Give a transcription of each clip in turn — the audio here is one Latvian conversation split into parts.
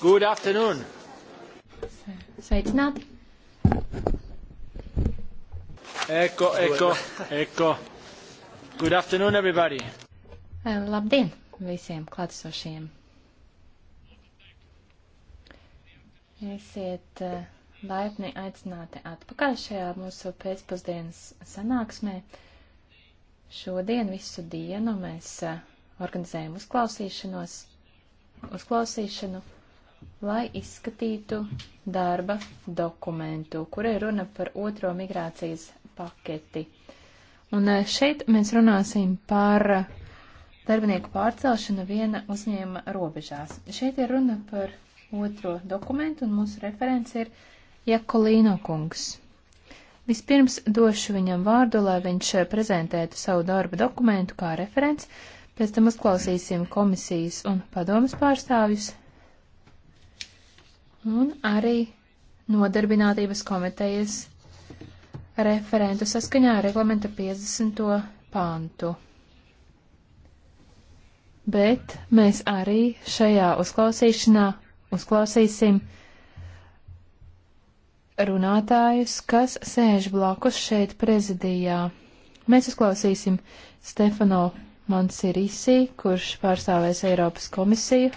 Good afternoon. Sveicināti. Eko, eko, eko. Good afternoon, everybody. Eh, labdien visiem klātesošiem. Esiet eh, laipni aicināti atpakaļ šajā mūsu pēcpusdienas sanāksmē. Šodien visu dienu mēs eh, organizējam uzklausīšanos, uzklausīšanu lai izskatītu darba dokumentu, kurai runa par otro migrācijas paketi. Un e, šeit mēs runāsim par darbinieku pārcelšanu viena uzņēma robežās. Šeit ir runa par otro dokumentu, un mūsu referents ir Jakolīno kungs. Vispirms došu viņam vārdu, lai viņš e, prezentētu savu darba dokumentu kā referents, pēc tam uzklausīsim komisijas un padomas pārstāvjus, un arī Nodarbinātības komitejas referentu saskaņā ar reglamenta 50. pāntu. Bet mēs arī šajā uzklausīšanā uzklausīsim runātājus, kas sēž blakus šeit prezidijā. Mēs uzklausīsim Stefano Mansirisi, kurš pārstāvēs Eiropas komisiju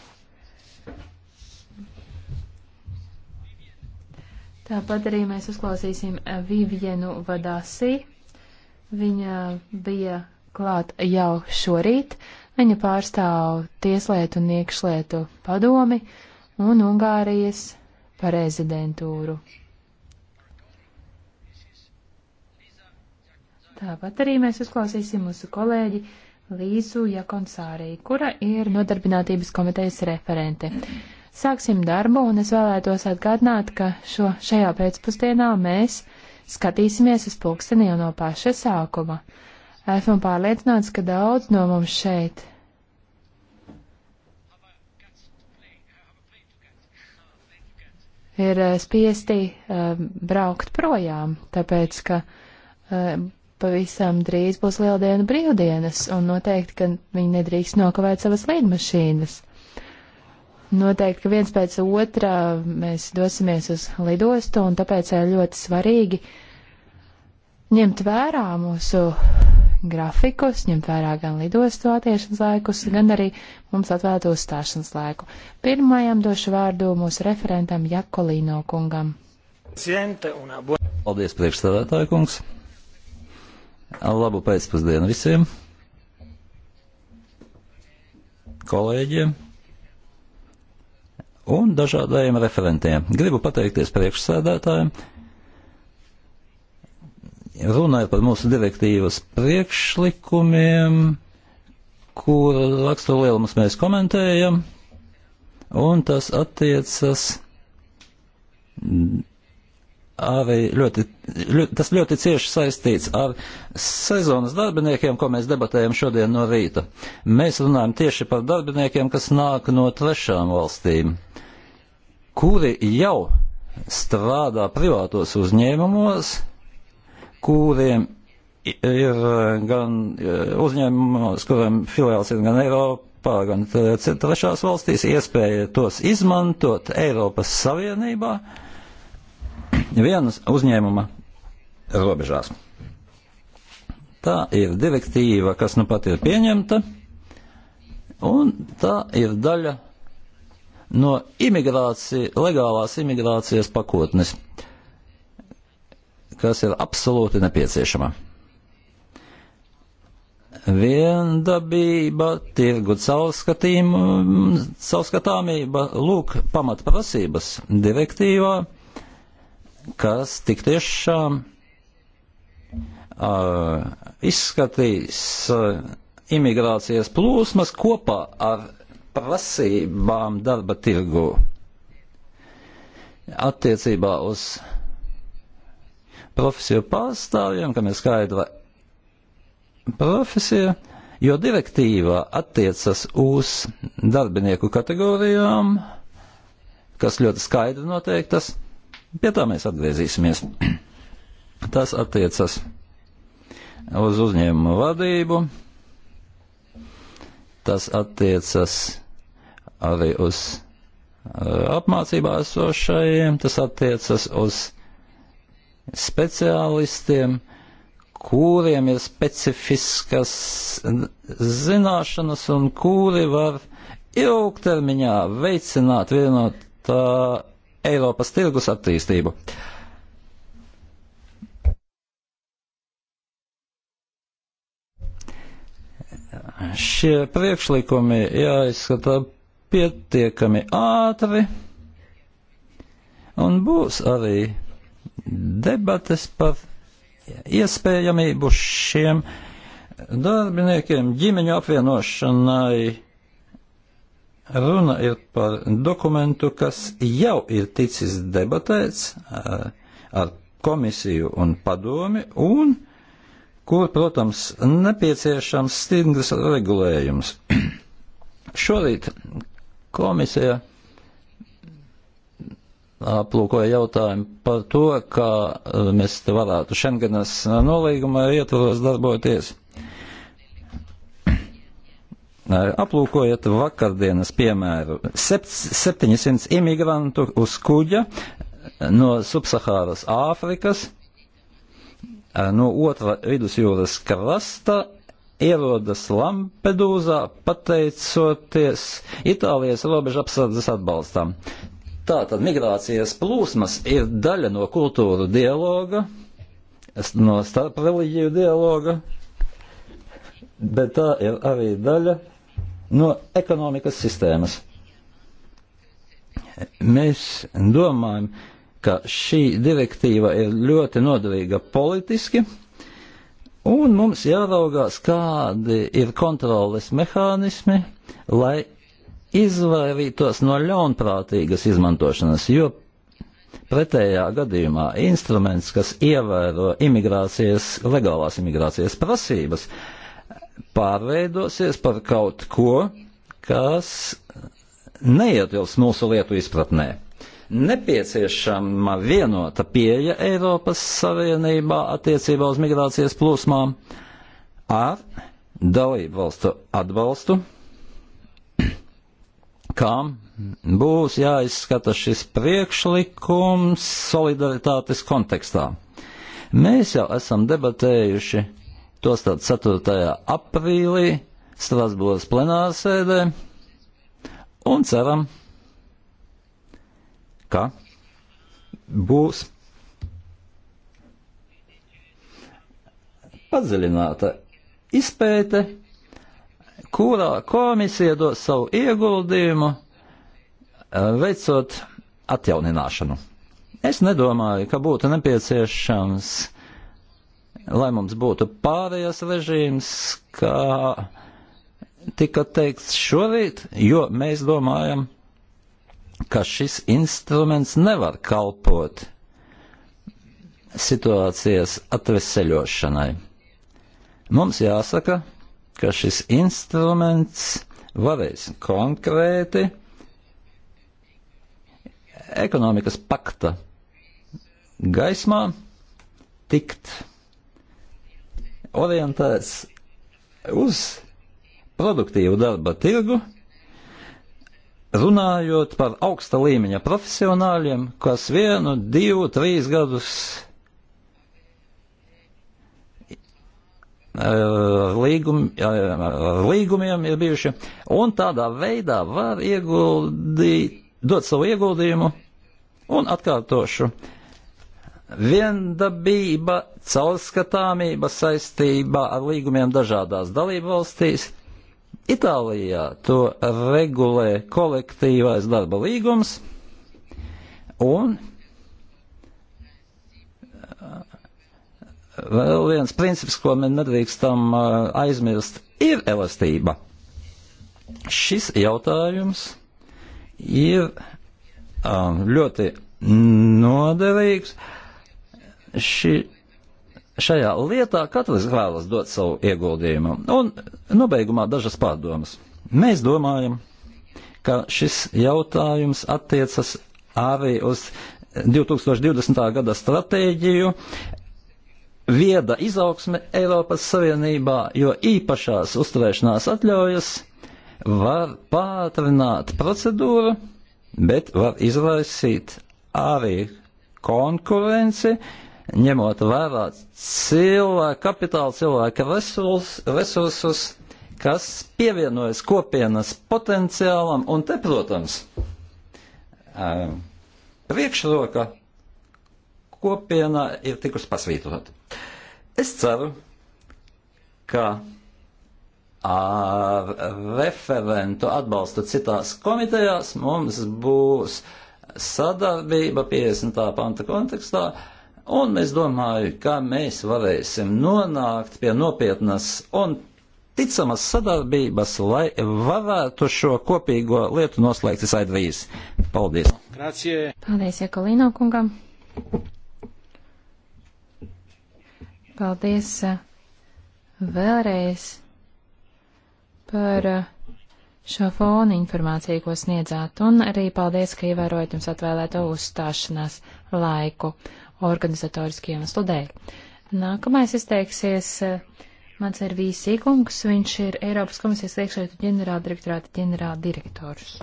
Tāpat arī mēs uzklausīsim eh, Vivienu Vadasi. Viņa eh, bija klāt jau šorīt. Viņa pārstāv Tieslietu un iekšlietu padomi un Ungārijas prezidentūru. Tāpat arī mēs uzklausīsim mūsu kolēģi Līzu Jakonsārī, kura ir nodarbinātības komitejas referente. Sāksim darbu, un es vēlētos atgādināt, ka šo, šajā pēcpusdienā mēs skatīsimies uz pulksteni jau no paša sākuma. Esmu pārliecināts, ka daudz no mums šeit ir eh, spiesti uh, braukt projām, tāpēc ka uh, pavisam drīz būs lieldienu brīvdienas, un noteikti, ka viņi nedrīkst nokavēt savas līdmašīnas noteikti, ka viens pēc otra mēs dosimies uz lidostu, un tāpēc ir ļoti svarīgi ņemt vērā mūsu grafikus, ņemt vērā gan lidostu attiešanas laikus, gan arī mums atvēlēto uzstāšanas laiku. Pirmajam došu vārdu mūsu referentam Jakolīno kungam. Paldies, priekšstādātāja kungs! Labu pēcpusdienu visiem kolēģiem! un dažādajiem referentiem. Gribu pateikties priekšsēdētājiem. Runājot par mūsu direktīvas priekšlikumiem, kur raksturu lielumus mēs komentējam, un tas attiecas arī ļoti, ļoti, tas ļoti cieši saistīts ar sezonas darbiniekiem, ko mēs debatējam šodien no rīta. Mēs runājam tieši par darbiniekiem, kas nāk no trešām valstīm, kuri jau strādā privātos uzņēmumos, kuriem ir gan e, uzņēmumos, kuriem filiāls ir gan Eiropa, gan trešās valstīs, iespēja tos izmantot Eiropas Savienībā. Uh, vienas uzņēmuma robežās. Tā ir direktīva, kas nu pat ir pieņemta, un tā ir daļa no imigrācija, legālās imigrācijas pakotnes, kas ir absolūti nepieciešama. Viendabība, tirgu caurskatāmība, lūk, pamatprasības direktīvā kas tik tiešām uh, izskatīs uh, imigrācijas plūsmas kopā ar prasībām darba tirgu attiecībā uz profesiju pārstāvjiem, kam ir skaidra profesija, jo direktīva attiecas uz darbinieku kategorijām, kas ļoti skaidri noteiktas. Pie tā mēs atgriezīsimies. Tas attiecas uz uzņēmumu vadību, tas attiecas arī uz uh, apmācībā esošajiem, tas attiecas uz speciālistiem, kuriem ir specifiskas zināšanas un kuri var ilgtermiņā veicināt vienotā Eiropas tirgus attīstību. Šie priekšlikumi jāizskata pietiekami ātri, un būs arī debates par iespējamību šiem darbiniekiem ģimeņu apvienošanai Runa ir par dokumentu, kas jau ir ticis debatēts eh, ar komisiju un padomi, un kur, protams, nepieciešams stingrs regulējums. Šorīt komisija aplūkoja jautājumu par to, kā eh, mēs varētu Šengenas nolīguma ietvaros darboties. Aplūkojiet vakardienas piemēru. 700 imigrantu uz kuģa no subsahāras Āfrikas, no otra vidusjūras krasta ierodas Lampedūzā pateicoties Itālijas robeža apsardzes atbalstam. Tātad migrācijas plūsmas ir daļa no kultūra dialoga, no starp reliģiju dialoga, bet tā ir arī daļa no ekonomikas sistēmas. Mēs domājam, ka šī direktīva ir ļoti noderīga politiski, un mums jāraugās, kādi ir kontroles mehānismi, lai izvairītos no ļaunprātīgas izmantošanas, jo pretējā gadījumā instruments, kas ievēro imigrācijas, legālās imigrācijas prasības, pārveidosies par kaut ko, kas neietilps mūsu lietu izpratnē. Nepieciešama vienota pieeja Eiropas Savienībā attiecībā uz migrācijas plūsmām ar dalību valstu atbalstu, kam būs jāizskata šis priekšlikums solidaritātes kontekstā. Mēs jau esam debatējuši Tostarp 4. aprīlī Strasbūras plenārsēdē un ceram, ka būs padziļināta izpēte, kurā komisija dos savu ieguldījumu eh, veicot atjaunināšanu. Es nedomāju, ka būtu nepieciešams uh, lai mums būtu pārējais režīms, kā tika teikts šorīt, jo mēs domājam, ka šis instruments nevar kalpot situācijas atveseļošanai. Mums jāsaka, ka šis instruments varēs konkrēti ekonomikas pakta gaismā tikt orientēts uz produktīvu darba tirgu, runājot par augsta līmeņa profesionāļiem, kas vienu, divu, trīs gadus eh, līgum, eh, līgumiem ir bijuši, un tādā veidā var ieguldīt, dot savu ieguldījumu, un atkārtošu, uh, viendabība, caurskatāmība saistībā ar līgumiem dažādās dalību valstīs. Itālijā to regulē kolektīvais darba līgums un eh, vēl viens princips, ko mēs nedrīkstam eh, aizmirst, ir elastība. Šis jautājums ir eh, ļoti noderīgs. Uh, Ši, šajā lietā katrs vēlas dot savu ieguldījumu. Un nobeigumā dažas pārdomas. Mēs domājam, ka šis jautājums attiecas arī uz 2020. gada stratēģiju vieda izaugsme Eiropas Savienībā, jo īpašās uzturēšanās atļaujas var pātrināt procedūru, bet var izraisīt arī konkurenci, ņemot vērā cilvēka kapitāla, cilvēka resurs, resursus, kas pievienojas kopienas potenciālam, un te, protams, priekšroka kopienā ir tikus pasvītrot. Es ceru, ka ar referentu atbalstu citās komitejās mums būs sadarbība 50. panta kontekstā, Un es domāju, ka mēs varēsim nonākt pie nopietnas un ticamas sadarbības, lai varētu šo kopīgo lietu noslēgt visai drīz. Paldies! Grazie. Paldies, Jekolīno kungam! Paldies eh, vēlreiz par eh, šo fonu informāciju, ko sniedzāt, un arī paldies, ka ievērojat jums atvēlēto uzstāšanās laiku organizatoriskie iemeslu dēļ. Nākamais izteiksies eh, mans ir Vīsīkungs, viņš ir Eiropas komisijas iekšējā ģenerāldirektorāta ģenerāldirektors.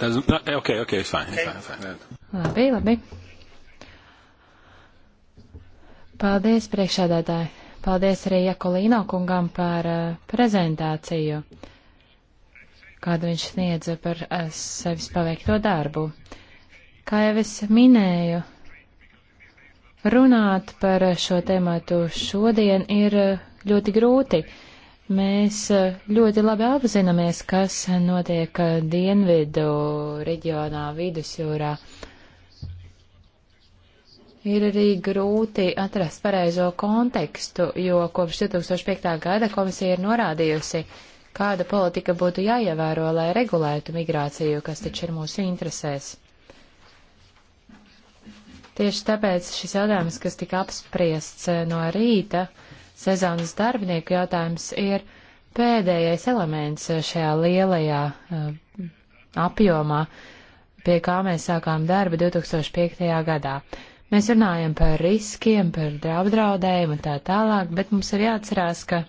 Doesn't, no, eh, okay, okay, it's fine, it's fine, it's fine. Labi, labi. Paldies, priekšādātāji. Paldies arī Jakolīno kungam par uh, prezentāciju, kādu viņš sniedza par uh, sevis paveikto darbu. Kā jau es minēju, runāt par eh, šo tēmatu šodien ir uh, ļoti grūti. Mēs ļoti labi apzināmies, kas notiek dienvidu reģionā, vidusjūrā. Uh, ir arī grūti atrast pareizo kontekstu, jo kopš 2005. gada komisija ir norādījusi, kāda politika būtu jāievēro, lai regulētu migrāciju, kas taču ir mūsu interesēs. Tieši tāpēc šis jautājums, kas tika apspriests eh, no rīta, sezonas darbinieku jautājums, ir pēdējais elements eh, šajā lielajā eh, apjomā, pie kā mēs sākām darbu 2005. gadā. Mēs runājam par riskiem, par draudiem un tā tālāk, bet mums ir jāatcerās, ka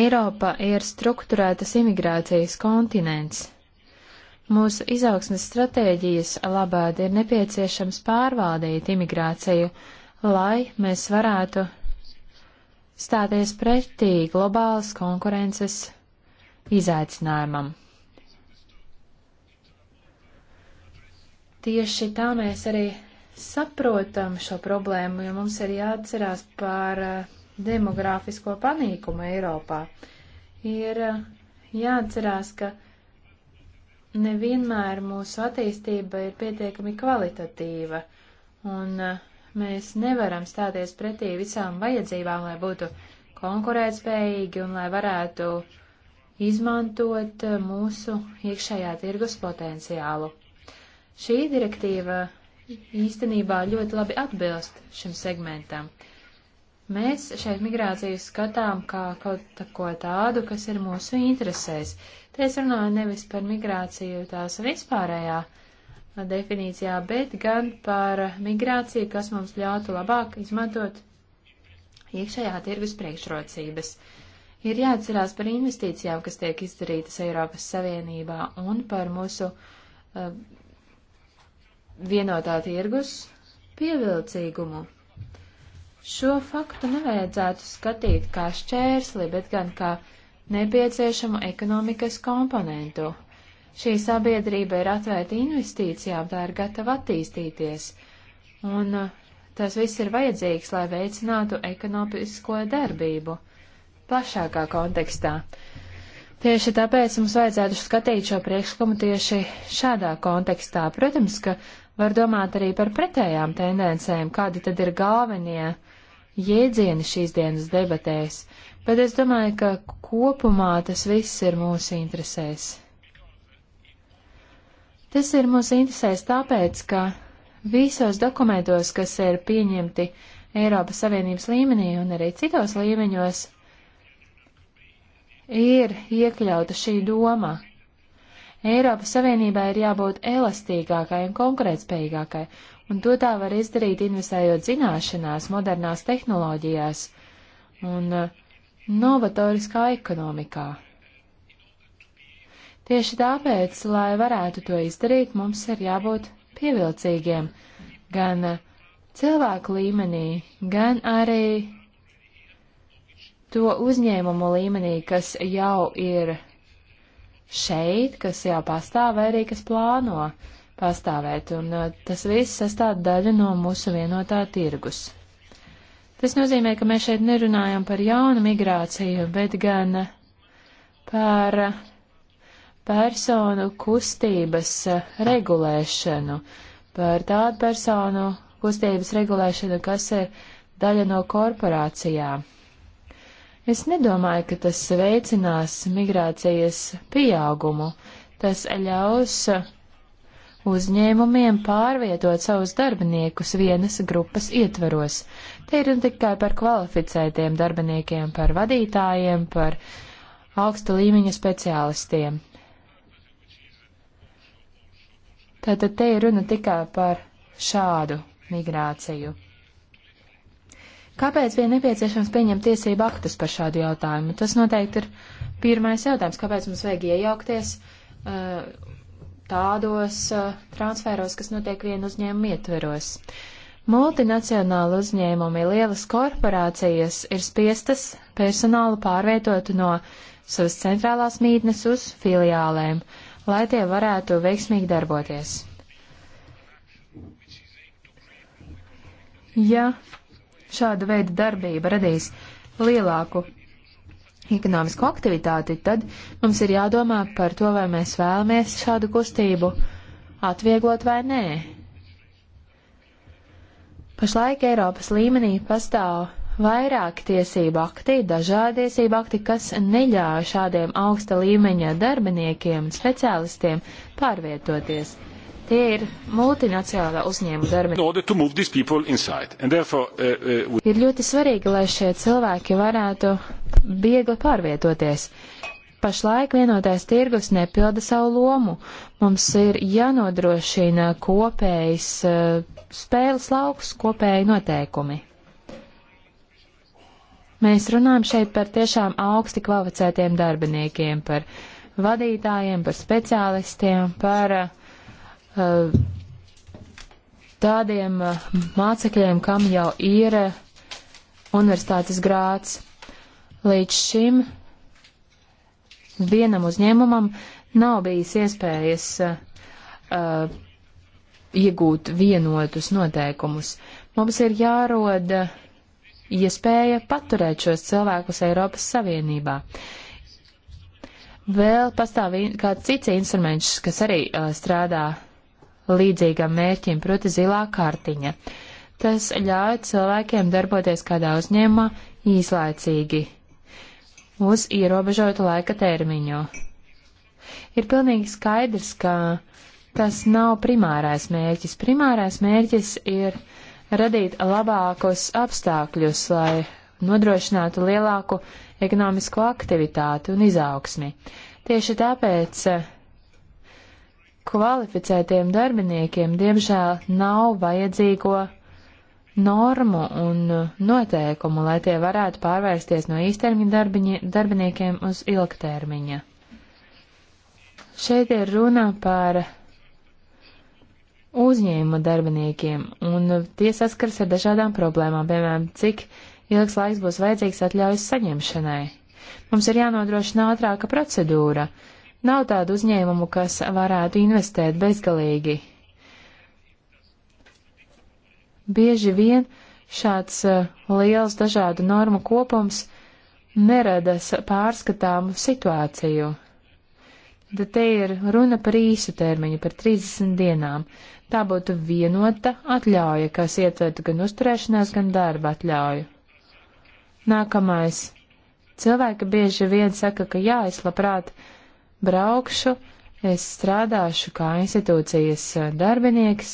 Eiropa ir struktūrētas imigrācijas kontinents. Mūsu izaugsmes stratēģijas labāk ir nepieciešams pārvaldīt imigrāciju, lai mēs varētu stāties pretī globālas konkurences izaicinājumam. Tieši tā mēs arī saprotam šo problēmu, jo mums ir jāatcerās par eh, demogrāfisko panīkumu Eiropā. Ir eh, jāatcerās, ka nevienmēr mūsu attīstība ir pietiekami kvalitatīva, un eh, mēs nevaram stāties pretī visām vajadzībām, lai būtu konkurētspējīgi un lai varētu izmantot mūsu iekšējā tirgus potenciālu. Šī direktīva īstenībā ļoti labi atbilst šim segmentam. Mēs šeit migrāciju skatām kā kaut ko tādu, kas ir mūsu interesēs. Te es runāju nevis par migrāciju tās vispārējā definīcijā, bet gan par migrāciju, kas mums ļautu labāk izmantot iekšējā tirgus priekšrocības. Ir jāatcerās par investīcijām, kas tiek izdarītas Eiropas Savienībā un par mūsu uh, vienotā tirgus pievilcīgumu. Šo faktu nevajadzētu skatīt kā šķērsli, bet gan kā nepieciešamu ekonomikas komponentu. Šī sabiedrība ir atvērta investīcijām, tā ir gatava attīstīties, un uh, tas viss ir vajadzīgs, lai veicinātu ekonomisko darbību plašākā kontekstā. Tieši tāpēc mums vajadzētu skatīt šo priekšlikumu tieši šādā kontekstā. Protams, ka Var domāt arī par pretējām tendencēm, kādi tad ir galvenie jēdzieni šīs dienas debatēs, bet es domāju, ka kopumā tas viss ir mūsu interesēs. Tas ir mūsu interesēs tāpēc, ka visos dokumentos, kas ir pieņemti Eiropas Savienības līmenī un arī citos līmeņos, ir iekļauta šī doma, Eiropas Savienībai ir jābūt elastīgākai un konkurētspējīgākai, un to tā var izdarīt investējot zināšanās, modernās tehnoloģijās un uh, novatoriskā ekonomikā. Tieši tāpēc, lai varētu to izdarīt, mums ir jābūt pievilcīgiem gan uh, cilvēku līmenī, gan arī to uzņēmumu līmenī, kas jau ir šeit, kas jau pastāv, vai arī kas plāno pastāvēt, un uh, tas viss sastāv daļa no mūsu vienotā tirgus. Tas nozīmē, ka mēs šeit nerunājam par jaunu migrāciju, bet gan par personu kustības uh, regulēšanu, par tādu personu kustības regulēšanu, kas ir daļa no korporācijām. Es nedomāju, ka tas veicinās migrācijas pieaugumu. Tas ļaus uzņēmumiem pārvietot savus darbiniekus vienas grupas ietveros. Te ir ne tikai par kvalificētiem darbiniekiem, par vadītājiem, par augsta līmeņa speciālistiem. Tātad te ir runa tikai par šādu migrāciju. Kāpēc bija nepieciešams pieņemt tiesību aktus par šādu jautājumu? Tas noteikti ir pirmais jautājums, kāpēc mums vajag iejaukties uh, tādos uh, transferos, kas notiek vienu uzņēmumu ietveros. Multinacionāli uzņēmumi, lielas korporācijas ir spiestas personālu pārvietot no savas centrālās mītnes uz filiālēm, lai tie varētu veiksmīgi darboties. Ja šāda veida darbība radīs lielāku ekonomisko aktivitāti, tad mums ir jādomā par to, vai mēs vēlamies šādu kustību atvieglot vai nē. Pašlaik Eiropas līmenī pastāv vairāk tiesību akti, dažādi tiesību akti, kas neļāva šādiem augsta līmeņa darbiniekiem un speciālistiem pārvietoties. Tie ir multinacionālā uzņēmuma darbi. Uh, uh, ir ļoti svarīgi, lai šie cilvēki varētu viegli pārvietoties. Pašlaik vienotais tirgus nepilda savu lomu. Mums ir jānodrošina kopējs uh, spēles lauks, kopēji noteikumi. Mēs runājam šeit par tiešām augsti kvalificētiem darbiniekiem, par vadītājiem, par speciālistiem, par uh, Eh, tādiem eh, mācekļiem, kam jau ir eh, universitātes grāts. Līdz šim vienam uzņēmumam nav bijis iespējas uh, iegūt vienotus noteikumus. Mums ir jāroda iespēja paturēt šos cilvēkus Eiropas Savienībā. Vēl pastāv kāds cits instruments, kas arī uh, strādā līdzīgam mērķim, proti zilā kārtiņa. Tas ļauj cilvēkiem darboties kādā uzņēmumā īslaicīgi, uz ierobežotu laika termiņu. Ir pilnīgi skaidrs, ka tas nav primārais mērķis. Primārais mērķis ir radīt labākos apstākļus, lai nodrošinātu lielāku ekonomisko aktivitāti un izaugsmi. Tieši tāpēc kvalificētiem darbiniekiem diemžēl nav vajadzīgo normu un noteikumu, lai tie varētu pārvērsties no īstermiņa darbiniekiem uz ilgtermiņa. Šeit ir runa par uzņēmuma darbiniekiem, un tie saskars ar dažādām problēmām, piemēram, cik ilgs laiks būs vajadzīgs atļaujas saņemšanai. Mums ir jānodrošina ātrāka procedūra, uh, Nav tādu uzņēmumu, kas varētu investēt bezgalīgi. Bieži vien šāds eh, liels dažādu normu kopums nerada pārskatāmu situāciju. Tad te ir runa par īsu termiņu, par 30 dienām. Tā būtu vienota atļauja, kas ietvertu gan uzturēšanās, gan darba atļauju. Nākamais. Cilvēki bieži vien saka, ka jā, es labprāt uh, braukšu, es strādāšu kā institūcijas darbinieks,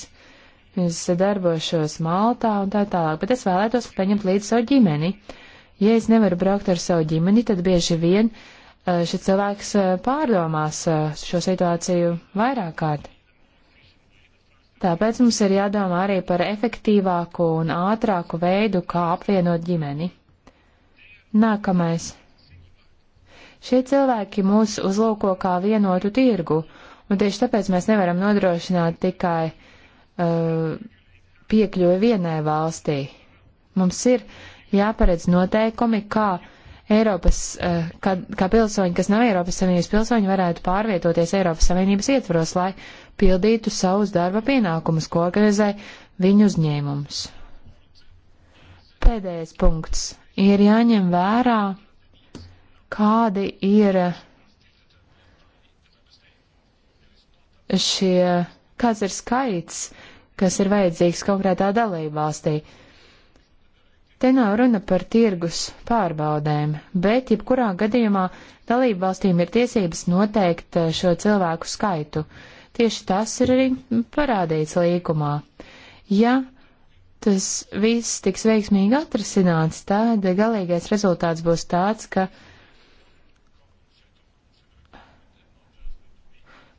es darbošos Maltā un tā tālāk, bet es vēlētos paņemt līdzi savu ģimeni. Ja es nevaru braukt ar savu ģimeni, tad bieži vien eh, šis cilvēks eh, pārdomās eh, šo situāciju vairāk kārt. Tāpēc mums ir jādomā arī par efektīvāku un ātrāku veidu, kā apvienot ģimeni. Nākamais. Šie cilvēki mūs uzlūko kā vienotu tirgu, un tieši tāpēc mēs nevaram nodrošināt tikai uh, piekļuvi vienai valstī. Mums ir jāparedz noteikumi, kā Eiropas, uh, kā, kā pilsoņi, kas nav Eiropas Savienības pilsoņi, varētu pārvietoties Eiropas Savienības ietvaros, lai pildītu savus darba pienākumus, ko organizē viņu uzņēmums. Pēdējais punkts ir jāņem vērā kādi ir šie, kāds ir skaits, kas ir vajadzīgs konkrētā dalībvalstī. Te nav runa par tirgus pārbaudēm, bet jebkurā gadījumā dalībvalstīm ir tiesības noteikt eh, šo cilvēku skaitu. Tieši tas ir arī parādīts līkumā. Ja tas viss tiks veiksmīgi atrasināts, tad galīgais rezultāts būs tāds, ka uh,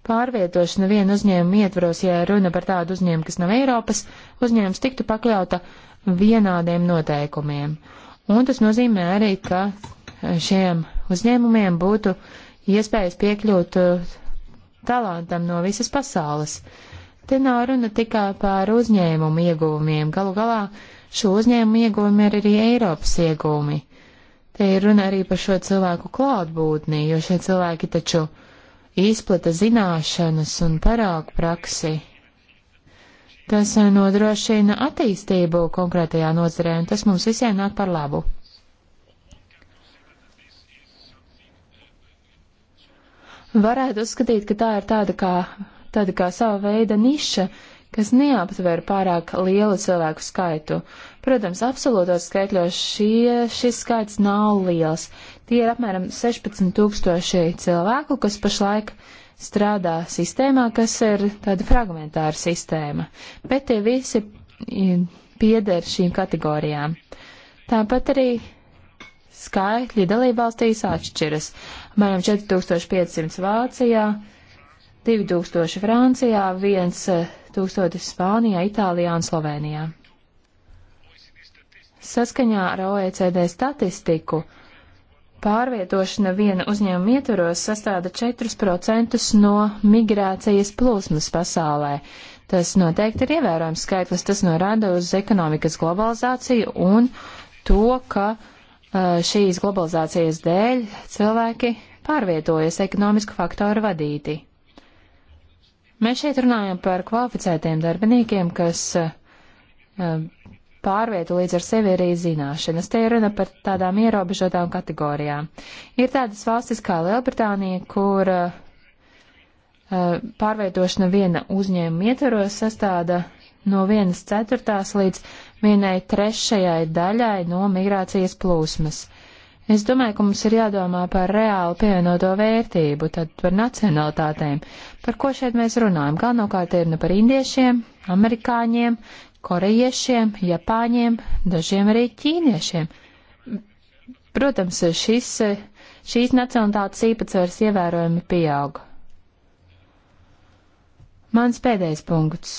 pārvietošana vienu uzņēmumu ietvaros, ja runa par tādu uzņēmumu, kas nav Eiropas, uzņēmums tiktu pakļauta vienādiem noteikumiem. Un tas nozīmē arī, ka šiem uzņēmumiem būtu iespējas piekļūt uh, talantam no visas pasaules. Te nav runa tikai par uzņēmumu ieguvumiem. Galu galā šo uzņēmumu ieguvumi ir arī Eiropas ieguvumi. Te ir runa arī par šo cilvēku klātbūtni, jo šie cilvēki taču uh, izplata zināšanas un parāku praksi. Tas eh, nodrošina attīstību konkrētajā nozarē, un tas mums visiem nāk par labu. Varētu uzskatīt, ka tā ir tāda kā, tāda kā sava veida niša, kas neaptver pārāk lielu cilvēku skaitu. Protams, absolūtos skaitļos šie, šis skaits nav liels, Tie ir apmēram 16 tūkstoši cilvēku, kas pašlaik strādā sistēmā, kas ir tāda fragmentāra sistēma, bet tie visi pieder šīm kategorijām. Tāpat arī skaitļi dalībvalstīs atšķiras. Apmēram 4500 Vācijā, 2000 Francijā, 1000 eh, Spānijā, Itālijā un Slovenijā. Saskaņā ar OECD statistiku pārvietošana viena uzņēmuma ietvaros sastāda 4% no migrācijas plūsmas pasaulē. Tas noteikti ir ievērojams skaitlis, tas norāda uz ekonomikas globalizāciju un to, ka šīs globalizācijas dēļ cilvēki pārvietojas ekonomisku faktoru vadīti. Mēs šeit runājam par kvalificētiem darbiniekiem, kas pārvieto līdz ar sevi arī zināšanas. Te ir runa par tādām ierobežotām kategorijām. Ir tādas valstis kā Lielbritānija, kur uh, pārvietošana viena uzņēmuma ietvaros sastāda no vienas ceturtās līdz vienai trešajai daļai no migrācijas plūsmas. Es domāju, ka mums ir jādomā par reāli pievienoto vērtību, tad par nacionalitātēm. Par ko šeit mēs runājam? Galvenokārt ir nu par indiešiem, amerikāņiem, korejiešiem, japāņiem, dažiem arī ķīniešiem. Protams, šis, šīs nacionalitātes īpatsvars ievērojami pieauga. Mans pēdējais punkts.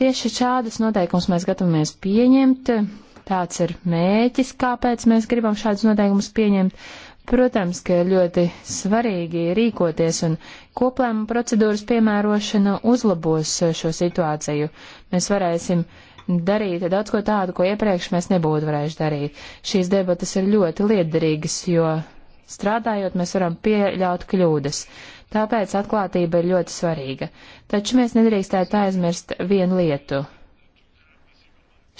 Tieši šādas noteikumus mēs gatavamies pieņemt. Tāds ir mēķis, kāpēc mēs gribam šādus noteikumus pieņemt. Protams, ka ir ļoti svarīgi rīkoties un Koplēmu procedūras piemērošana uzlabos eh, šo situāciju. Mēs varēsim darīt daudz ko tādu, ko iepriekš mēs nebūtu varējuši darīt. Šīs debatas ir ļoti liederīgas, jo strādājot mēs varam pieļaut kļūdas. Tāpēc atklātība ir ļoti svarīga. Taču mēs nedrīkstētu aizmirst vienu lietu.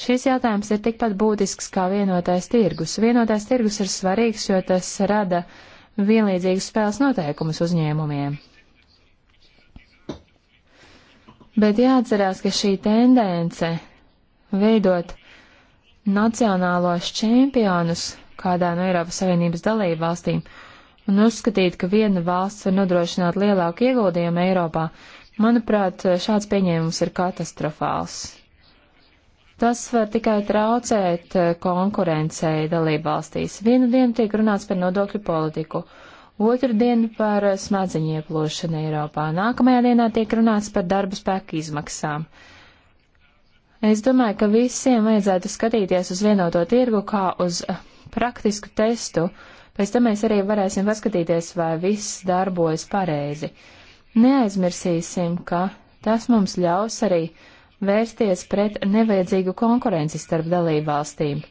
Šis jautājums ir tikpat būtisks kā vienotais tirgus. Vienotais tirgus ir svarīgs, jo tas rada vienlīdzīgus spēles noteikumus uzņēmumiem. Bet jāatcerās, ka šī tendence veidot nacionālos čempionus kādā no Eiropas Savienības dalību valstīm un uzskatīt, ka viena valsts var nodrošināt lielāku ieguldījumu Eiropā, manuprāt, šāds pieņēmums ir katastrofāls. Tas var tikai traucēt eh, konkurencei dalību valstīs. Vienu dienu tiek runāts par nodokļu politiku, Otradien par smadzeņu ieplošanu Eiropā. Nākamajā dienā tiek runāts par darba spēku izmaksām. Es domāju, ka visiem vajadzētu skatīties uz vienoto tirgu kā uz praktisku testu. Pēc tam mēs arī varēsim paskatīties, vai viss darbojas pareizi. Neaizmirsīsim, ka tas mums ļaus arī vērsties pret nevajadzīgu konkurenci starp dalībvalstīm,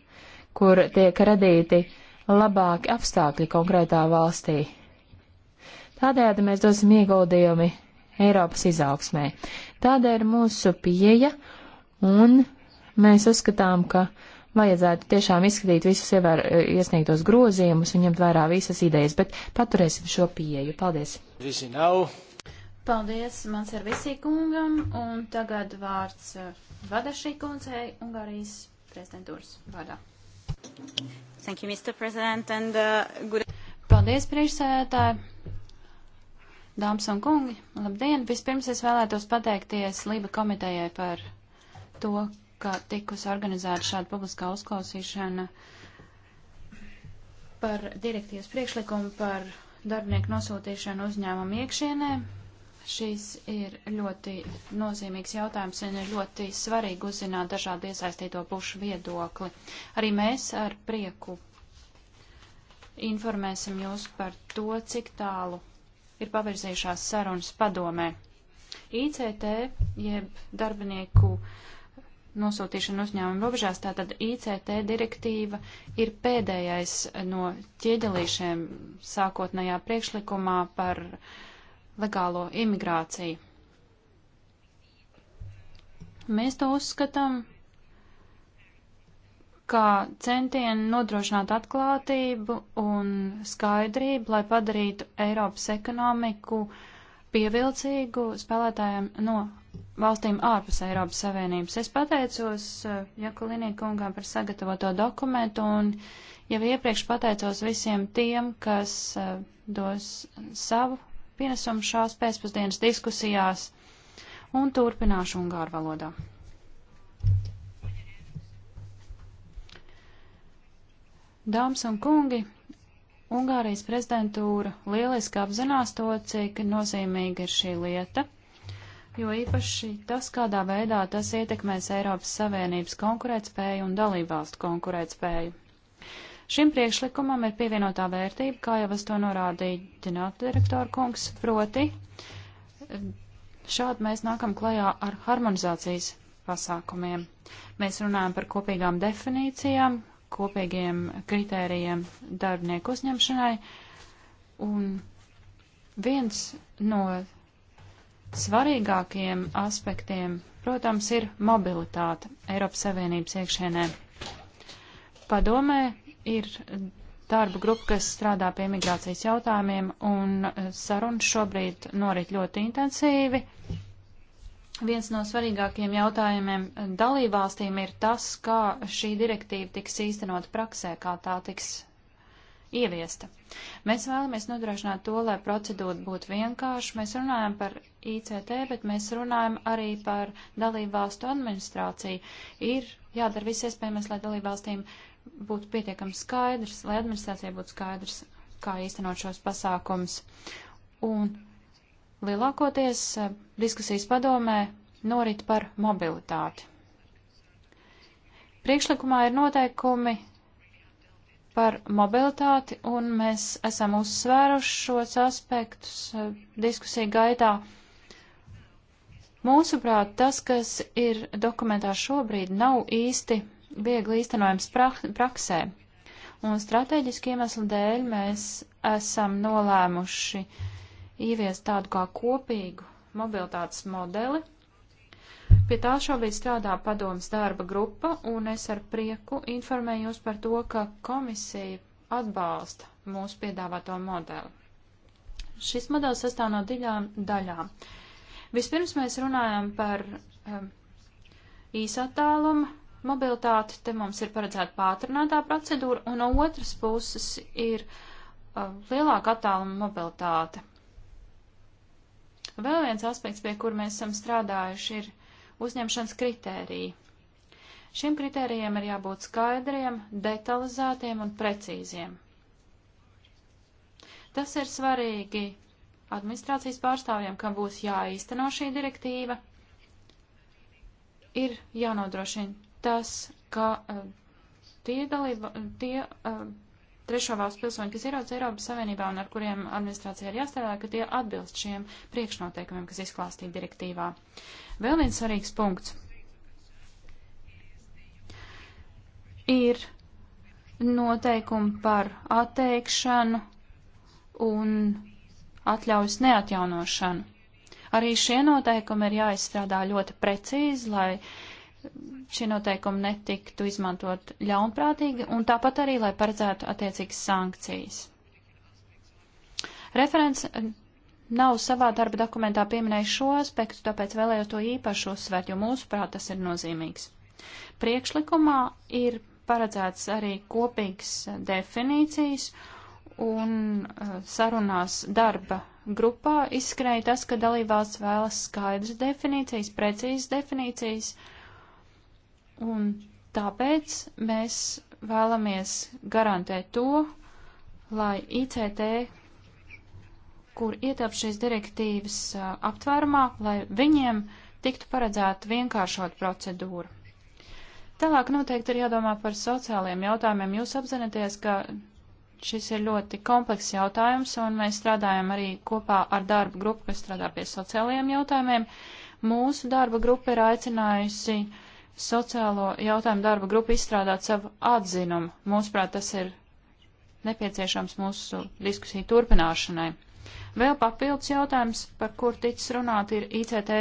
kur tiek radīti uh, labāki apstākļi konkrētā valstī. Tādējādi mēs dosim ieguldījumi Eiropas izaugsmē. Tāda ir mūsu pieeja, un mēs uzskatām, ka vajadzētu tiešām izskatīt visus ievēr, iesniegtos grozījumus un ņemt vērā visas idejas, bet paturēsim šo pieeju. Paldies! Visi nav! Paldies, mans ar visi kungam, un tagad vārds Vadašī kundzei Ungārijas prezidentūras vārdā. Thank you, Mr. President, and uh, good... Paldies, priekšsēdētāji! Dāmas un kungi, labdien! Vispirms es vēlētos pateikties Lība komitejai par to, ka tikus organizēta šāda publiskā uzklausīšana par direktīvas priekšlikumu par darbinieku nosūtīšanu uzņēmumu iekšienē. Šis ir ļoti nozīmīgs jautājums un ir ļoti svarīgi uzzināt dažādu iesaistīto pušu viedokli. Arī mēs ar prieku informēsim jūs par to, cik tālu ir pavirzījušās sarunas padomē. ICT, jeb darbinieku nosūtīšana uzņēmuma robežās, tātad ICT direktīva ir pēdējais no ķieģelīšiem sākotnējā priekšlikumā par uh, legālo imigrāciju. Mēs to uzskatām kā centienu nodrošināt atklātību un skaidrību, lai padarītu Eiropas ekonomiku pievilcīgu spēlētājiem no valstīm ārpus Eiropas Savienības. Es pateicos eh, Jakulinī kungām par sagatavoto dokumentu un jau iepriekš pateicos visiem tiem, kas eh, dos savu pienesumu šās pēcpusdienas diskusijās un turpināšu ungāru valodā. Dāmas un kungi, Ungārijas prezidentūra lieliski apzinās to, cik nozīmīga ir šī lieta, jo īpaši tas, kādā veidā tas ietekmēs Eiropas Savienības konkurētspēju un dalībvalstu konkurētspēju. Šim priekšlikumam ir pievienotā vērtība, kā jau es to norādīju ģenerāldirektora kungs, proti šādi mēs nākam klajā ar harmonizācijas pasākumiem. Mēs runājam par kopīgām definīcijām, kopīgiem kritērijiem darbinieku uzņemšanai, un viens no svarīgākajiem aspektiem, protams, ir mobilitāte Eiropas Savienības iekšienē. Padomē ir darba grupa, kas strādā pie migrācijas jautājumiem, un sarunas šobrīd norit ļoti intensīvi. Viens no svarīgākajiem jautājumiem dalībvalstīm ir tas, kā šī direktīva tiks īstenot praksē, kā tā tiks ieviesta. Mēs vēlamies nodrošināt to, lai procedūra būtu vienkārša. Mēs runājam par ICT, bet mēs runājam arī par dalībvalstu administrāciju. Ir jādara viss iespējamais, lai dalībvalstīm uh, būtu pietiekami skaidrs, lai administrācija būtu skaidrs, kā īstenot šos pasākums. Un lielākoties eh, diskusijas padomē norit par mobilitāti. Priekšlikumā ir noteikumi par mobilitāti, un mēs esam uzsvēruši šos aspektus eh, diskusiju gaitā. Mūsuprāt, tas, kas ir dokumentā šobrīd, nav īsti viegli īstenojams praksē. Un strateģiski iemeslu dēļ mēs esam nolēmuši ieviest tādu kā kopīgu mobilitātes modeli. Pie tā šobrīd strādā padomas darba grupa, un es ar prieku informēju jūs par to, ka komisija atbalsta mūsu piedāvāto modeli. Šis modelis sastāv no diļām daļām. Vispirms mēs runājam par um, īsattālumu mobilitāti, te mums ir paredzēta pātrinātā procedūra, un no otras puses ir uh, lielāka attāluma mobilitāte. Vēl viens aspekts, pie kur mēs esam strādājuši, ir uzņemšanas kritērija. Šiem kritērijiem ir jābūt skaidriem, detalizētiem un precīziem. Tas ir svarīgi administrācijas pārstāvjiem, kam būs jāīsteno šī direktīva, ir jānodrošina tas, ka eh, tie dalība, tie eh, trešo valstu pilsoņi, kas ierodas Eiropas Savienībā un ar kuriem administrācija ir jāstrādā, ka tie atbilst šiem priekšnoteikumiem, kas izklāstīja direktīvā. Vēl viens svarīgs punkts ir noteikumi par atteikšanu un atļaujas neatjaunošanu. Arī šie noteikumi ir jāizstrādā ļoti precīzi, lai uh, šie noteikumi netiktu izmantot ļaunprātīgi, un tāpat arī, lai paredzētu attiecīgas sankcijas. Referents nav savā darba dokumentā pieminējis šo aspektu, tāpēc vēlējos to īpaši uzsvērt, jo mūsuprāt tas ir nozīmīgs. Priekšlikumā ir paredzēts arī kopīgs definīcijas, un uh, sarunās darba grupā izskrēja tas, ka dalībvalsts vēlas skaidrs definīcijas, precīzas definīcijas, uh, Un tāpēc mēs vēlamies garantēt to, lai ICT, kur ietap šīs direktīvas aptvērumā, lai viņiem tiktu paredzēta vienkāršot procedūru. Tālāk noteikti ir jādomā par sociālajiem jautājumiem. Jūs apzināties, ka šis ir ļoti komplekss jautājums, un mēs strādājam arī kopā ar darba grupu, kas strādā pie sociālajiem jautājumiem. Mūsu darba grupa ir aicinājusi uh, sociālo jautājumu darba grupu izstrādāt savu atzinumu. Mūsuprāt, tas ir nepieciešams mūsu diskusiju turpināšanai. Vēl papildus jautājums, par kur ticis runāt, ir ICT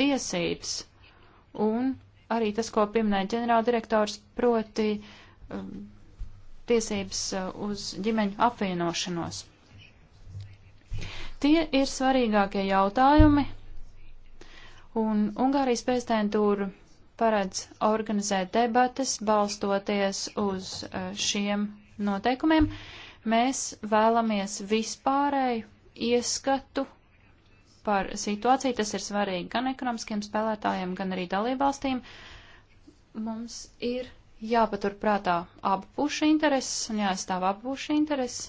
tiesības un arī tas, ko pieminēja ģenerāldirektors, proti um, tiesības uh, uz ģimeņu apvienošanos. Tie ir svarīgākie jautājumi, un Ungārijas prezidentūra paredz organizēt debates, balstoties uz eh, šiem noteikumiem. Mēs vēlamies vispārēju ieskatu par situāciju. Tas ir svarīgi gan ekonomiskiem spēlētājiem, gan arī dalībvalstīm. Mums ir jāpaturprātā abu pušu intereses un jāaizstāv abu pušu intereses.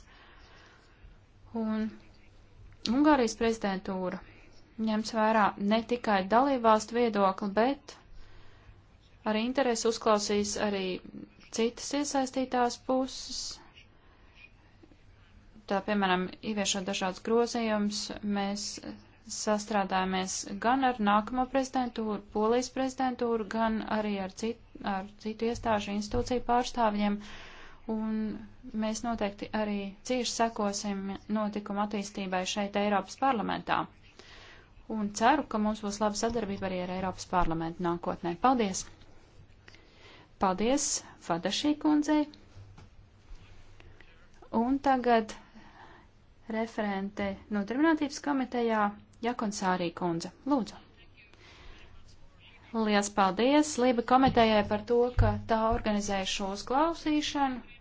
Un Ungārijas prezidentūra ņems vērā ne tikai dalībvalstu viedokli, bet ar interesi uzklausīs arī citas iesaistītās puses. Tā, piemēram, ieviešot dažādas grozījumus, mēs sastrādājāmies gan ar nākamo prezidentūru, polijas prezidentūru, gan arī ar citu, ar citu iestāžu institūciju pārstāvjiem. Un mēs noteikti arī cieši sekosim notikuma attīstībai šeit Eiropas parlamentā. Un ceru, ka mums būs laba sadarbība arī ar Eiropas parlamentu nākotnē. Paldies! Paldies Fadašī kundzei. Un tagad referente nodarbinātības komitejā Jakonsārī kundze. Lūdzu. Lielas paldies Lība komitejai par to, ka tā organizēja šo uzklausīšanu.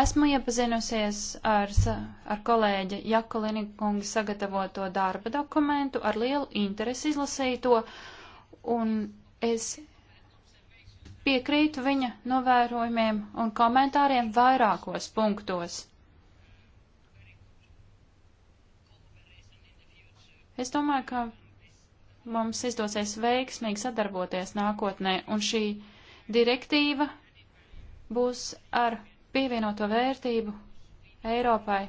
Esmu iepazinusies ar, ar kolēģi Jakolini kungi sagatavoto darba dokumentu, ar lielu interesi izlasīto, un es piekrītu viņa novērojumiem un komentāriem vairākos punktos. Es domāju, ka mums izdosies veiksmīgi sadarboties nākotnē, un šī direktīva būs ar pievienoto vērtību Eiropai.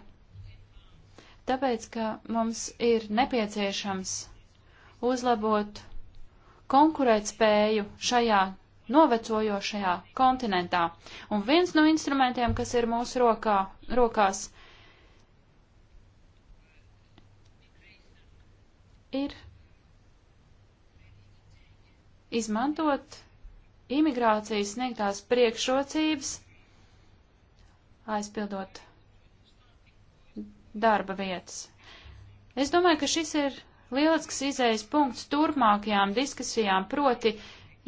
Tāpēc, ka mums ir nepieciešams uzlabot konkurētspēju šajā novecojošajā kontinentā. Un viens no instrumentiem, kas ir mūsu rokā, rokās, ir izmantot imigrācijas sniegtās priekšrocības, aizpildot darba vietas. Es domāju, ka šis ir lielisks izējas punkts turpmākajām diskusijām, proti,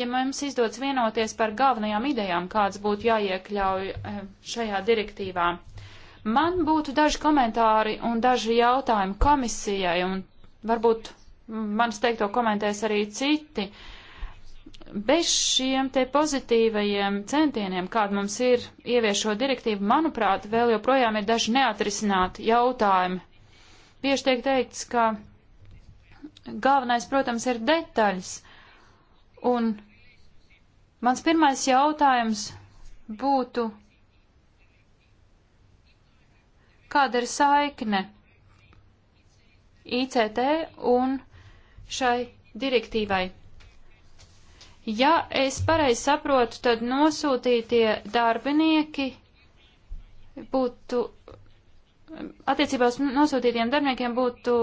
ja mums izdodas vienoties par galvenajām idejām, kādas būtu jāiekļauj e, šajā direktīvā. Man būtu daži komentāri un daži jautājumi komisijai, un varbūt manis teikto komentēs arī citi. Uh, bez šiem te pozitīvajiem centieniem, kāda mums ir ieviešo direktīvu, manuprāt, vēl joprojām ir daži neatrisināti jautājumi. Bieži tiek teikts, ka galvenais, protams, ir detaļas. Un mans pirmais jautājums būtu, kāda ir saikne ICT un šai direktīvai? Ja es pareizi saprotu, tad nosūtītie darbinieki būtu, attiecībā uz nosūtītiem darbiniekiem būtu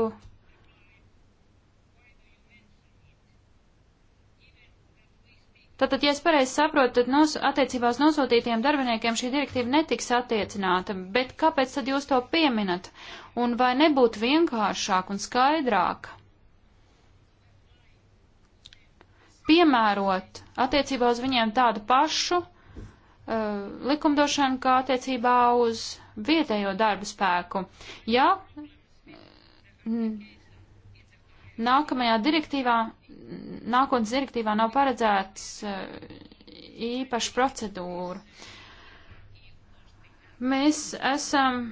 Tātad, ja es pareizi saprotu, tad nos, attiecībā uz nosūtītiem darbiniekiem šī direktīva netiks attiecināta, bet kāpēc tad jūs to pieminat? Un vai nebūtu vienkāršāk un skaidrāk? piemērot attiecībā uz viņiem tādu pašu uh, likumdošanu kā attiecībā uz vietējo darba spēku. Ja mm, nākamajā direktīvā, nākotnes direktīvā nav paredzēts uh, īpaša procedūra, mēs esam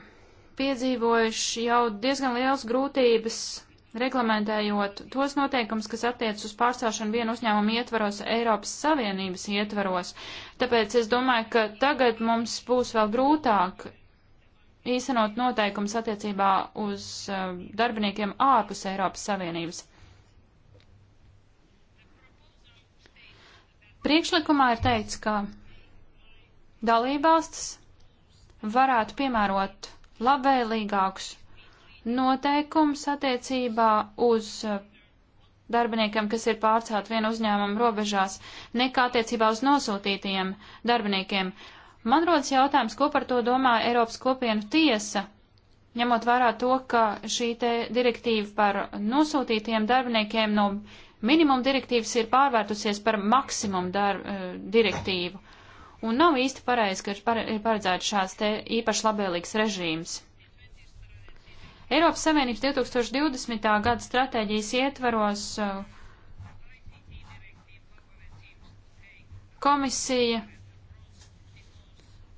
piedzīvojuši jau diezgan liels grūtības reglamentējot tos noteikums, kas attiec uz pārstāšanu vienu uzņēmumu ietvaros Eiropas Savienības ietvaros. Tāpēc es domāju, ka tagad mums būs vēl grūtāk īstenot noteikums attiecībā uz um, darbiniekiem ārpus Eiropas Savienības. Priekšlikumā ir teikts, ka dalībvalstis varētu piemērot labvēlīgākus noteikums attiecībā uz uh, darbiniekiem, kas ir pārcelt vienu uzņēmumu robežās, nekā attiecībā uz nosūtītajiem darbiniekiem. Man rodas jautājums, ko par to domā Eiropas kopienu tiesa, ņemot vērā to, ka šī te direktīva par nosūtītajiem darbiniekiem no minimuma direktīvas ir pārvērtusies par maksimumu dar, uh, direktīvu. Un nav īsti pareizi, ka ir paredzēts šāds te īpaši labēlīgs režīms. Eiropas Savienības 2020. gada stratēģijas ietvaros uh, komisija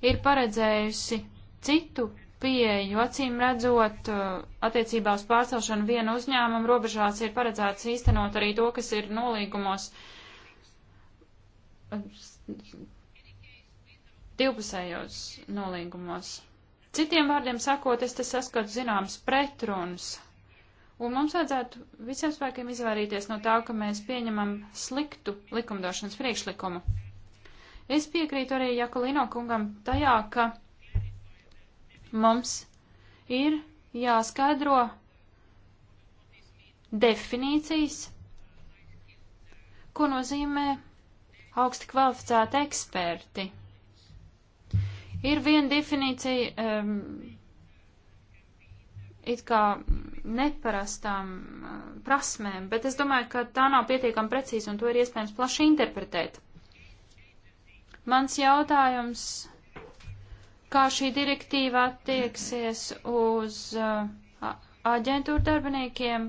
ir paredzējusi citu pieeju, acīm redzot, uh, attiecībā uz pārcelšanu vienu uzņēmumu robežās ir paredzēts īstenot arī to, kas ir nolīgumos uh, divpusējos nolīgumos. Citiem vārdiem sakot, es te saskatu zināmas pretrunas. Un mums vajadzētu visiem spēkiem izvairīties no tā, ka mēs pieņemam sliktu likumdošanas priekšlikumu. Es piekrītu arī Jakolino kungam tajā, ka mums ir jāskaidro definīcijas, ko nozīmē augsti kvalificēti eksperti Ir viena definīcija um, it kā neparastām uh, prasmēm, bet es domāju, ka tā nav pietiekami precīza un to ir iespējams plaši interpretēt. Mans jautājums, kā šī direktīva attieksies uz uh, aģentūra darbiniekiem,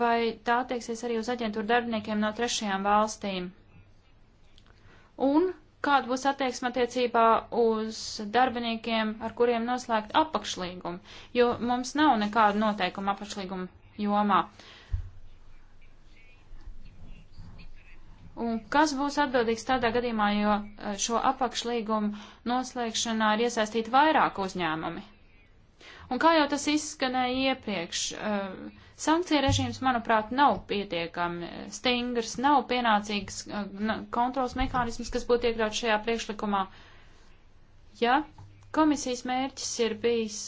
vai tā attieksies arī uz aģentūra darbiniekiem no trešajām valstīm? Un kāda būs attieksme attiecībā uz darbiniekiem, ar kuriem noslēgt apakšlīgumu, jo mums nav nekāda noteikuma apakšlīguma jomā. Un kas būs atbildīgs tādā gadījumā, jo eh, šo apakšlīgumu noslēgšanā ir iesaistīti vairāk uzņēmumi? Un kā jau tas izskanēja iepriekš, eh, sankcija režīms, manuprāt, nav pietiekami stingrs, nav pienācīgs eh, kontrols mehānisms, kas būtu iekļauts šajā priekšlikumā. Ja komisijas mērķis ir bijis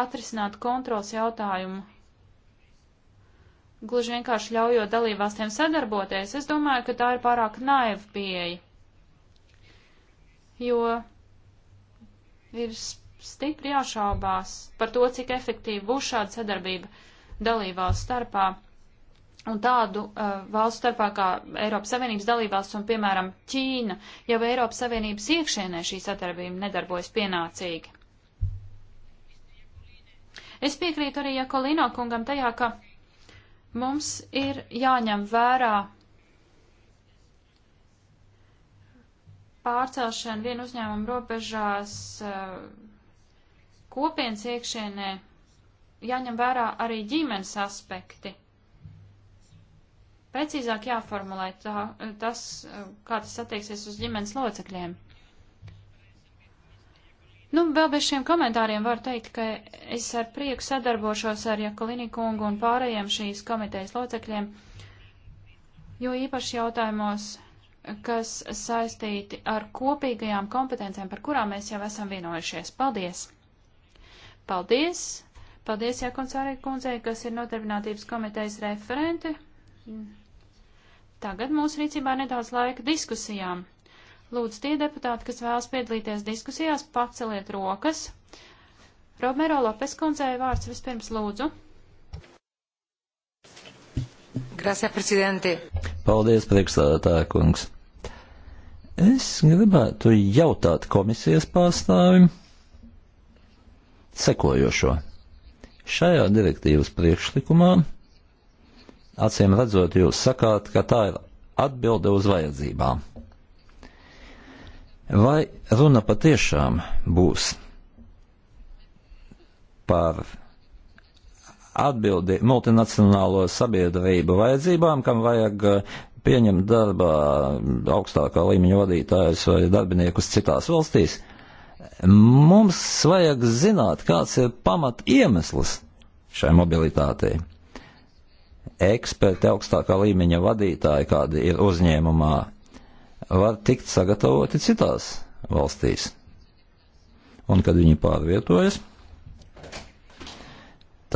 atrisināt kontrols jautājumu, gluži vienkārši ļaujot dalībvalstiem sadarboties, es domāju, ka tā ir pārāk naiva pieeja. Jo ir stipri jāšaubās par to, cik efektīvi būs šāda sadarbība dalībvalstu starpā un tādu uh, valstu starpā kā Eiropas Savienības dalībvalsts un, piemēram, Ķīna, jau Eiropas Savienības iekšienē šī sadarbība nedarbojas pienācīgi. Es piekrītu arī Jakolino kungam tajā, ka mums ir jāņem vērā pārcelšana vienu uzņēmumu robežās. Uh, kopienas iekšienē jāņem vērā arī ģimenes aspekti. Precīzāk jāformulē tā, tas, kā tas attieksies uz ģimenes locekļiem. Nu, vēl bez šiem komentāriem varu teikt, ka es ar prieku sadarbošos ar Jakolini kungu un pārējiem šīs komitejas locekļiem, jo īpaši jautājumos, kas saistīti ar kopīgajām kompetencijām, par kurām mēs jau esam vienojušies. Paldies! Paldies! Paldies Jākonsārī kundzei, kas ir nodarbinātības komitejas referente. Tagad mūsu rīcībā nedaudz laika diskusijām. Lūdzu, tie deputāti, kas vēlas piedalīties diskusijās, paceliet rokas. Romero Lopes kundzei vārds vispirms lūdzu. Gracias, prezidente. Paldies, priekšstādātāja kungs. Es gribētu jautāt komisijas pārstāvim sekojošo. Šajā direktīvas priekšlikumā, acīm redzot, jūs sakāt, ka tā ir atbilde uz vajadzībām. Vai runa patiešām būs par atbildi multinacionālo sabiedrību vajadzībām, kam vajag eh, pieņemt darbā augstākā līmeņa vadītājus vai darbiniekus citās valstīs? Mums vajag zināt, kāds ir pamat iemesls šai mobilitātei. Eksperti augstākā līmeņa vadītāji, kādi ir uzņēmumā, var tikt sagatavoti citās valstīs. Un kad viņi pārvietojas,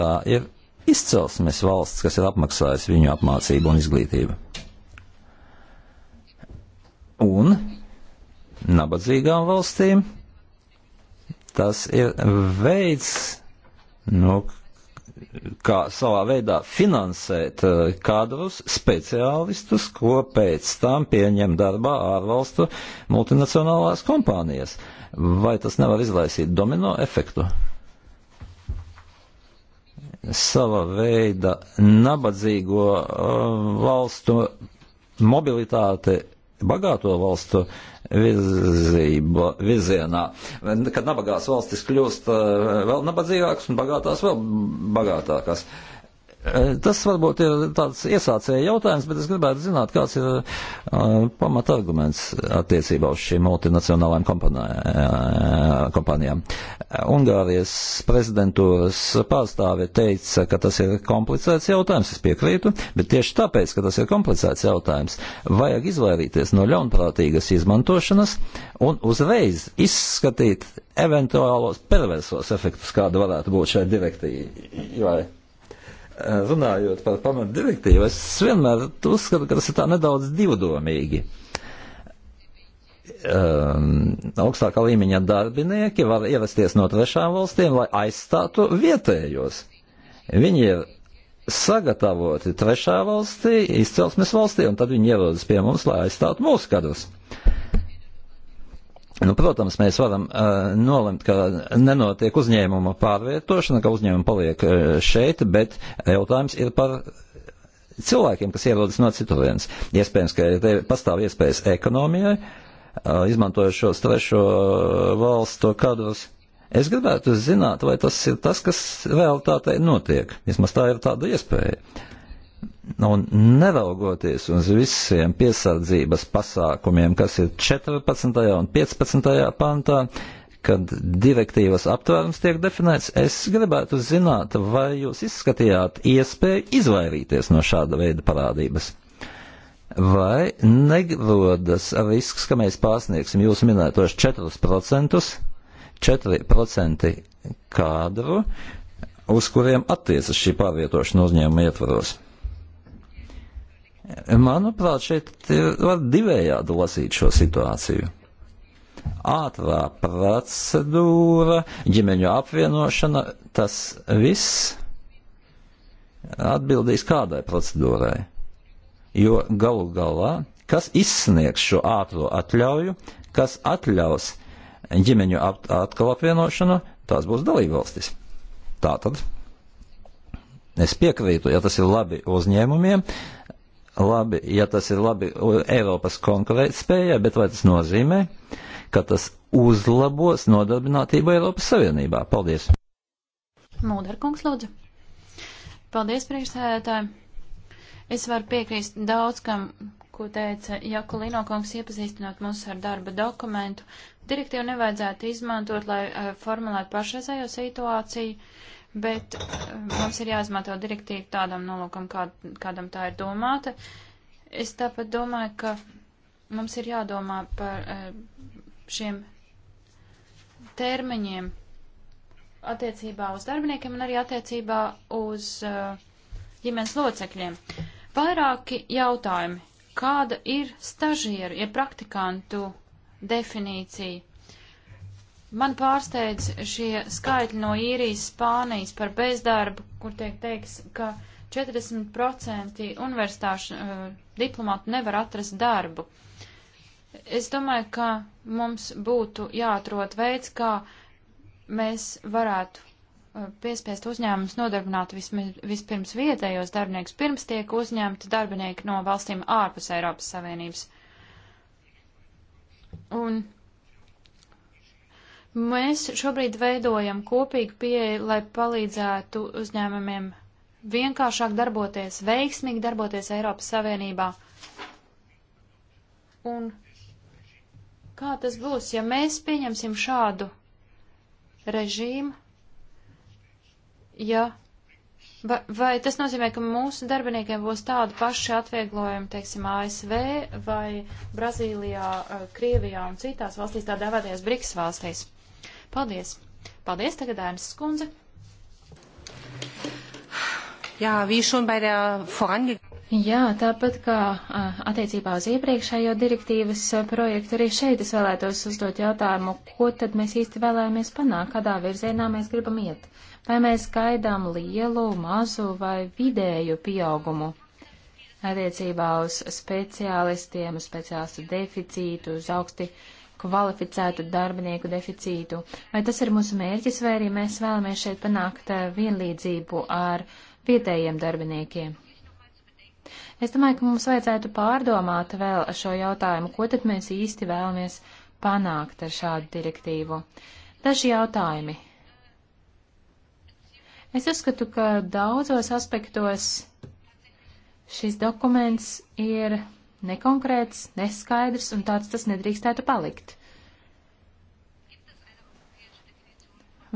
tā ir izcelsmes valsts, kas ir apmaksājusi viņu apmācību un izglītību. Un nabadzīgām valstīm Tas ir veids, nu, kā savā veidā finansēt eh, kadrus, speciālistus, ko pēc tam pieņem darbā ārvalstu multinacionālās kompānijas. Vai tas nevar izraisīt domino efektu? Sava veida nabadzīgo eh, valstu mobilitāte bagāto valstu virzība, virzienā, kad nabagās valstis kļūst eh, vēl nabadzīgākas un bagātās vēl bagātākas. Uh, Eh, tas varbūt ir tāds iesācēja jautājums, bet es gribētu zināt, kāds ir uh, eh, pamata arguments attiecībā uz šīm multinacionālajām eh, kompānijām. Ungārijas prezidentūras pārstāve teica, ka tas ir komplicēts jautājums, es piekrītu, bet tieši tāpēc, ka tas ir komplicēts jautājums, vajag izvairīties no ļaunprātīgas izmantošanas un uzreiz izskatīt eventuālos perversos efektus, kāda varētu būt šai direktīvai Eh, runājot par pamatu direktīvu, es vienmēr uzskatu, ka tas ir tā nedaudz divdomīgi. Um, augstākā līmeņa darbinieki var ierasties no trešām valstīm, lai aizstātu vietējos. Viņi ir sagatavoti trešā valstī, izcelsmes valstī, un tad viņi ierodas pie mums, lai aizstātu mūsu kadrus. Uh, Nu, protams, mēs varam uh, nolemt, ka nenotiek uzņēmuma pārvietošana, ka uzņēmumi paliek uh, šeit, bet jautājums ir par cilvēkiem, kas ierodas no citurienes. Iespējams, ka te pastāv iespējas ekonomijai, uh, izmantojot šos trešo valstu kadrus. Es gribētu zināt, vai tas ir tas, kas realitātei notiek. Vismaz tā ir tāda iespēja. Uh, un neraugoties uz visiem piesardzības pasākumiem, kas ir 14. un 15. pantā, kad direktīvas aptvērums tiek definēts, es gribētu zināt, vai jūs izskatījāt iespēju izvairīties no šāda veida parādības. Vai negrodas risks, ka mēs pārsniegsim jūs minētos 4%, 4% kadru, uz kuriem attiecas šī pārvietošana uzņēmuma ietvaros? Manuprāt, šeit var divējādi lasīt šo situāciju. Ātrā procedūra, ģimeņu apvienošana, tas viss atbildīs kādai procedūrai. Jo galu galā, kas izsniegs šo ātro atļauju, kas atļaus ģimeņu ap atkal apvienošanu, tās būs dalībvalstis. Tātad. Es piekrītu, ja tas ir labi uzņēmumiem, labi, ja tas ir labi Eiropas konkurētspējai, bet vai tas nozīmē, ka tas uzlabos nodarbinātību Eiropas Savienībā? Paldies! Mūderkungs, lūdzu! Paldies, priekšsēdētāji! Es varu piekrīst daudz, kam, ko teica Jakulino kungs, iepazīstinot mūs ar darba dokumentu. Direktīvu nevajadzētu izmantot, lai uh, formulētu pašreizējo situāciju. Uh, bet eh, mums ir jāizmanto direktīva tādam nolūkam, kād, kādam tā ir domāta. Es tāpat domāju, ka mums ir jādomā par eh, šiem termiņiem attiecībā uz darbiniekiem un arī attiecībā uz eh, ģimenes locekļiem. Vairāki jautājumi. Kāda ir stažieru, ja praktikantu definīcija? Man pārsteidz šie skaitļi no īrijas, Spānijas par bezdarbu, kur tiek teiks, ka 40% universitāšu uh, diplomātu nevar atrast darbu. Es domāju, ka mums būtu jāatrod veids, kā mēs varētu uh, piespiest uzņēmumus nodarbināt vismir, vispirms vietējos darbiniekus, pirms tiek uzņemti darbinieki no valstīm ārpus Eiropas Savienības. Un Mēs šobrīd veidojam kopīgu pieeju, lai palīdzētu uzņēmumiem vienkāršāk darboties, veiksmīgi darboties Eiropas Savienībā. Un kā tas būs, ja mēs pieņemsim šādu režīmu, ja Vai, vai tas nozīmē, ka mūsu darbiniekiem būs tādi paši atvieglojumi, teiksim, ASV vai Brazīlijā, Krievijā un citās valstīs, tā dēvētajās BRICS valstīs? Paldies! Paldies tagad Ēnas skundze! Jā, vīšun bei der vorange. Jā, tāpat kā attiecībā uz iepriekšējo direktīvas projektu, arī šeit es vēlētos uzdot jautājumu, ko tad mēs īsti vēlējamies panākt, kādā virzienā mēs gribam iet. Vai mēs gaidām lielu, mazu vai vidēju pieaugumu attiecībā uz speciālistiem, uz speciālistu deficītu, uz augsti kvalificētu darbinieku deficītu. Vai tas ir mūsu mērķis, vai arī mēs vēlamies šeit panākt eh, vienlīdzību ar vietējiem darbiniekiem? Es domāju, ka mums vajadzētu pārdomāt vēl šo jautājumu, ko tad mēs īsti vēlamies panākt ar šādu direktīvu. Daži jautājumi. Es uzskatu, ka daudzos aspektos šis dokuments ir nekonkrēts, neskaidrs, un tāds tas nedrīkstētu palikt.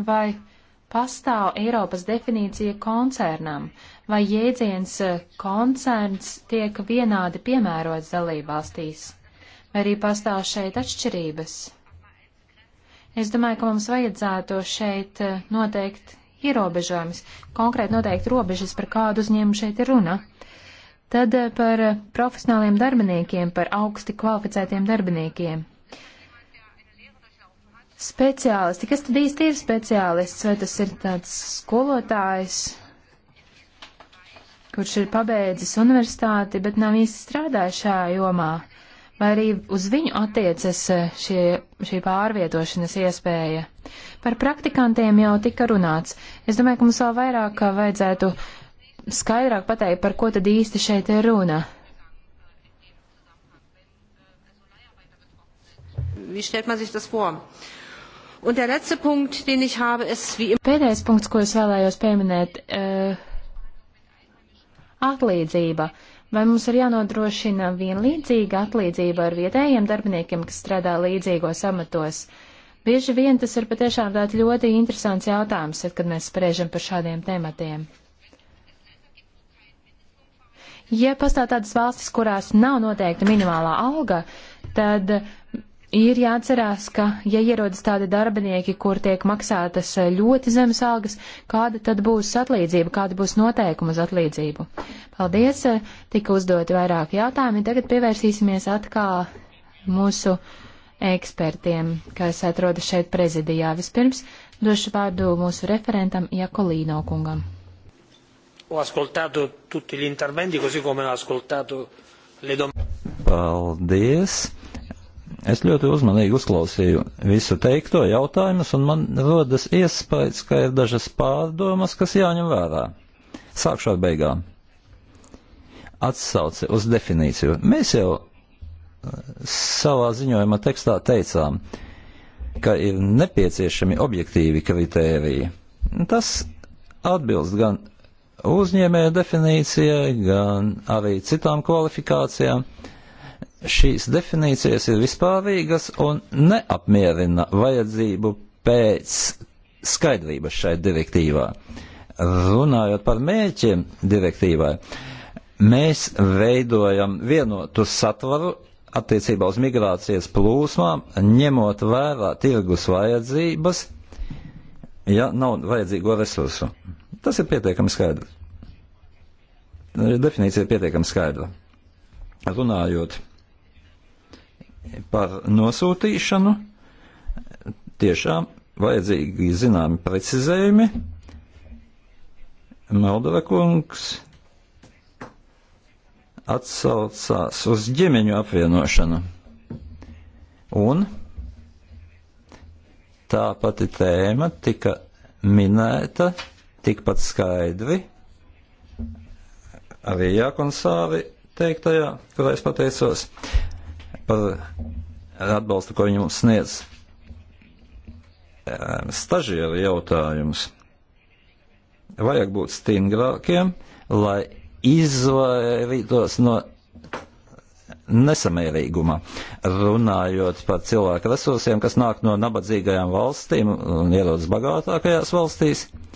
Vai pastāv Eiropas definīcija koncernam, vai jēdziens eh, koncerns tiek vienādi piemērots dalībvalstīs, vai arī pastāv šeit atšķirības? Es domāju, ka mums vajadzētu šeit eh, noteikt ierobežojumus, konkrēti noteikt robežas, par kādu uzņēmumu šeit ir runa. Tad eh, par profesionāliem darbiniekiem, par augsti kvalificētiem darbiniekiem. Speciālisti. Kas tad īsti ir speciālists? Vai tas ir tāds skolotājs, kurš ir pabeidzis universitāti, bet nav īsti strādājis šajā jomā? Vai arī uz viņu attiecas eh, šie, šī pārvietošanas iespēja? Par praktikantiem jau tika runāts. Es domāju, ka mums vēl vairāk eh, vajadzētu uh, skaidrāk pateikt, par ko tad īsti šeit ir runa. Wie stellt man sich das vor? Un der letzte Punkt, den ich habe, ist wie immer. Pēdējais punkts, ko es vēlējos pieminēt, uh, atlīdzība. Vai mums ir jānodrošina vienlīdzīga atlīdzība ar vietējiem darbiniekiem, kas strādā līdzīgos amatos? Bieži vien tas ir patiešām tāds ļoti interesants jautājums, kad mēs spriežam par šādiem tematiem. Ja pastāv tādas valstis, kurās nav noteikta minimālā alga, tad ir jāatcerās, ka, ja ierodas tādi darbinieki, kur tiek maksātas eh, ļoti zemes algas, kāda tad būs atlīdzība, kāda būs noteikuma uz atlīdzību. Paldies, eh, tika uzdoti vairāki jautājumi. Tagad pievērsīsimies atkal mūsu ekspertiem, kas atrodas šeit prezidijā. Vispirms došu vārdu mūsu referentam Jakolīno kungam ho ascoltato tutti gli interventi così come ho ascoltato le domande. Paldies! Es ļoti uzmanīgi uzklausīju visu teikto jautājumus, un man rodas iespējas, ka ir dažas pārdomas, kas jāņem vērā. Sākšu ar beigām. Atsauce uz definīciju. Mēs jau eh, savā ziņojuma tekstā teicām, ka ir nepieciešami objektīvi kritēriji. Tas atbilst gan uzņēmēja definīcijai, gan arī citām kvalifikācijām. Šīs definīcijas ir vispārīgas un neapmierina vajadzību pēc skaidrības šai direktīvā. Runājot par mērķiem direktīvai, mēs veidojam vienotu satvaru attiecībā uz migrācijas plūsmām, ņemot vērā tirgus vajadzības, ja nav vajadzīgo resursu. Tas ir pietiekami skaidrs. Definīcija ir pietiekami skaidra. Runājot par nosūtīšanu, tiešām vajadzīgi zināmi precizējumi. Meldova kungs atsaucās uz ģimeņu apvienošanu. Un tā pati tēma tika minēta tikpat skaidri arī Jākonsāvi teiktajā, kurā es pateicos par atbalstu, ko viņi mums sniedz. Ehm, stažieru jautājums. Vajag būt stingrākiem, lai izvairītos no nesamērīguma, runājot par cilvēku resursiem, kas nāk no nabadzīgajām valstīm un ierodas bagātākajās valstīs. Uh,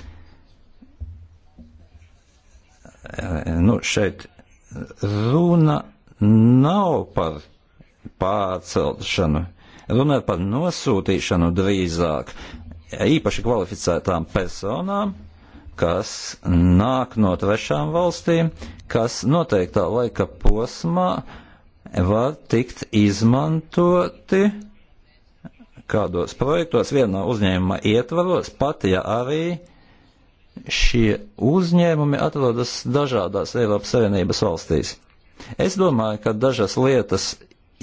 Eh, nu, šeit runa nav par pārcelšanu, runa ir par nosūtīšanu drīzāk īpaši kvalificētām personām, kas nāk no trešām valstīm, kas noteiktā laika posmā var tikt izmantoti kādos projektos vienā uzņēmuma ietvaros, pat ja arī šie uzņēmumi atrodas dažādās Eiropas Savienības valstīs. Es domāju, ka dažas lietas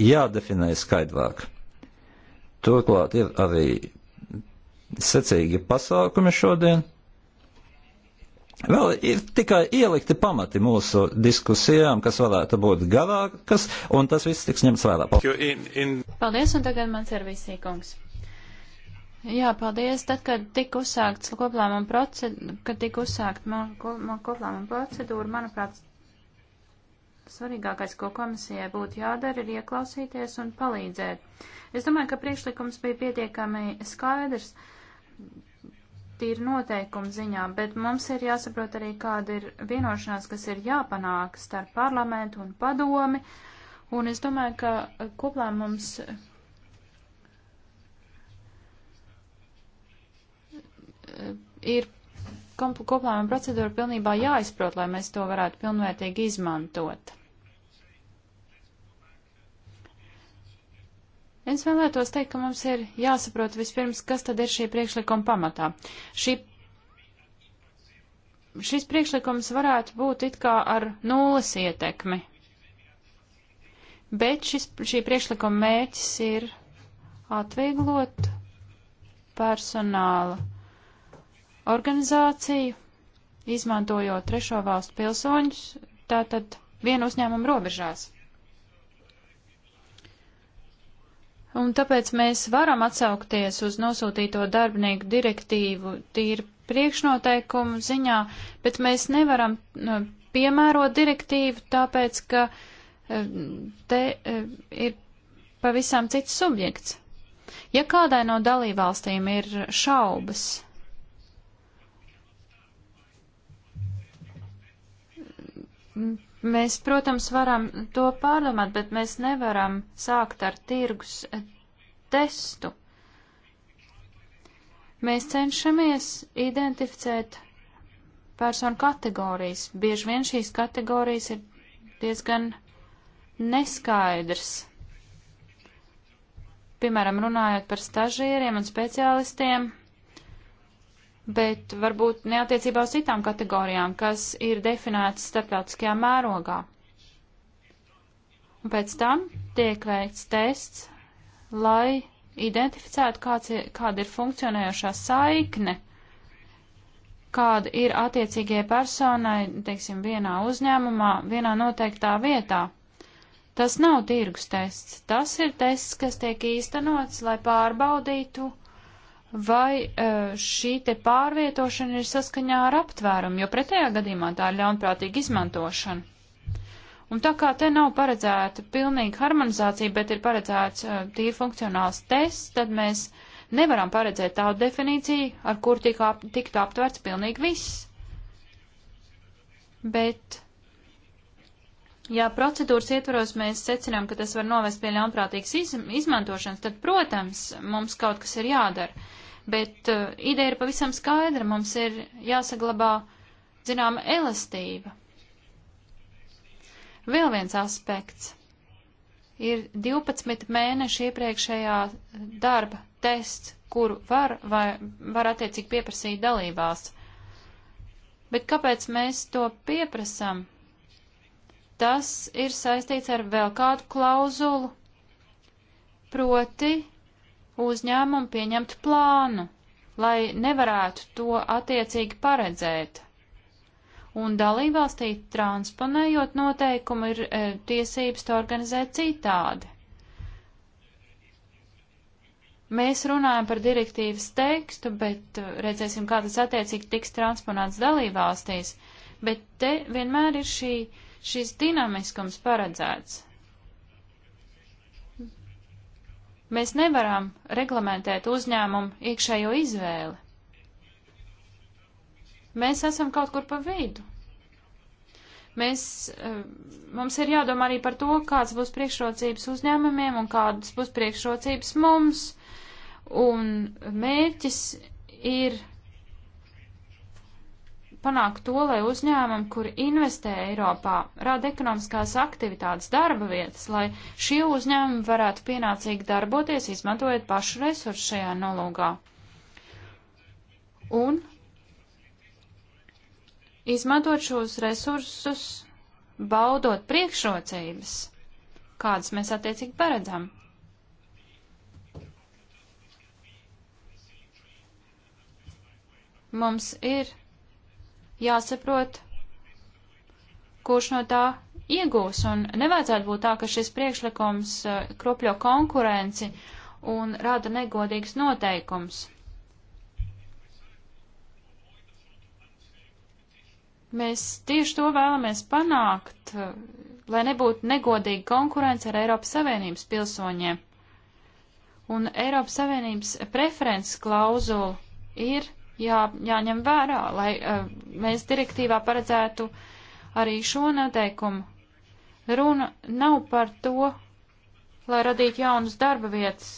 jādefinē skaidrāk. Turklāt ir arī secīgi pasākumi šodien. Vēl ir tikai ielikti pamati mūsu diskusijām, kas varētu būt garākas, un tas viss tiks ņemts vērā. Paldies, un tagad mans ir visīkums. Jā, paldies. Tad, kad tika uzsākts koplēmuma procedūra, kad tika uzsākt man, man koplēmuma procedūra, manuprāt, svarīgākais, ko komisijai būtu jādara, ir ieklausīties un palīdzēt. Es domāju, ka priekšlikums bija pietiekami skaidrs, tīri noteikumu ziņā, bet mums ir jāsaprot arī, kāda ir vienošanās, kas ir jāpanāk starp parlamentu un padomi. Un es domāju, ka koplēmums. mums ir koplājuma procedūra pilnībā jāizprot, lai mēs to varētu pilnvērtīgi izmantot. Es vēlētos teikt, ka mums ir jāsaprot vispirms, kas tad ir šī priekšlikuma pamatā. Šī, šis priekšlikums varētu būt it kā ar nulles ietekmi, bet šis, šī priekšlikuma mērķis ir atvieglot personāla organizāciju, izmantojot trešo valstu pilsoņus, tātad vienu uzņēmumu robežās. Un tāpēc mēs varam atsaukties uz nosūtīto darbinieku direktīvu tīri priekšnoteikumu ziņā, bet mēs nevaram nu, piemērot direktīvu, tāpēc ka e, te e, ir pavisam cits subjekts. Ja kādai no dalībvalstīm ir šaubas Mēs, protams, varam to pārdomāt, bet mēs nevaram sākt ar tirgus testu. Mēs cenšamies identificēt personu kategorijas. Bieži vien šīs kategorijas ir diezgan neskaidrs. Piemēram, runājot par stažieriem un speciālistiem, bet varbūt neatiecībā uz citām kategorijām, kas ir definētas starptautiskajā mērogā. Un pēc tam tiek veikts tests, lai identificētu, kāds, ir, kāda ir funkcionējošā saikne, kāda ir attiecīgajai personai, teiksim, vienā uzņēmumā, vienā noteiktā vietā. Tas nav tirgus tests, tas ir tests, kas tiek īstenots, lai pārbaudītu, vai e, šī te pārvietošana ir saskaņā ar aptvērumu, jo pretējā gadījumā tā ir ļaunprātīga izmantošana. Un tā kā te nav paredzēta pilnīga harmonizācija, bet ir paredzēts uh, tīri funkcionāls tests, tad mēs nevaram paredzēt tādu definīciju, ar kur tiktu ap, tikt aptverts pilnīgi viss. Bet, ja procedūras ietvaros mēs secinām, ka tas var novest pie ļaunprātīgas iz, izmantošanas, tad, protams, mums kaut kas ir jādara bet uh, ideja ir pavisam skaidra. Mums ir jāsaglabā zināma elastība. Vēl viens aspekts ir 12 mēneši iepriekšējā darba tests, kuru var vai var attiecīgi pieprasīt dalībās. Bet kāpēc mēs to pieprasam? Tas ir saistīts ar vēl kādu klauzulu, proti uzņēmumu pieņemt plānu, lai nevarētu to attiecīgi paredzēt. Un dalībvalstī transponējot noteikumu ir e, tiesības to organizēt citādi. Mēs runājam par direktīvas tekstu, bet e, redzēsim, kā tas attiecīgi tiks transponēts dalībvalstīs. Bet te vienmēr ir šī, šis dinamiskums paredzēts. Mēs nevaram reglamentēt uzņēmumu iekšējo izvēli. Mēs esam kaut kur pa vidu. Mēs, eh, mums ir jādomā arī par to, kāds būs priekšrocības uzņēmumiem un kādas būs priekšrocības mums. Un mērķis ir panākt to, lai uzņēmumi, kuri investē Eiropā, rada ekonomiskās aktivitātes, darba vietas, lai šie uzņēmumi varētu pienācīgi darboties, izmantojot pašu resursu šajā nolūgā. Un izmantot šos resursus, baudot priekšrocības, kādas mēs attiecīgi paredzam. Mums ir jāsaprot, kurš no tā iegūs. Un nevajadzētu būt tā, ka šis priekšlikums eh, kropļo konkurenci un rada negodīgs noteikums. Mēs tieši to vēlamies panākt, eh, lai nebūtu negodīga konkurence ar Eiropas Savienības pilsoņiem. Un Eiropas Savienības preferences klauzula ir jā, jāņem vērā, lai uh, mēs direktīvā paredzētu arī šo noteikumu. Runa nav par to, lai radītu jaunas darba vietas,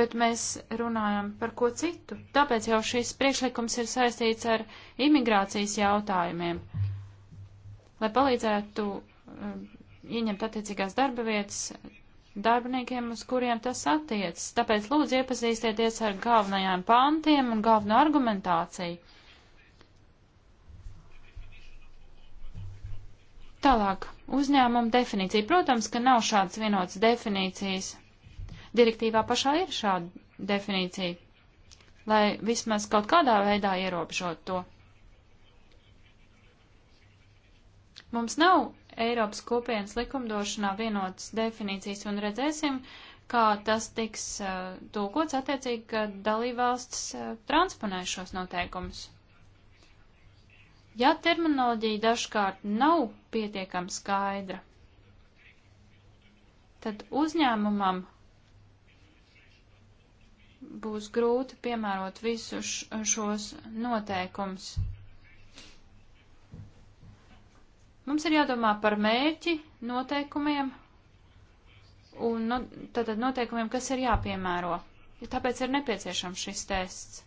bet mēs runājam par ko citu. Tāpēc jau šis priekšlikums ir saistīts ar imigrācijas jautājumiem, lai palīdzētu um, ieņemt attiecīgās darba vietas darbiniekiem, uz kuriem tas attiecas. Tāpēc lūdzu iepazīstieties ar galvenajām pāntiem un galveno argumentāciju. Tālāk, uzņēmuma definīcija. Protams, ka nav šādas vienotas definīcijas. Direktīvā pašā ir šāda definīcija, lai vismaz kaut kādā veidā ierobežot to. Mums nav Eiropas kopienas likumdošanā vienotas definīcijas un redzēsim, kā tas tiks uh, eh, tūkots attiecīgi, ka dalībvalsts uh, eh, transponē šos noteikumus. Ja terminoloģija dažkārt nav pietiekami skaidra, tad uzņēmumam būs grūti piemērot visus šos noteikumus. Mums ir jādomā par mērķi, noteikumiem un no, tātad noteikumiem, kas ir jāpiemēro. Ja tāpēc ir nepieciešams šis tests.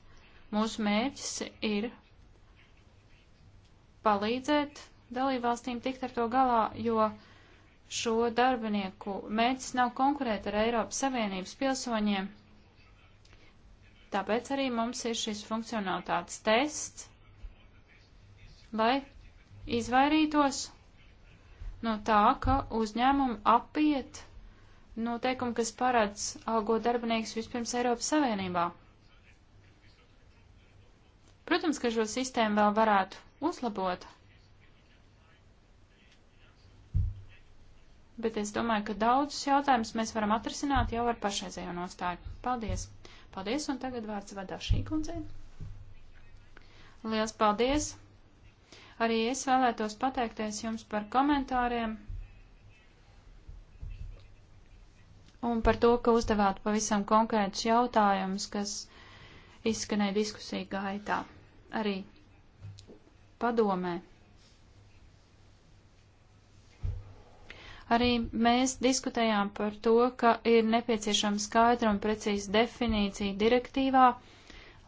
Mūsu mērķis ir palīdzēt dalībvalstīm tikt ar to galā, jo šo darbinieku mērķis nav konkurēt ar Eiropas Savienības pilsoņiem. Tāpēc arī mums ir šis funkcionalitātes tests, lai izvairītos no tā, ka uzņēmumi apiet noteikumu, kas paredz algot darbinieks vispirms Eiropas Savienībā. Protams, ka šo sistēmu vēl varētu uzlabot, bet es domāju, ka daudzus jautājumus mēs varam atrisināt jau ar pašreizējo nostāju. Paldies! Paldies, un tagad vārds vadā šī kundzei. Liels paldies! Arī es vēlētos pateikties jums par komentāriem un par to, ka uzdevāt pavisam konkrētus jautājumus, kas izskanēja diskusiju gaitā. Arī padomē. Arī mēs diskutējām par to, ka ir nepieciešama skaidra un precīza definīcija direktīvā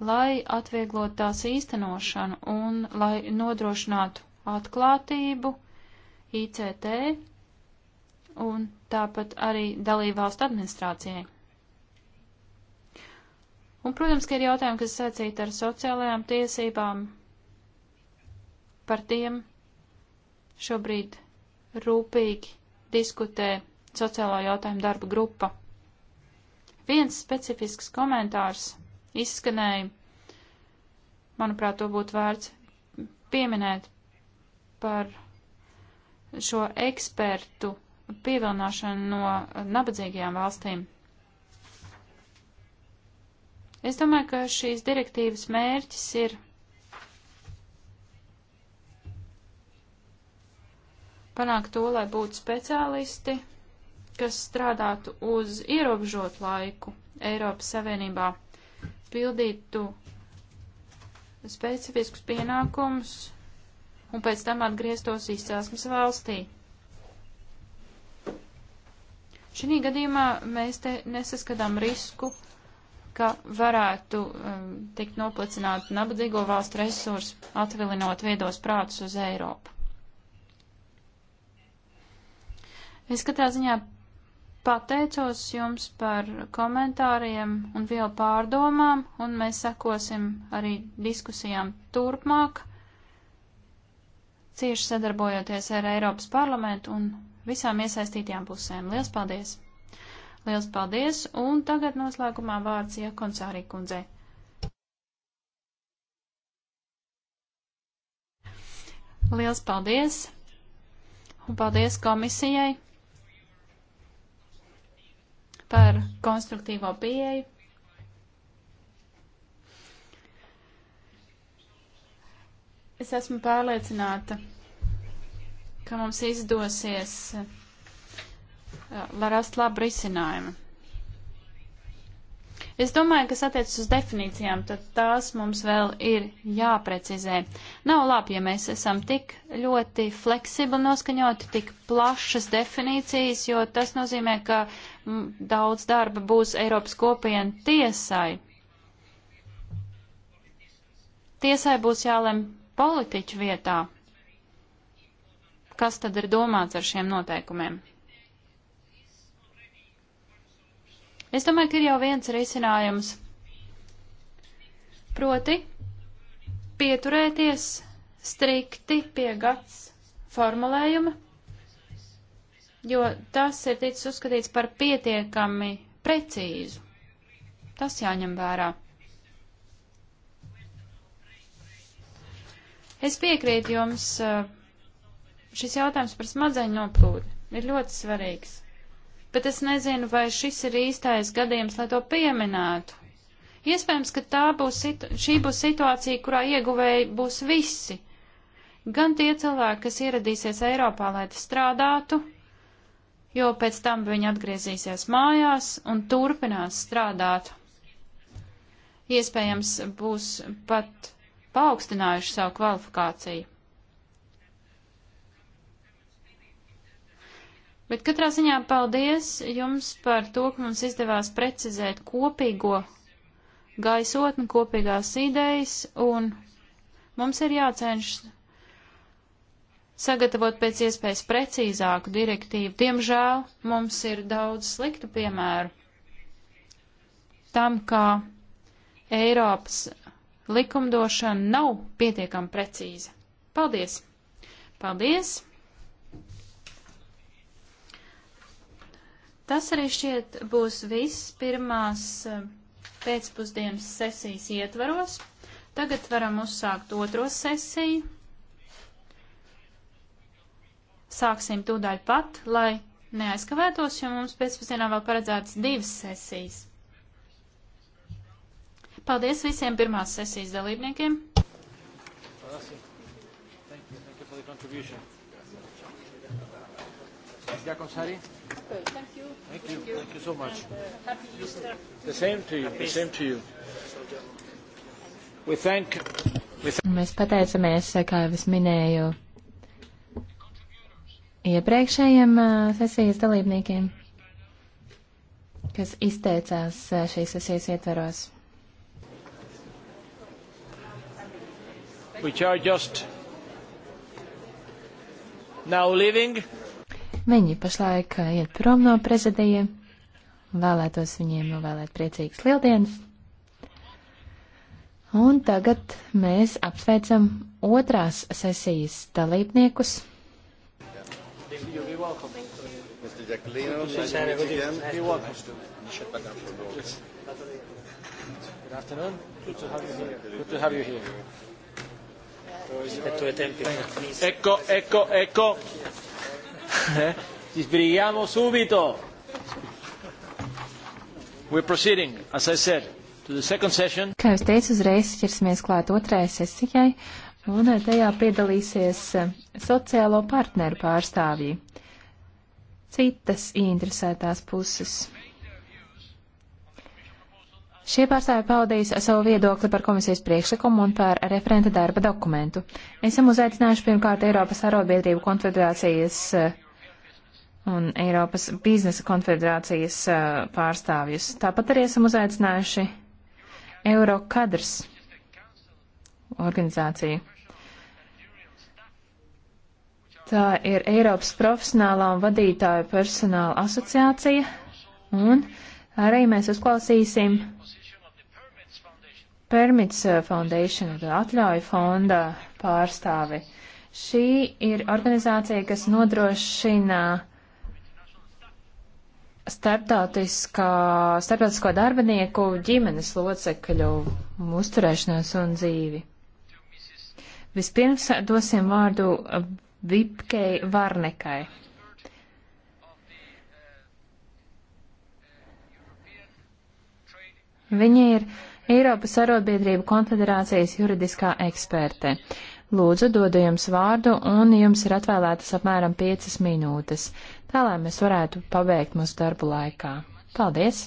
lai atvieglot tās īstenošanu un lai nodrošinātu atklātību ICT un tāpat arī dalībvalstu administrācijai. Un, protams, ka ir jautājumi, kas saistīti ar sociālajām tiesībām. Par tiem šobrīd rūpīgi diskutē sociālā jautājuma darba grupa. Viens specifisks komentārs izskanēja. Manuprāt, to būtu vērts pieminēt par šo ekspertu pievilināšanu no nabadzīgajām valstīm. Es domāju, ka šīs direktīvas mērķis ir panākt to, lai būtu speciālisti, kas strādātu uz ierobežotu laiku Eiropas Savienībā pildītu specifiskus pienākumus un pēc tam atgrieztos izcelsmes valstī. Šī gadījumā mēs te nesaskatām risku, ka varētu um, tikt noplicināt nabadzīgo valstu resursu, atvilinot viedos prātus uz Eiropu. Es katrā ziņā pateicos jums par komentāriem un vielu pārdomām, un mēs sekosim arī diskusijām turpmāk, cieši sadarbojoties ar Eiropas parlamentu un visām iesaistītajām pusēm. Lielas paldies! Lielas paldies! Un tagad noslēgumā vārds Jakonsārī kundzei. Lielas paldies! Un paldies komisijai! par konstruktīvo pieeju. Es esmu pārliecināta, ka mums izdosies uh, rast labu risinājumu. Es domāju, kas attiecas uz definīcijām, tad tās mums vēl ir jāprecizē. Nav labi, ja mēs esam tik ļoti fleksibli noskaņoti, tik plašas definīcijas, jo tas nozīmē, ka m, mm, daudz darba būs Eiropas kopienu tiesai. Tiesai būs jālem politiķu vietā. Kas tad ir domāts ar šiem noteikumiem? Es domāju, ka ir jau viens risinājums. Proti, pieturēties strikti pie gads formulējuma, jo tas ir ticis uzskatīts par pietiekami precīzu. Tas jāņem vērā. Es piekrītu jums, eh, šis jautājums par smadzeņu noplūdi ir ļoti svarīgs bet es nezinu, vai šis ir īstais gadījums, lai to pieminētu. Iespējams, ka tā būs, šī būs situācija, kurā ieguvēji būs visi. Gan tie cilvēki, kas ieradīsies Eiropā, lai strādātu, jo pēc tam viņi atgriezīsies mājās un turpinās strādāt. Iespējams, būs pat paaugstinājuši savu kvalifikāciju. Bet katrā ziņā paldies jums par to, ka mums izdevās precizēt kopīgo gaisotni, kopīgās idejas, un mums ir jācenšas sagatavot pēc iespējas precīzāku direktīvu. Diemžēl mums ir daudz sliktu piemēru tam, kā Eiropas likumdošana nav pietiekami precīza. Paldies! Paldies! Tas arī šķiet būs viss pirmās eh, pēcpusdienas sesijas ietvaros. Tagad varam uzsākt otro sesiju. Sāksim tūdaļ pat, lai neaizkavētos, jo mums pēcpusdienā vēl paredzētas divas sesijas. Paldies visiem pirmās sesijas dalībniekiem. Thank you. Thank you for the contribution. Gracias. Gracias. Okay, thank you. Thank, thank you. you. Thank you so much. And, uh, happy Easter. The same to you. The same to you. We thank, we thank... Mēs pateicamies, kā jau es minēju, iepriekšējiem uh, sesijas dalībniekiem, kas izteicās uh, šīs sesijas ietveros. Which are just now living. Viņi pašlaik eh, iet prom no prezidija. Vēlētos viņiem novēlēt priecīgas lieldienas. Un tagad mēs apsveicam otrās sesijas dalībniekus. Good afternoon. Good to have you here. Good to have you here. Ecco, ecco, ecco. Eh? Ci sbrighiamo subito. We're proceeding, as I said, to the second session. Kā es teicu, uzreiz ķersimies klāt otrajai sesijai, un eh, tajā piedalīsies eh, sociālo partneru pārstāvji. Citas interesētās puses. Šie pārstāvi paudīs savu viedokli par komisijas priekšlikumu un par referenta darba dokumentu. Esam uzaicinājuši pirmkārt Eiropas Arotbiedrību konfederācijas eh, un Eiropas biznesa konfederācijas eh, pārstāvjus. Tāpat arī esam uzaicinājuši Eurokadrs organizāciju. Tā ir Eiropas profesionālā un vadītāju personāla asociācija, un arī mēs uzklausīsim Permits eh, Foundation, atļauju fonda pārstāvi. Šī ir organizācija, kas nodrošina starptautisko darbinieku ģimenes locekļu uzturēšanos un dzīvi. Vispirms dosim vārdu Vipkei Varnekai. Viņa ir uh, Eiropas arotbiedrību konfederācijas juridiskā eksperte. Lūdzu, dodu jums vārdu, un jums ir atvēlētas apmēram 5 minūtes, tā lai mēs varētu pabeigt mūsu darbu laikā. Paldies!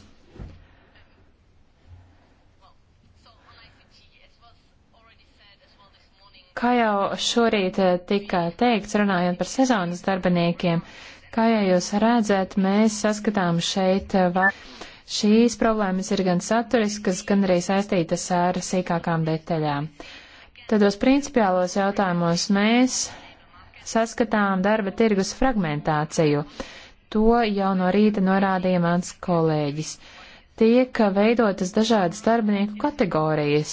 Kā jau šorīt eh, tika teikts, runājot par sezonas darbiniekiem, kā jau jūs redzat, mēs saskatām šeit. Eh, Var... Šīs problēmas ir gan saturiskas, gan arī saistītas ar sīkākām detaļām. Tādos principiālos jautājumos mēs saskatām darba tirgus fragmentāciju. To jau no rīta norādīja mans kolēģis. Tiek veidotas dažādas darbinieku kategorijas.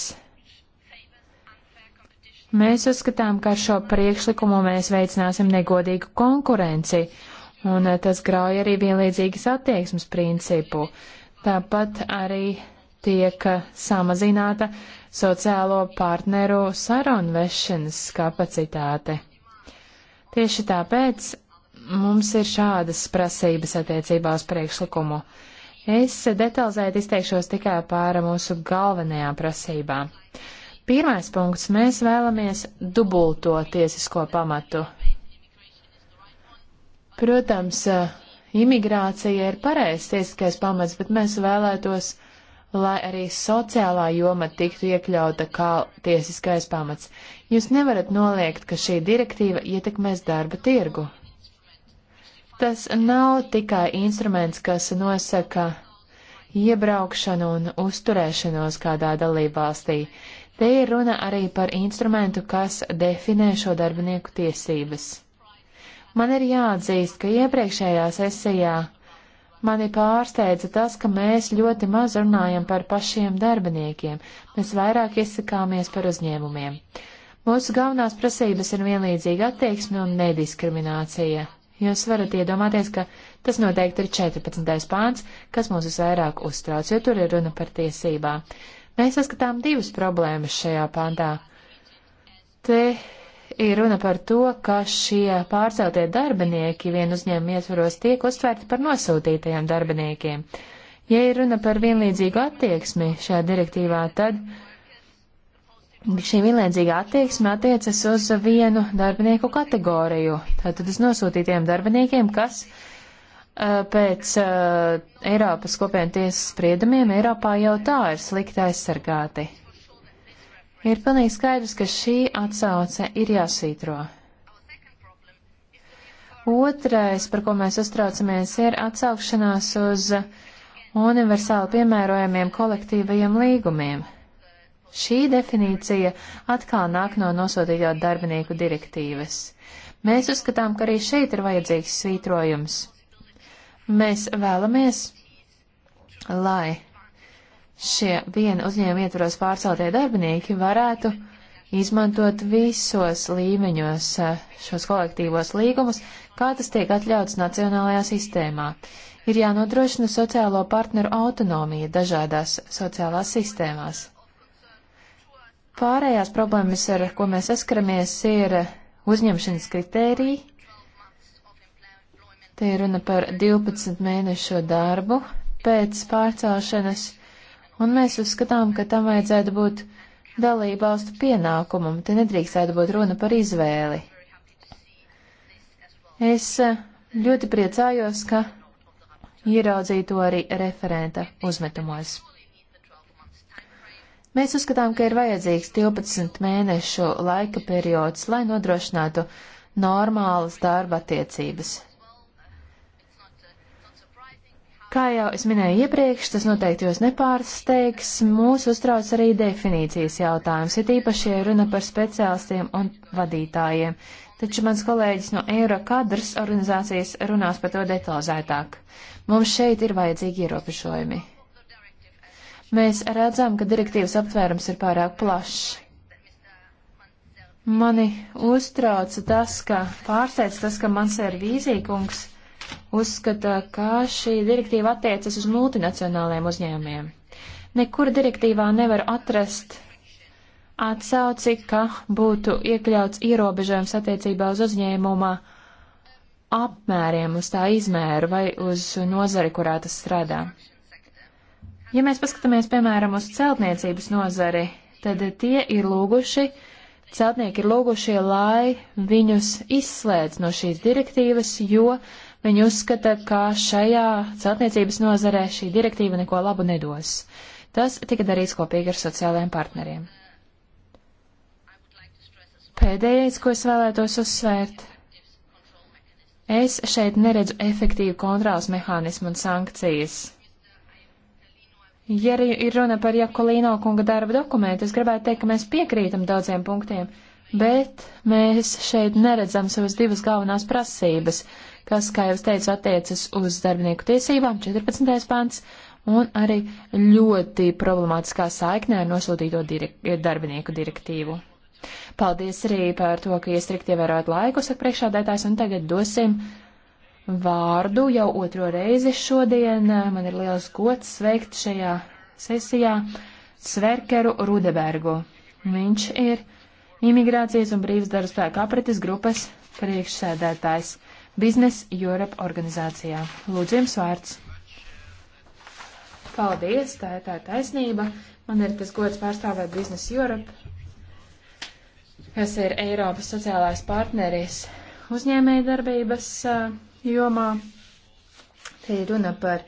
Mēs uzskatām, ka ar šo priekšlikumu mēs veicināsim negodīgu konkurenci, un tas grauj arī vienlīdzīgas attieksmes principu. Tāpat arī tiek samazināta sociālo partneru sarunvešanas kapacitāte. Tieši tāpēc mums ir šādas prasības attiecībā uz priekšlikumu. Es detalizēti izteikšos tikai pāra mūsu galvenajām prasībām. Pirmais punkts - mēs vēlamies dubulto tiesisko pamatu. Protams, Imigrācija ir pareizs tiesiskais pamats, bet mēs vēlētos, lai arī sociālā joma tiktu iekļauta kā tiesiskais pamats. Jūs nevarat noliegt, ka šī direktīva ietekmēs darba tirgu. Tas nav tikai instruments, kas nosaka iebraukšanu un uzturēšanos kādā dalībvalstī. Te ir runa arī par instrumentu, kas definē šo darbinieku tiesības. Man ir jāatzīst, ka iepriekšējā sesijā mani pārsteidza tas, ka mēs ļoti maz runājam par pašiem darbiniekiem, mēs vairāk izsakāmies par uzņēmumiem. Mūsu galvenās prasības ir vienlīdzīga attieksme un nediskriminācija. Jūs varat iedomāties, ka tas noteikti ir 14. pāns, kas mūs visvairāk uztrauc, jo tur ir runa par tiesībām. Mēs saskatām divas problēmas šajā pāntā. Te ir runa par to, ka šie pārceltie darbinieki vienu uzņēmumu ietvaros tiek uztvērti par nosūtītajiem darbiniekiem. Ja ir runa par vienlīdzīgu attieksmi šajā direktīvā, tad šī vienlīdzīga attieksme attiecas uz vienu darbinieku kategoriju, tātad uz nosūtītiem darbiniekiem, kas eh, pēc eh, Eiropas kopienu tiesas spriedumiem Eiropā jau tā ir slikti aizsargāti. Ir pilnīgi skaidrs, ka šī atsauce ir jāsvītro. Otrais, par ko mēs uztraucamies, ir atsaukšanās uz universāli piemērojamiem kolektīvajiem līgumiem. Šī definīcija atkal nāk no nosūtīto darbinieku direktīvas. Mēs uzskatām, ka arī šeit ir vajadzīgs svītrojums. Mēs vēlamies, lai šie viena uzņēmuma ietvaros pārceltie darbinieki varētu izmantot visos līmeņos eh, šos kolektīvos līgumus, kā tas tiek atļauts nacionālajā sistēmā. Ir jānodrošina sociālo partneru autonomija dažādās sociālās sistēmās. Pārējās problēmas, ar ko mēs saskaramies, ir uzņemšanas kritērija. Te ir runa par 12 mēnešu darbu pēc pārcelšanas Un mēs uzskatām, ka tam vajadzētu būt dalību valstu pienākumam, te nedrīkstētu būt runa par izvēli. Es eh, ļoti priecājos, ka ieraudzīju to arī referenta uzmetumos. Mēs uzskatām, ka ir vajadzīgs 12 mēnešu laika periods, lai nodrošinātu normālas darba attiecības. Kā jau es minēju iepriekš, tas noteikti jūs nepārsteigs, mūs uztrauc arī definīcijas jautājums, ir īpaši runa par speciālistiem un vadītājiem. Taču mans kolēģis no Eurokadras organizācijas runās par to detalizētāk. Mums šeit ir vajadzīgi ierobežojumi. Mēs redzam, ka direktīvas aptvērums ir pārāk plašs. Mani uztrauca tas, ka pārsteidz tas, ka mans ir vīzīkungs uzskata, ka šī direktīva attiecas uz multinacionāliem uzņēmumiem. Nekur direktīvā nevar atrast atsauci, ka būtu iekļauts ierobežojums attiecībā uz uzņēmumā apmēriem, uz tā izmēru vai uz nozari, kurā tas strādā. Ja mēs paskatāmies, piemēram, uz celtniecības nozari, tad tie ir lūguši, celtnieki ir lūgušie, lai viņus izslēdz no šīs direktīvas, jo uh, Viņi uzskata, ka šajā celtniecības nozarē šī direktīva neko labu nedos. Tas tika darīts kopīgi ar sociālajiem partneriem. Pēdējais, ko es vēlētos uzsvērt, es šeit neredzu efektīvu kontrols mehānismu un sankcijas. Ja arī ir runa par Jakolīno kunga darba dokumentu, es gribētu teikt, ka mēs piekrītam daudziem punktiem, bet mēs šeit neredzam savas divas galvenās prasības kas, kā jau es teicu, attiecas uz darbinieku tiesībām, 14. pants, un arī ļoti problemātiskā saiknē ar nosūtīto direk darbinieku direktīvu. Paldies arī par to, ka iestrikt ievērojat laiku, saka priekšādētājs, un tagad dosim vārdu jau otro reizi šodien. Man ir liels gods sveikt šajā sesijā Sverkeru Rudebergu. Viņš ir imigrācijas un brīvsdaru spēku apretes grupas priekšsēdētājs. Business Europe organizācijā. Lūdzu, jums vārds. Paldies, tā ir tā taisnība. Man ir tas gods pārstāvēt Business Europe, kas ir Eiropas sociālais partneris uzņēmēja darbības jomā. Te ir runa par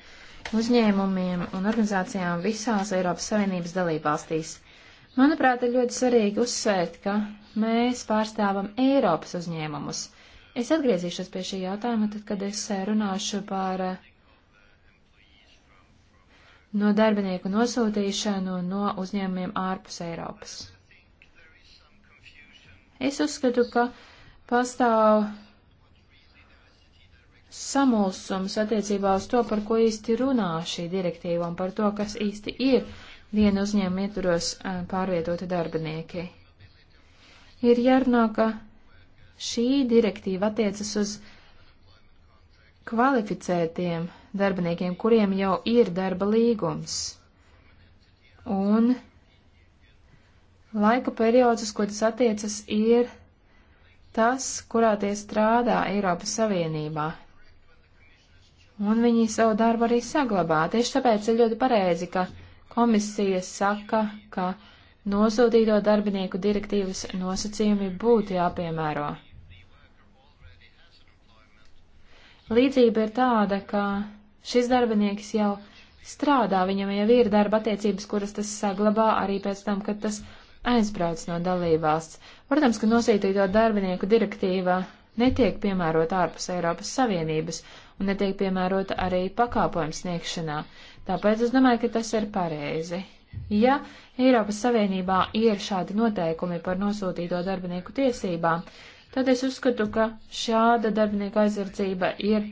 uzņēmumiem un organizācijām visās Eiropas Savienības dalībvalstīs. Manuprāt, ir ļoti svarīgi uzsvērt, ka mēs pārstāvam Eiropas uzņēmumus. Es atgriezīšos pie šī jautājuma, tad, kad es eh, runāšu par eh, no darbinieku nosūtīšanu no uzņēmumiem ārpus Eiropas. Es uzskatu, ka pastāv samulsums attiecībā uz to, par ko īsti runā šī direktīva un par to, kas īsti ir viena uzņēmuma ietvaros eh, pārvietoti darbinieki. Ir jārunā, ka Šī direktīva attiecas uz kvalificētiem darbiniekiem, kuriem jau ir darba līgums. Un laika periods, uz ko tas attiecas, ir tas, kurā tie strādā Eiropas Savienībā. Un viņi savu darbu arī saglabā. Tieši tāpēc ir ļoti pareizi, ka komisija saka, ka nosūtīto darbinieku direktīvas nosacījumi būtu jāpiemēro. Līdzība ir tāda, ka šis darbinieks jau strādā, viņam jau ir darba attiecības, kuras tas saglabā arī pēc tam, kad tas aizbrauc no dalībvalsts. Protams, ka nosītīto darbinieku direktīva netiek piemērota ārpus Eiropas Savienības un netiek piemērota arī pakāpojums sniegšanā. Tāpēc es domāju, ka tas ir pareizi. Ja Eiropas Savienībā ir šādi noteikumi par nosūtīto darbinieku tiesībām, tad es uzskatu, ka šāda darbinieka aizsardzība ir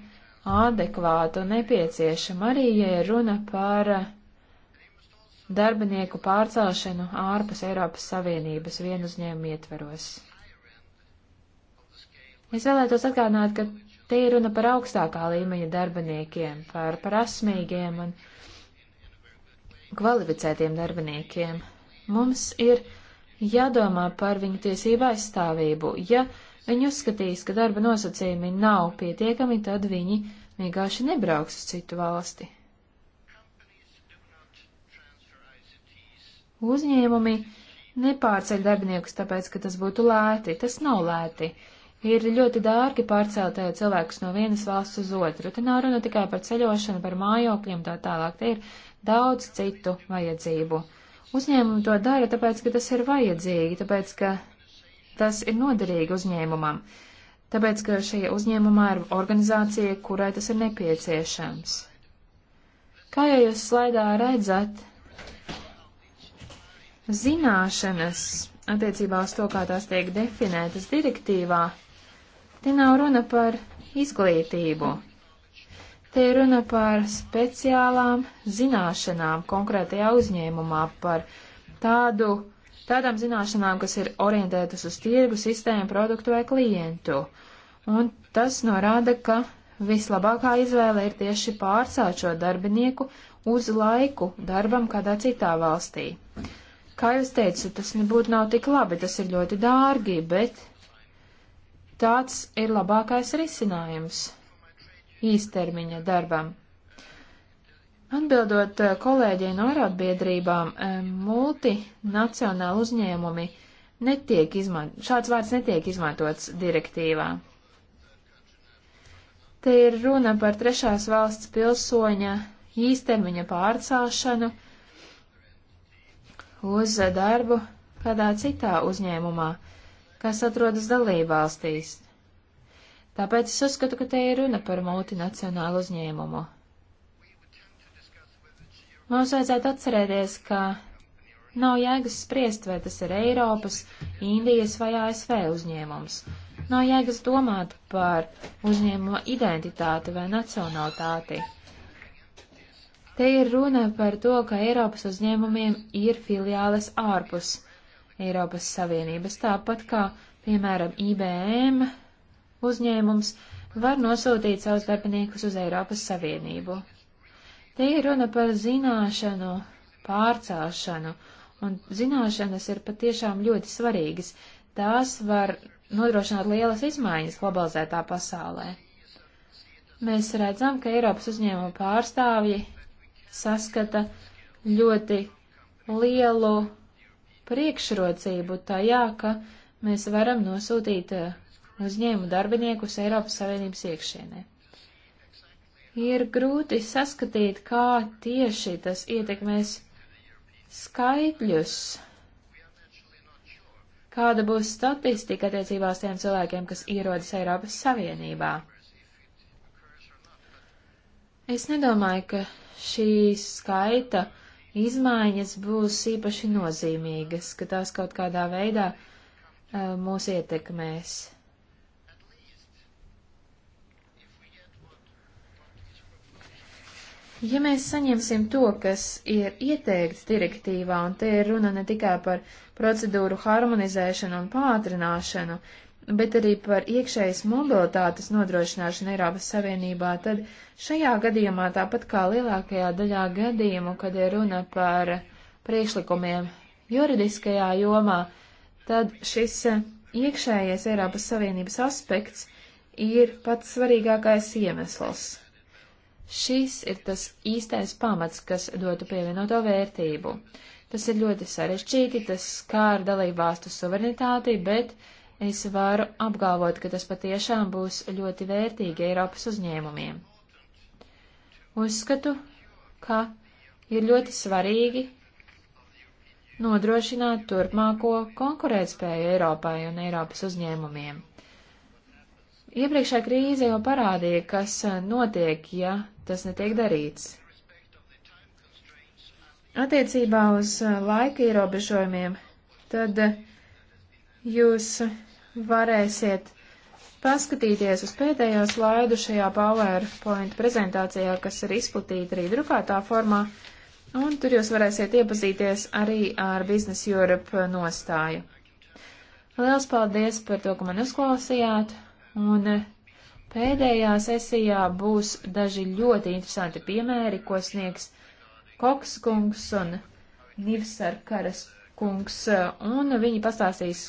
adekvāta un nepieciešama arī, ja ir runa par eh, darbinieku pārcelšanu ārpus Eiropas Savienības vienu uzņēmumu ietveros. Es vēlētos atgādināt, ka te ir runa par augstākā līmeņa darbiniekiem, par prasmīgiem un kvalificētiem darbiniekiem. Mums ir jādomā par viņu tiesību aizstāvību. Ja viņi uzskatīs, ka darba nosacījumi nav pietiekami, tad viņi vienkārši nebrauks uz citu valsti. Uzņēmumi nepārceļ darbiniekus tāpēc, ka tas būtu lēti. Tas nav lēti. Ir ļoti dārgi pārcelt eh, cilvēkus no vienas valsts uz otru. Te nav runa tikai par ceļošanu, par mājokļiem tā tālāk. Te ir daudz citu vajadzību. Uzņēmumi to dara, tāpēc, ka tas ir vajadzīgi, tāpēc, ka tas ir noderīgi uzņēmumam, tāpēc, ka šajā uzņēmumā ir organizācija, kurai tas ir nepieciešams. Kā jau jūs slaidā redzat, zināšanas attiecībā uz to, kā tās tiek definētas direktīvā, te nav runa par izglītību. Te ir runa par speciālām zināšanām konkrētajā uzņēmumā, par tādu, tādām zināšanām, kas ir orientētas uz tirgu, sistēmu, produktu vai klientu. Un tas norāda, ka vislabākā izvēle ir tieši pārcelt šo darbinieku uz laiku darbam kādā citā valstī. Kā jūs teicu, tas nebūtu nav tik labi, tas ir ļoti dārgi, bet tāds ir labākais risinājums īstermiņa darbam. Atbildot eh, kolēģiem no arotbiedrībām, eh, multinacionāli uzņēmumi netiek izmantot, šāds vārds netiek izmantots direktīvā. Te ir runa par trešās valsts pilsoņa īstermiņa pārcelšanu uz darbu kādā citā uzņēmumā, kas atrodas dalībvalstīs. Tāpēc es uzskatu, ka te ir runa par multinacionālu uzņēmumu. Mums vajadzētu atcerēties, ka nav jēgas spriest, vai tas ir Eiropas, Indijas vai ASV uzņēmums. Nav jēgas domāt par uzņēmuma identitāti vai nacionalitāti. Te ir runa par to, ka Eiropas uzņēmumiem ir filiāles ārpus Eiropas Savienības, tāpat kā, piemēram, IBM, uzņēmums var nosūtīt savus darbiniekus uz Eiropas Savienību. Te ir runa par zināšanu pārcelšanu, un zināšanas ir patiešām ļoti svarīgas. Tās var nodrošināt lielas izmaiņas globalizētā pasaulē. Mēs redzam, ka Eiropas uzņēmuma pārstāvji saskata ļoti lielu priekšrocību tajā, ka mēs varam nosūtīt eh, uzņēmu darbiniekus Eiropas Savienības iekšienē. Ir grūti saskatīt, kā tieši tas ietekmēs skaitļus, kāda būs statistika attiecībā uz tiem cilvēkiem, kas ierodas Eiropas Savienībā. Es nedomāju, ka šī skaita izmaiņas būs īpaši nozīmīgas, ka tās kaut kādā veidā uh, mūs ietekmēs. Ja mēs saņemsim to, kas ir ieteikts direktīvā, un te ir runa ne tikai par procedūru harmonizēšanu un pātrināšanu, bet arī par iekšējas mobilitātes nodrošināšanu Eiropas Savienībā, tad šajā gadījumā, tāpat kā lielākajā daļā gadījumu, kad ir runa par priekšlikumiem juridiskajā jomā, tad šis iekšējais Eiropas Savienības aspekts ir pats svarīgākais iemesls. Šis ir tas īstais pamats, kas dotu pievienoto vērtību. Tas ir ļoti sarežģīti, tas skār dalību valstu suverenitāti, bet es varu apgalvot, ka tas patiešām būs ļoti vērtīgi Eiropas uzņēmumiem. Uzskatu, ka ir ļoti svarīgi nodrošināt turpmāko konkurētspēju Eiropai un Eiropas uzņēmumiem. Iepriekšējā krīze jau parādīja, kas eh, notiek, ja tas netiek darīts. Attiecībā uz eh, laika ierobežojumiem, tad eh, jūs varēsiet paskatīties uz pēdējo slaidu šajā PowerPoint prezentācijā, kas ir izplatīta arī drukātā formā, un tur jūs varēsiet iepazīties arī ar Business Europe nostāju. Liels paldies par to, ka man uzklausījāt, Un eh, pēdējā sesijā būs daži ļoti interesanti piemēri, ko sniegs Koks kungs un Nivsar Karas kungs, eh, un viņi pastāstīs,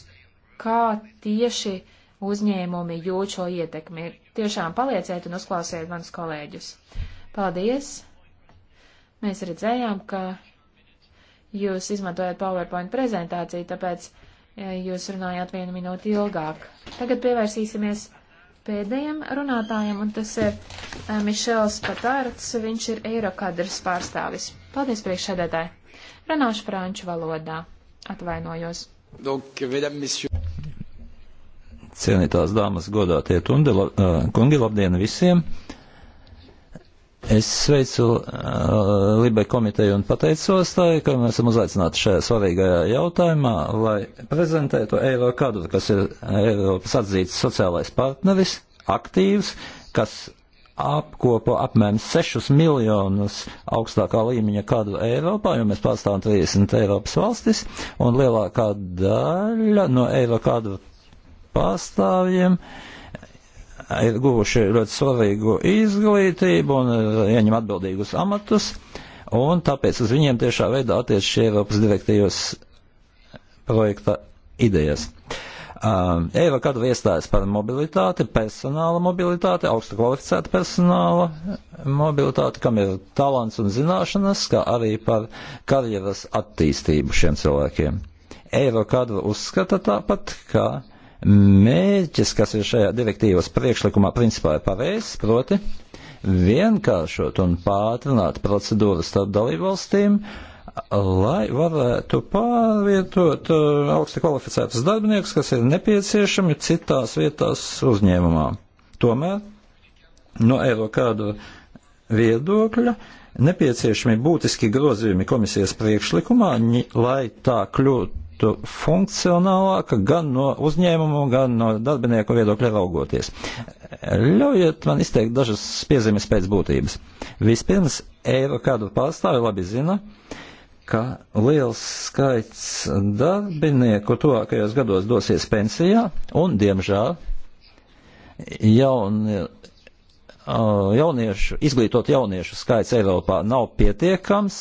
kā tieši uzņēmumi jūt šo ietekmi. Tiešām palieciet un uzklausiet manus kolēģus. Paldies! Mēs redzējām, ka jūs izmantojat PowerPoint prezentāciju, tāpēc eh, jūs runājāt vienu minūti ilgāk. Tagad pievērsīsimies pēdējiem runātājiem, un tas ir eh, Mišels Patārts, viņš ir Eirokadras pārstāvis. Paldies, priekšsēdētāji! Runāšu franču valodā. Atvainojos. Cienītās dāmas, godātie kundi, eh, labdien visiem! Es sveicu uh, Libai komiteju un pateicos tai, ka mēs esam uzaicināti šajā svarīgajā jautājumā, lai prezentētu Eiro kādu, kas ir Eiropas atzīts sociālais partneris, aktīvs, kas apkopo apmēram 6 miljonus augstākā līmeņa kadru Eiropā, jo mēs pārstāvam 30 Eiropas valstis, un lielākā daļa no Eiro kadru pārstāvjiem uh, ir guvuši ļoti svarīgu izglītību un eh, ieņem atbildīgus amatus, un tāpēc uz viņiem tiešā veidā attiec šie Eiropas direktīvas projekta idejas. Um, Eiva kad iestājas par mobilitāti, personāla mobilitāti, augstu kvalificētu personāla mobilitāti, kam ir talants un zināšanas, kā arī par karjeras attīstību šiem cilvēkiem. Eirokadra uzskata tāpat, ka Mērķis, kas ir šajā direktīvas priekšlikumā, principā ir pareizs, proti vienkāršot un pātrināt procedūras starp dalībvalstīm, lai varētu pārvietot uh, augsti kvalificētus darbiniekus, kas ir nepieciešami citās vietās uzņēmumā. Tomēr no eiro kādu viedokļa nepieciešami būtiski grozījumi komisijas priekšlikumā, lai tā kļūtu būtu funkcionālāka gan no uzņēmumu, gan no darbinieku viedokļa raugoties. Ļaujiet man izteikt dažas piezīmes pēc būtības. Vispirms, eiro kādu pārstāvi labi zina, ka liels skaits darbinieku tuvākajos gados dosies pensijā un, diemžēl, jaunie Uh, jauniešu, izglītot jauniešu skaits Eiropā nav pietiekams,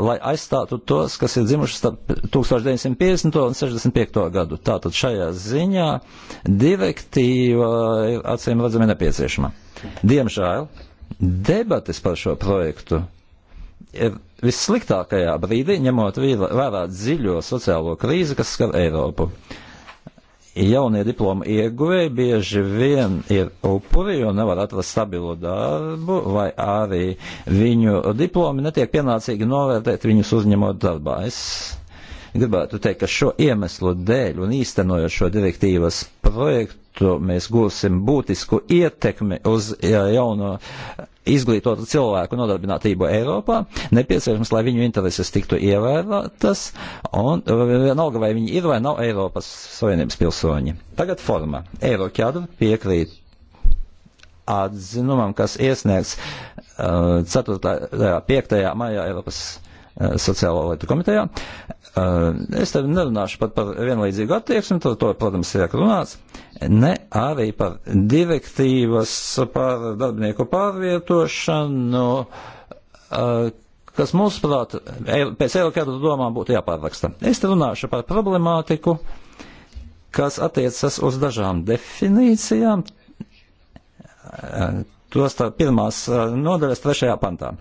lai aizstātu tos, kas ir dzimuši starp 1950. un 65. gadu. Tātad šajā ziņā direktīva ir acīm redzami nepieciešama. Diemžēl debates par šo projektu ir vissliktākajā brīdī, ņemot vērā dziļo sociālo krīzi, kas skar Eiropu. Uh, jaunie diploma ieguvēji bieži vien ir upuri, jo nevar atrast stabilu darbu, vai arī viņu diplomi netiek pienācīgi novērtēt viņus uzņemot darbā. Es Gribētu teikt, ka šo iemeslu dēļ un īstenojot šo direktīvas projektu mēs gūsim būtisku ietekmi uz jauno izglītotu cilvēku nodarbinātību Eiropā, nepieciešams, lai viņu intereses tiktu ievērotas, un vienalga, vai viņi ir vai nav Eiropas Savienības pilsoņi. Tagad forma. Eiroķadra piekrīt atzinumam, kas iesniegts uh, 4. 5. Uh, maijā Eiropas uh, sociālo lietu komitejā. Uh, Eh, es te nerunāšu pat par vienlīdzīgu attieksmi, to, to protams, ir runāts, ne arī par direktīvas par darbinieku pārvietošanu, eh, kas mūsuprāt pēc Eirokēta domām būtu jāpārraksta. Es te runāšu par problemātiku, kas attiecas uz dažām definīcijām, eh, tos tā pirmās nodaļas trešajā pantā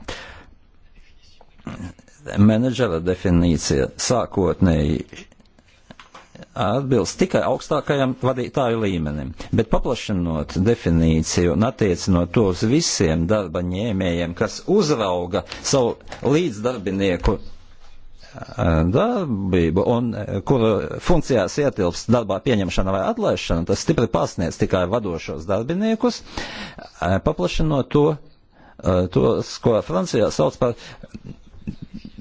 menedžera definīcija sākotnēji atbilst tikai augstākajam vadītāju līmenim, bet paplašinot definīciju un attiecinot to uz visiem darba ņēmējiem, kas uzrauga savu līdzdarbinieku darbību un kur funkcijās ietilpst darbā pieņemšana vai atlaišana, tas stipri pārsniedz tikai vadošos darbiniekus, paplašinot to, tos, ko Francijā sauc par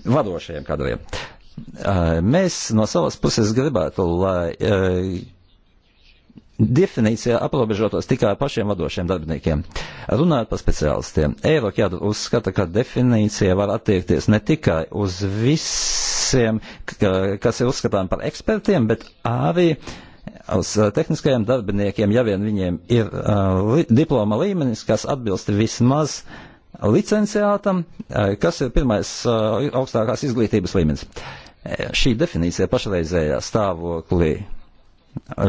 vadošajiem kadriem. Mēs no savas puses gribētu, lai definīcija aprobežotos tikai ar pašiem vadošiem darbiniekiem. Runājot par speciālistiem, Eirok jādara uzskata, ka definīcija var attiekties ne tikai uz visiem, kas ir uzskatām par ekspertiem, bet arī uz tehniskajiem darbiniekiem, ja vien viņiem ir uh, li diploma līmenis, kas atbilst vismaz uh, licenciātam, eh, kas ir pirmais eh, augstākās izglītības līmenis. Eh, šī definīcija pašreizējā stāvoklī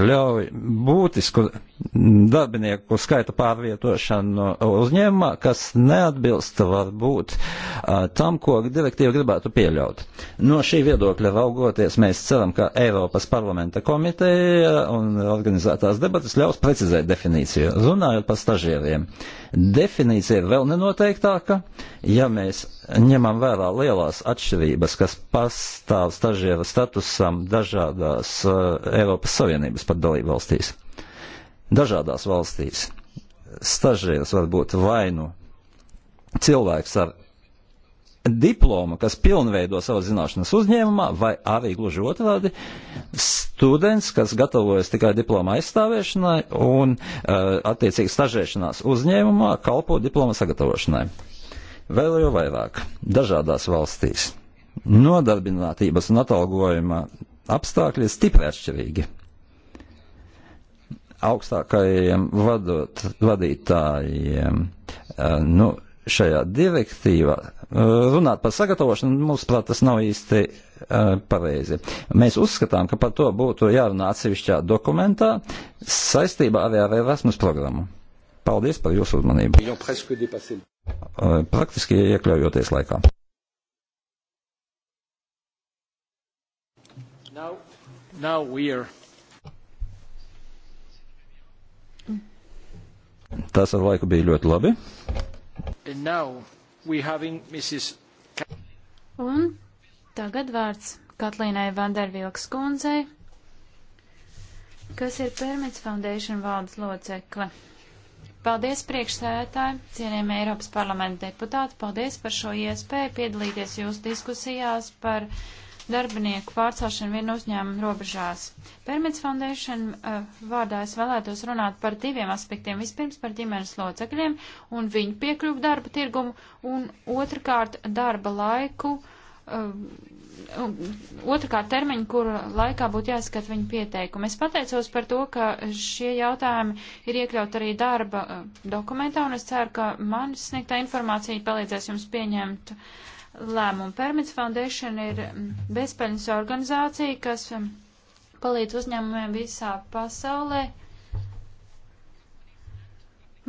ļauj būtisku darbinieku skaita pārvietošanu uzņēmumā, kas neatbilst varbūt tam, ko direktīva gribētu pieļaut. No šī viedokļa raugoties, mēs ceram, ka Eiropas parlamenta komiteja un organizētās debatas ļaus precizēt definīciju. Runājot par stažieriem, definīcija ir vēl nenoteiktāka, ja mēs ņemam vērā lielās atšķirības, kas pastāv stažiera statusam dažādās uh, Eiropas Savienības pat dalību valstīs dažādās valstīs. Stažieris var būt vai nu cilvēks ar diplomu, kas pilnveido savu zināšanas uzņēmumā, vai arī gluži otrādi students, kas gatavojas tikai diploma aizstāvēšanai un uh, attiecīgi stažēšanās uzņēmumā kalpo diploma sagatavošanai. Vēl jau vairāk dažādās valstīs nodarbinātības un atalgojuma apstākļi ir stipri atšķirīgi augstākajiem vadot, vadītājiem. Eh, nu, šajā direktīvā eh, runāt par sagatavošanu, mums, prāt, tas nav īsti eh, pareizi. Mēs uzskatām, ka par to būtu jārunā atsevišķā dokumentā saistībā arī ar Erasmus programmu. Paldies par jūsu uzmanību. Praktiski iekļaujoties laikā. Now, now we are. Tas ar laiku bija ļoti labi. Mrs... Un tagad vārds Katlīnai Vandervilks kundzei, kas ir Permits Foundation valdes locekle. Paldies priekšsēdētāji, cienījamie Eiropas parlamenta deputāti, paldies par šo iespēju piedalīties jūsu diskusijās par uh, darbinieku pārcelšanu vienu uzņēmumu robežās. Permits Foundation uh, vārdā es vēlētos runāt par diviem aspektiem. Vispirms par ģimenes locekļiem un viņu piekļuvu darba tirgumu un otrkārt darba laiku, uh, otrkārt termiņu, kur laikā būtu jāskat viņu pieteikumu. Es pateicos par to, ka šie jautājumi ir iekļaut arī darba uh, dokumentā un es ceru, ka man sniegtā informācija palīdzēs jums pieņemt uh, lēmumu. Permits Foundation ir mm, bezpeļņas organizācija, kas mm, palīdz uzņēmumiem visā pasaulē.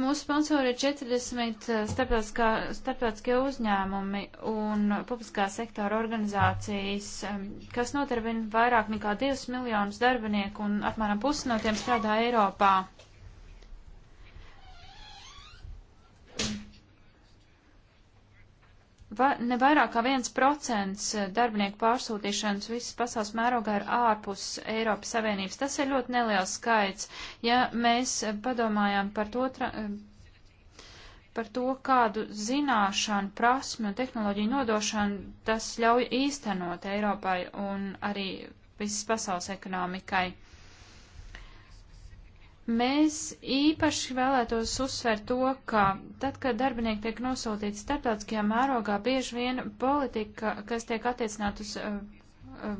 Mūsu sponsori ir 40 eh, starptautiskie uzņēmumi un publiskā sektora organizācijas, mm, kas nodarbina vairāk nekā 2 miljonus darbinieku un apmēram pusi no tiem strādā Eiropā. va, ne vairāk kā 1% eh, darbinieku pārsūtīšanas visas pasaules mērogā ir ārpus Eiropas Savienības. Tas ir ļoti neliels skaits. Ja mēs eh, padomājām par to, tra, eh, par to kādu zināšanu, prasmi un tehnoloģiju nodošanu, tas ļauj īstenot Eiropai un arī visas pasaules ekonomikai. Mēs īpaši vēlētos uzsvērt to, ka tad, kad darbinieki tiek nosūtīti starptautiskajā mērogā, bieži vien politika, kas tiek attiecināt uz eh, eh,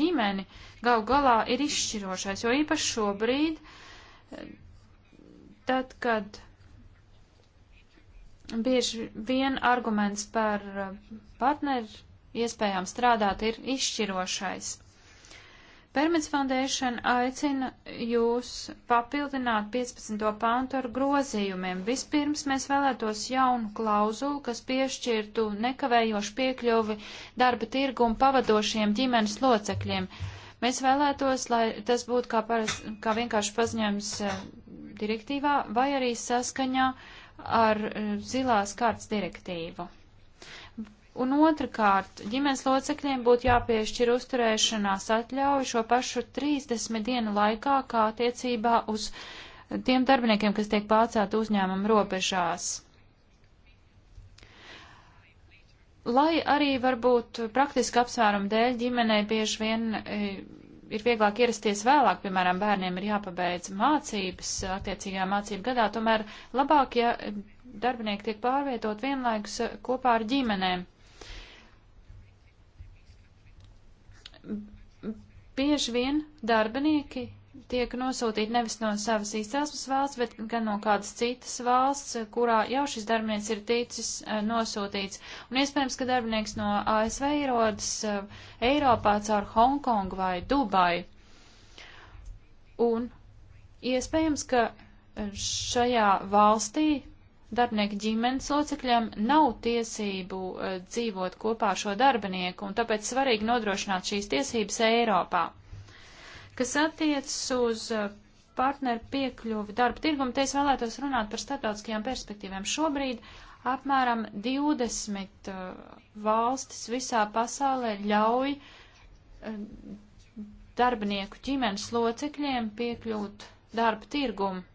ģimeni, gal galā ir izšķirošais, jo īpaši šobrīd, eh, tad, kad bieži vien arguments par partneru iespējām strādāt ir izšķirošais. Permits Foundation aicina jūs papildināt 15. pantu ar grozījumiem. Vispirms mēs vēlētos jaunu klauzulu, kas piešķirtu nekavējošu piekļuvi darba tirgu un pavadošiem ģimenes locekļiem. Mēs vēlētos, lai tas būtu kā, paras, kā vienkārši paziņojums eh, direktīvā vai arī saskaņā ar eh, zilās kārtas direktīvu. Un otrkārt, ģimenes locekļiem būtu jāpiešķir uzturēšanās atļauju šo pašu 30 dienu laikā, kā attiecībā uz tiem darbiniekiem, kas tiek pārcēti uzņēmuma robežās. Lai arī varbūt praktiski apsvērumu dēļ ģimenei bieži vien e, ir vieglāk ierasties vēlāk, piemēram, bērniem ir jāpabeidz mācības attiecīgā mācību gadā, tomēr labāk, ja e, darbinieki tiek pārvietot vienlaikus e, kopā ar ģimenēm. bieži vien darbinieki tiek nosūtīti nevis no savas izcelsmes valsts, bet gan no kādas citas valsts, kurā jau šis darbinieks ir ticis eh, nosūtīts. Un iespējams, ka darbinieks no ASV ierodas eh, Eiropā caur Hongkongu vai Dubai. Un iespējams, ka eh, šajā valstī Darbinieku ģimenes locekļiem nav tiesību uh, dzīvot kopā ar šo darbinieku, un tāpēc svarīgi nodrošināt šīs tiesības Eiropā. Kas attiecas uz eh, partneru piekļuvi darba tirgumu, te es vēlētos runāt par starptautiskajām perspektīvām. Šobrīd apmēram 20 uh, eh, valstis visā pasaulē ļauj uh, darbinieku ģimenes locekļiem piekļūt darba tirgumu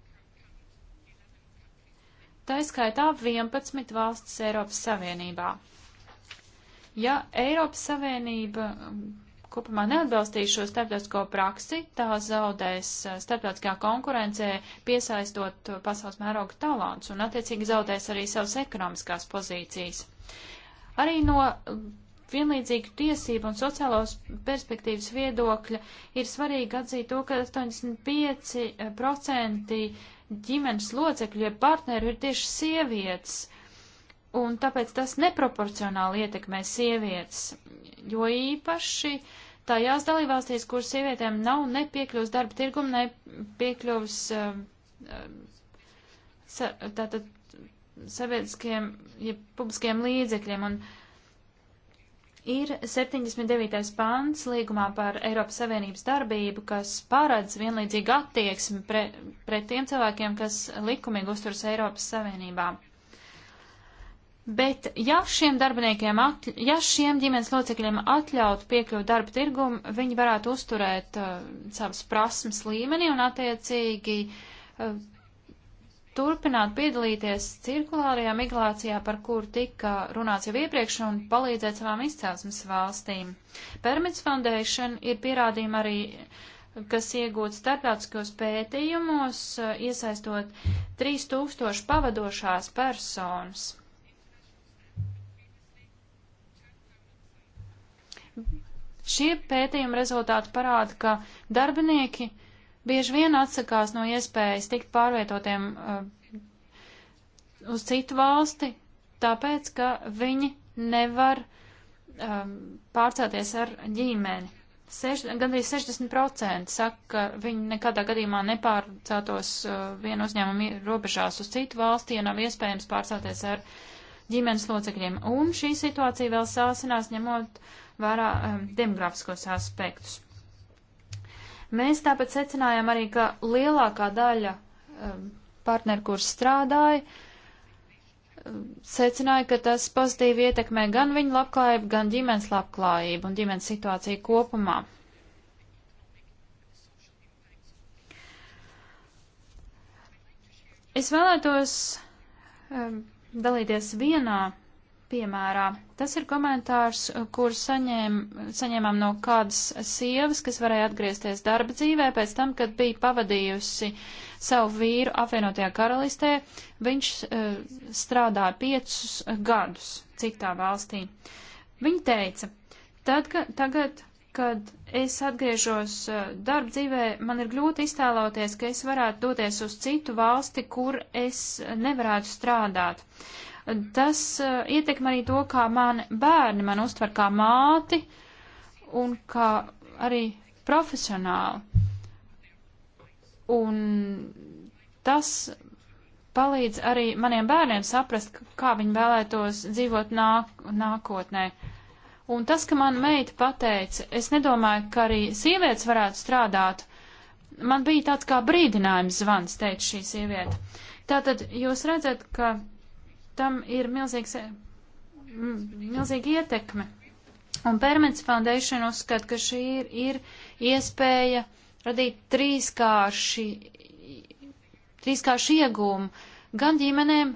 tā skaitā 11 valstis Eiropas Savienībā. Ja Eiropas Savienība um, kopumā neatbalstīs šo starptautisko praksi, tā zaudēs uh, starptautiskajā konkurencē, piesaistot uh, pasaules mēroga talants un attiecīgi zaudēs arī savas ekonomiskās pozīcijas. Arī no um, vienlīdzīgu tiesību un sociālos perspektīvas viedokļa ir svarīgi atzīt to, ka 85% ģimenes locekļi, jeb partneri ir tieši sievietes, un tāpēc tas neproporcionāli ietekmē sievietes, jo īpaši tajās dalībvalstīs, kur sievietēm nav nepiekļuvs darba tirgum, nepiekļuvs um, um, tātad sabiedriskiem, ja publiskiem līdzekļiem, un uh, ir 79. pants līgumā par Eiropas Savienības darbību, kas paredz vienlīdzīgu attieksmi pre, pret tiem cilvēkiem, kas likumīgi uzturas Eiropas Savienībā. Bet, ja šiem darbiniekiem, atļ, ja šiem ģimenes locekļiem atļaut piekļūt darba tirgumu, viņi varētu uzturēt uh, savas prasmes līmeni un attiecīgi uh, turpināt piedalīties cirkulārajā migrācijā, par kur tika runāts jau iepriekš, un palīdzēt savām izcelsmes valstīm. Permits Foundation ir pierādījumi arī, kas iegūts starptautiskos pētījumos, iesaistot 3000 pavadošās personas. Šie pētījuma rezultāti parāda, ka darbinieki uh, bieži vien atsakās no iespējas tikt pārvietotiem uh, uz citu valsti, tāpēc, ka viņi nevar um, pārcelties ar ģimeni. Seš, gandrīz 60% saka, ka viņi nekādā gadījumā nepārceltos uh, vienu uzņēmumu robežās uz citu valsti, ja nav iespējams pārcelties ar ģimenes locekļiem. Un šī situācija vēl sāsinās, ņemot vērā um, demografiskos aspektus. Mēs tāpēc secinājām arī, ka lielākā daļa um, partneru, kurš strādāja, um, secināja, ka tas pozitīvi ietekmē gan viņu labklājību, gan ģimenes labklājību un ģimenes situāciju kopumā. Es vēlētos um, dalīties vienā Piemērā, tas ir komentārs, kur saņēm, saņēmām no kādas sievas, kas varēja atgriezties darba dzīvē pēc tam, kad bija pavadījusi savu vīru apvienotajā karalistē. Viņš uh, strādāja piecus gadus citā valstī. Viņa teica, tad, ka, tagad, kad es atgriežos e, darba dzīvē, man ir grūti iztēloties, ka es varētu doties uz citu valsti, kur es nevarētu strādāt tas uh, ietekmē arī to, kā mani bērni man uztver kā māti un kā arī profesionāli. Un tas palīdz arī maniem bērniem saprast, kā viņi vēlētos dzīvot nāk, nākotnē. Un tas, ka man meita pateica, es nedomāju, ka arī sievietes varētu strādāt, man bija tāds kā brīdinājums zvans, teica šī sieviete. Tātad jūs redzat, ka tam ir milzīgs, milzīga ietekme. Un Permits Foundation uzskata, ka šī ir, ir iespēja radīt trīskārši, trīskārši iegūmu gan ģimenēm,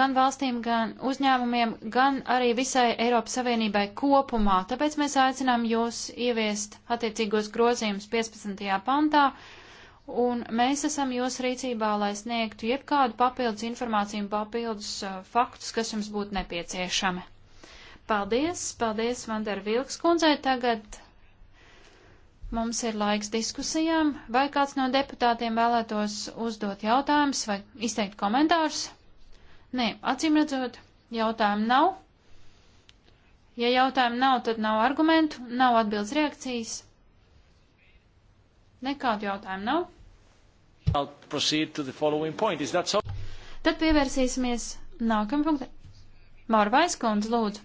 gan valstīm, gan uzņēmumiem, gan arī visai Eiropas Savienībai kopumā. Tāpēc mēs aicinām jūs ieviest attiecīgos grozījumus 15. pantā, uh, un mēs esam jūs rīcībā, lai sniegtu jebkādu papildus informāciju un papildus uh, faktus, kas jums būtu nepieciešami. Paldies, paldies Vandara Vilks kundzei. Tagad mums ir laiks diskusijām. Vai kāds no deputātiem vēlētos uzdot jautājumus vai izteikt komentārus? Nē, acīmredzot, jautājumu nav. Ja jautājumu nav, tad nav argumentu, nav atbildes reakcijas. Nekādu jautājumu nav. So? Tad pievērsīsimies nākamajam punktam. Mārvais kundze, lūdzu.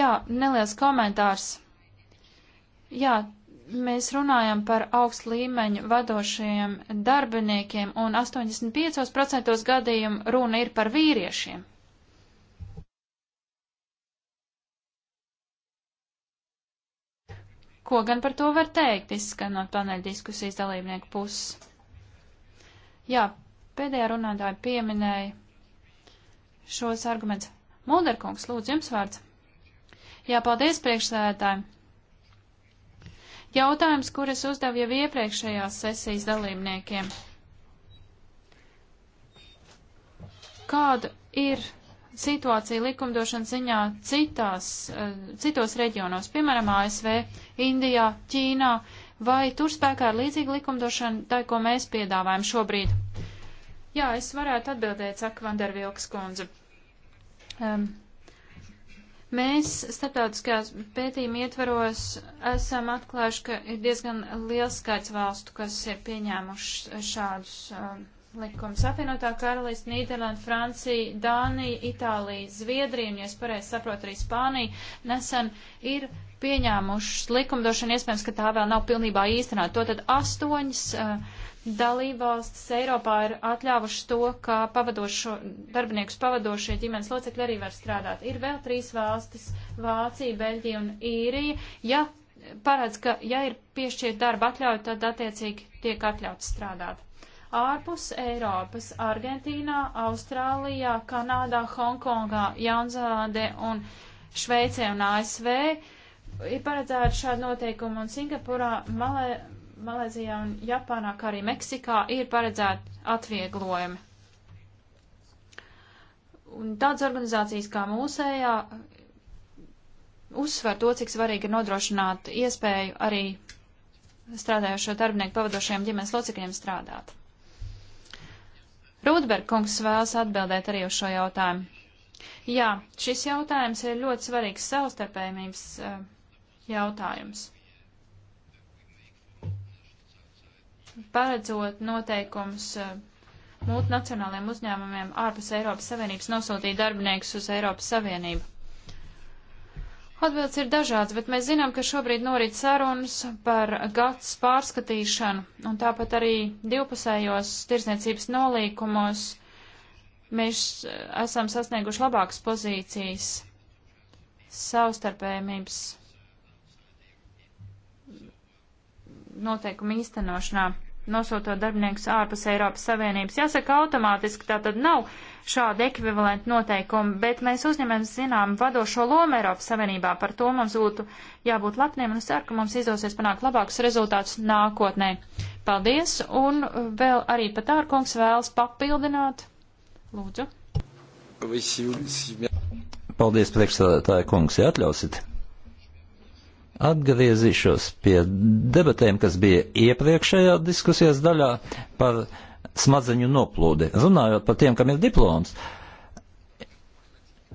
Jā, neliels komentārs. Jā, mēs runājam par augstu līmeņu vadošajiem darbiniekiem, un 85% gadījumu runa ir par vīriešiem. Ko gan par to var teikt, izskan no paneļa diskusijas dalībnieku puses? Jā, pēdējā runātāja pieminēja šos argumentus. Mulderkungs, lūdzu, jums vārds. Jā, paldies priekšsēdētājiem. Jautājums, kur es uzdevu jau iepriekšējās sesijas dalībniekiem. Kāda ir situācija likumdošana ziņā citās, eh, citos reģionos, piemēram, ASV, Indijā, Ķīnā, vai tur spēkā ir līdzīga likumdošana, tā, ko mēs piedāvājam šobrīd? Jā, es varētu atbildēt, saka Vandervilks kundze. Um, Mēs starptautiskās pētījuma ietvaros esam atklājuši, ka ir diezgan liels skaits valstu, kas ir pieņēmuši šādus um, likums. Apvienotā karalista, Nīderlanda, Francija, Dānija, Itālija, Zviedrija un, ja es pareizi saprotu, arī Spānija nesen ir pieņēmušas likumdošanu, iespējams, ka tā vēl nav pilnībā īstenāta. Tātad astoņas uh, dalībvalstis Eiropā ir atļāvušas to, ka pavadošo, darbiniekus pavadošie ģimenes locekļi arī var strādāt. Ir vēl trīs valstis - Vācija, Beļģija un Īrija. Ja parāds, ka ja ir piešķirt darba atļauju, tad attiecīgi tiek atļauts strādāt ārpus Eiropas - Argentīnā, Austrālijā, Kanādā, Hongkongā, Jaunzēlandē un Šveicē un ASV - ir paredzēta šāda noteikuma, un Singapurā, Malē, Malēzijā un Japānā, kā arī Meksikā, ir paredzēta atvieglojumi. Un tādas organizācijas kā mūsējā uzsver to, cik svarīgi ir nodrošināt iespēju arī strādājošo darbinieku pavadošajiem ģimenes locekļiem strādāt. Rūdberkungs vēlas atbildēt arī uz šo jautājumu. Jā, šis jautājums ir ļoti svarīgs savstarpējumības eh, jautājums. Paredzot noteikums eh, multinacionāliem uzņēmumiem ārpus Eiropas Savienības nosūtīt darbiniekus uz Eiropas Savienību. Atbildes ir dažādas, bet mēs zinām, ka šobrīd norit sarunas par gads pārskatīšanu, un tāpat arī divpusējos tirsniecības nolīkumos mēs eh, esam sasnieguši labākas pozīcijas savstarpējumības noteikumu īstenošanā, nosūtot darbiniekus ārpus Eiropas Savienības. Jāsaka, automātiski tā tad nav šādi ekvivalenti noteikumi, bet mēs uzņemam zinām vadošo lomu Eiropas Savienībā. Par to mums būtu jābūt lepniem un es ceru, ka mums izdosies panākt labākus rezultātus nākotnē. Paldies, un vēl arī Patārkungs vēlas papildināt. Lūdzu. Paldies, priekšstādātāja kungs, ja atļausit. Atgriezīšos pie debatēm, kas bija iepriekšējā diskusijas daļā par smadzeņu noplūdi. Runājot par tiem, kam ir diploms,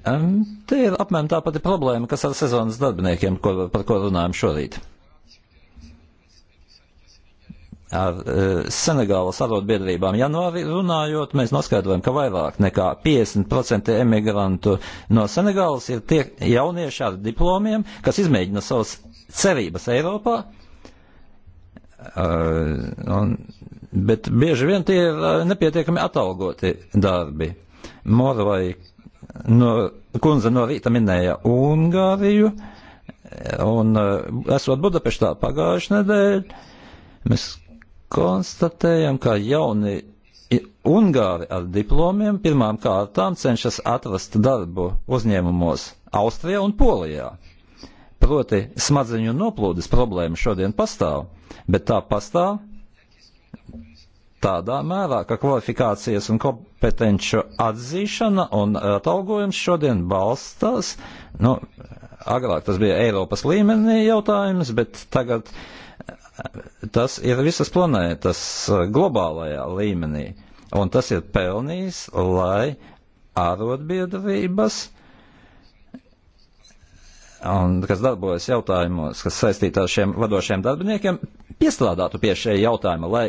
te ir apmēram tā pati problēma, kas ar sezonas darbiniekiem, ko, par ko runājam šorīt. Ar e, Senegālas arotbiedrībām janvāri runājot, mēs noskaidrojam, ka vairāk nekā 50% emigrantu no Senegālas ir tie jaunieši ar diplomiem, kas izmēģina savas cerības Eiropā, Uh, un bet bieži vien tie ir eh, nepietiekami atalgoti darbi. Morvai no, kundze no rīta minēja Ungāriju, un eh, esot Budapeštā pagājušajā nedēļā, mēs konstatējam, ka jauni Ungāri ar diplomiem pirmām kārtām cenšas atrast darbu uzņēmumos Austrijā un Polijā. Proti smadzeņu noplūdes problēma šodien pastāv, bet tā pastāv tādā mērā, ka kvalifikācijas un kompetenču atzīšana un e, atalgojums šodien balstās, nu, agrāk tas bija Eiropas līmenī jautājums, bet tagad e, tas ir visas planētas e, globālajā līmenī. Un tas ir pelnījis, lai arotbiedrības, un, kas darbojas jautājumos, kas saistītā ar šiem vadošiem darbiniekiem, piestrādātu pie šie jautājuma, lai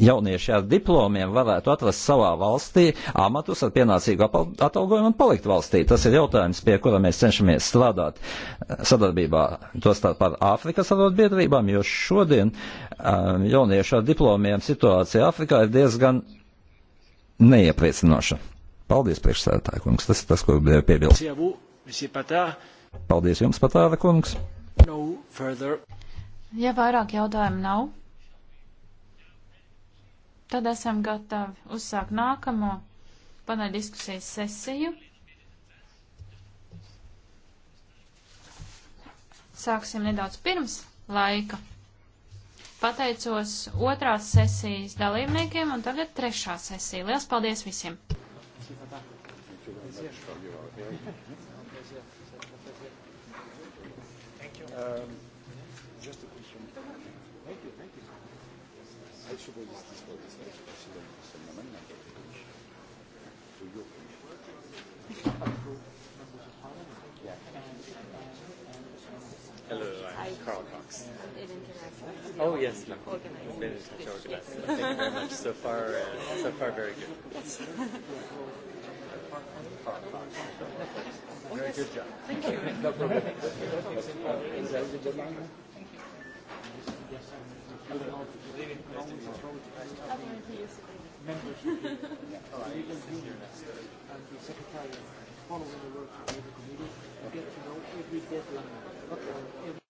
jaunieši ar diplomiem varētu atrast savā valstī amatus ar pienācīgu atalgojumu un palikt valstī. Tas ir jautājums, pie kura mēs cenšamies strādāt eh, sadarbībā tostarp ar Āfrikas arotbiedrībām, jo šodien um, eh, jauniešu ar diplomiem situācija Āfrikā ir diezgan neiepriecinoša. Paldies, priekšsēdētāji kungs. Tas ir tas, ko gribēju piebilst. Paldies jums, Patāra kungs. No further. ja vairāk jautājumu nav. Tad esam gatavi uzsākt nākamo paneļdiskusijas sesiju. Sāksim nedaudz pirms laika. Pateicos otrās sesijas dalībniekiem un tagad trešā sesija. Lielas paldies visiem! Um, just a question. Thank you, thank you. Oh yes, no. organized. Managed to organize. Yes. Thank you very much. So far, uh, so far, very good. Yes. Oh, very yes. good job. Oh, Thank you. No problem. Membership. All right. And the secretary following the work of the committee get to know every deadline. Okay. Every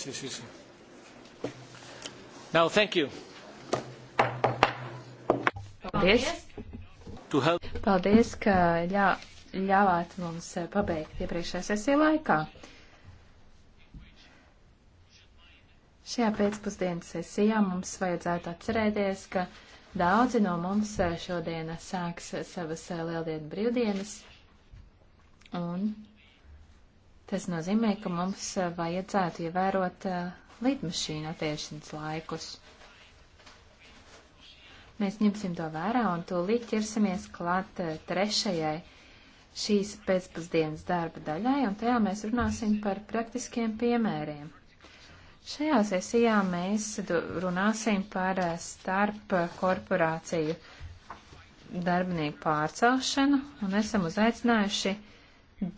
Sí, sí, sí. Now, thank you. Paldies. Paldies, ka ļā, ļāvāt mums eh, pabeigt iepriekšējā sesija laikā. Šajā pēcpusdienas sesijā mums vajadzētu atcerēties, ka daudzi no mums eh, šodien sāks savas eh, lieldienu brīvdienas. Un Tas nozīmē, ka mums eh, vajadzētu ievērot eh, lidmašīnu attiešanas laikus. Mēs ņemsim to vērā un tūlīt ķersimies klāt eh, trešajai šīs pēcpusdienas darba daļai, un tajā mēs runāsim par praktiskiem piemēriem. Šajā sesijā mēs runāsim par starp korporāciju darbinieku pārcelšanu, un esam uzaicinājuši uh,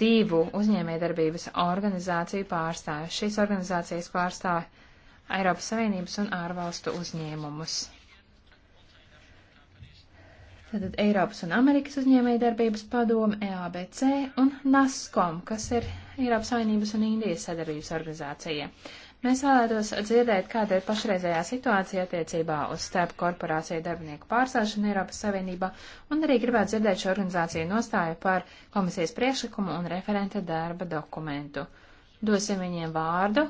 divu uzņēmējdarbības organizāciju pārstāvi. Šīs organizācijas pārstāvi Eiropas Savienības un ārvalstu uzņēmumus. Tātad Eiropas un Amerikas uzņēmējdarbības padome EABC un NASCOM, kas ir Eiropas Savienības un Indijas sadarbības organizācija. Mēs vēlētos dzirdēt, kāda ir pašreizējā situācija attiecībā uz starp korporāciju darbinieku pārcelšanu Eiropas Savienībā, un arī gribētu dzirdēt šo organizāciju nostāju par komisijas priekšlikumu un referenta darba dokumentu. Dosim viņiem vārdu,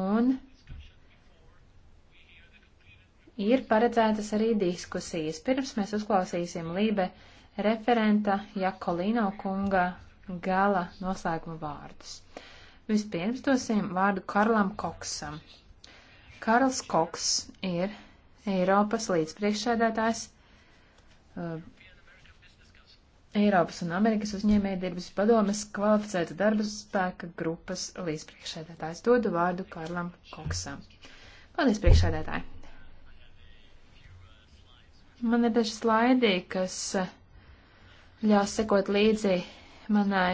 un ir paredzētas arī diskusijas. Pirms mēs uzklausīsim Lībe referenta Jakolino kunga gala noslēguma vārdus. Vispirms dosim vārdu Karlam Koksam. Karls Koks ir Eiropas līdzpriekšsēdētājs uh, Eiropas un Amerikas uzņēmējdarbas padomes kvalificēta darba spēka grupas līdzpriekšsēdētājs. Dodu vārdu Karlam Koksam. Paldies, priekšsēdētāji! Man ir daži slaidi, kas eh, ļaus sekot līdzi manai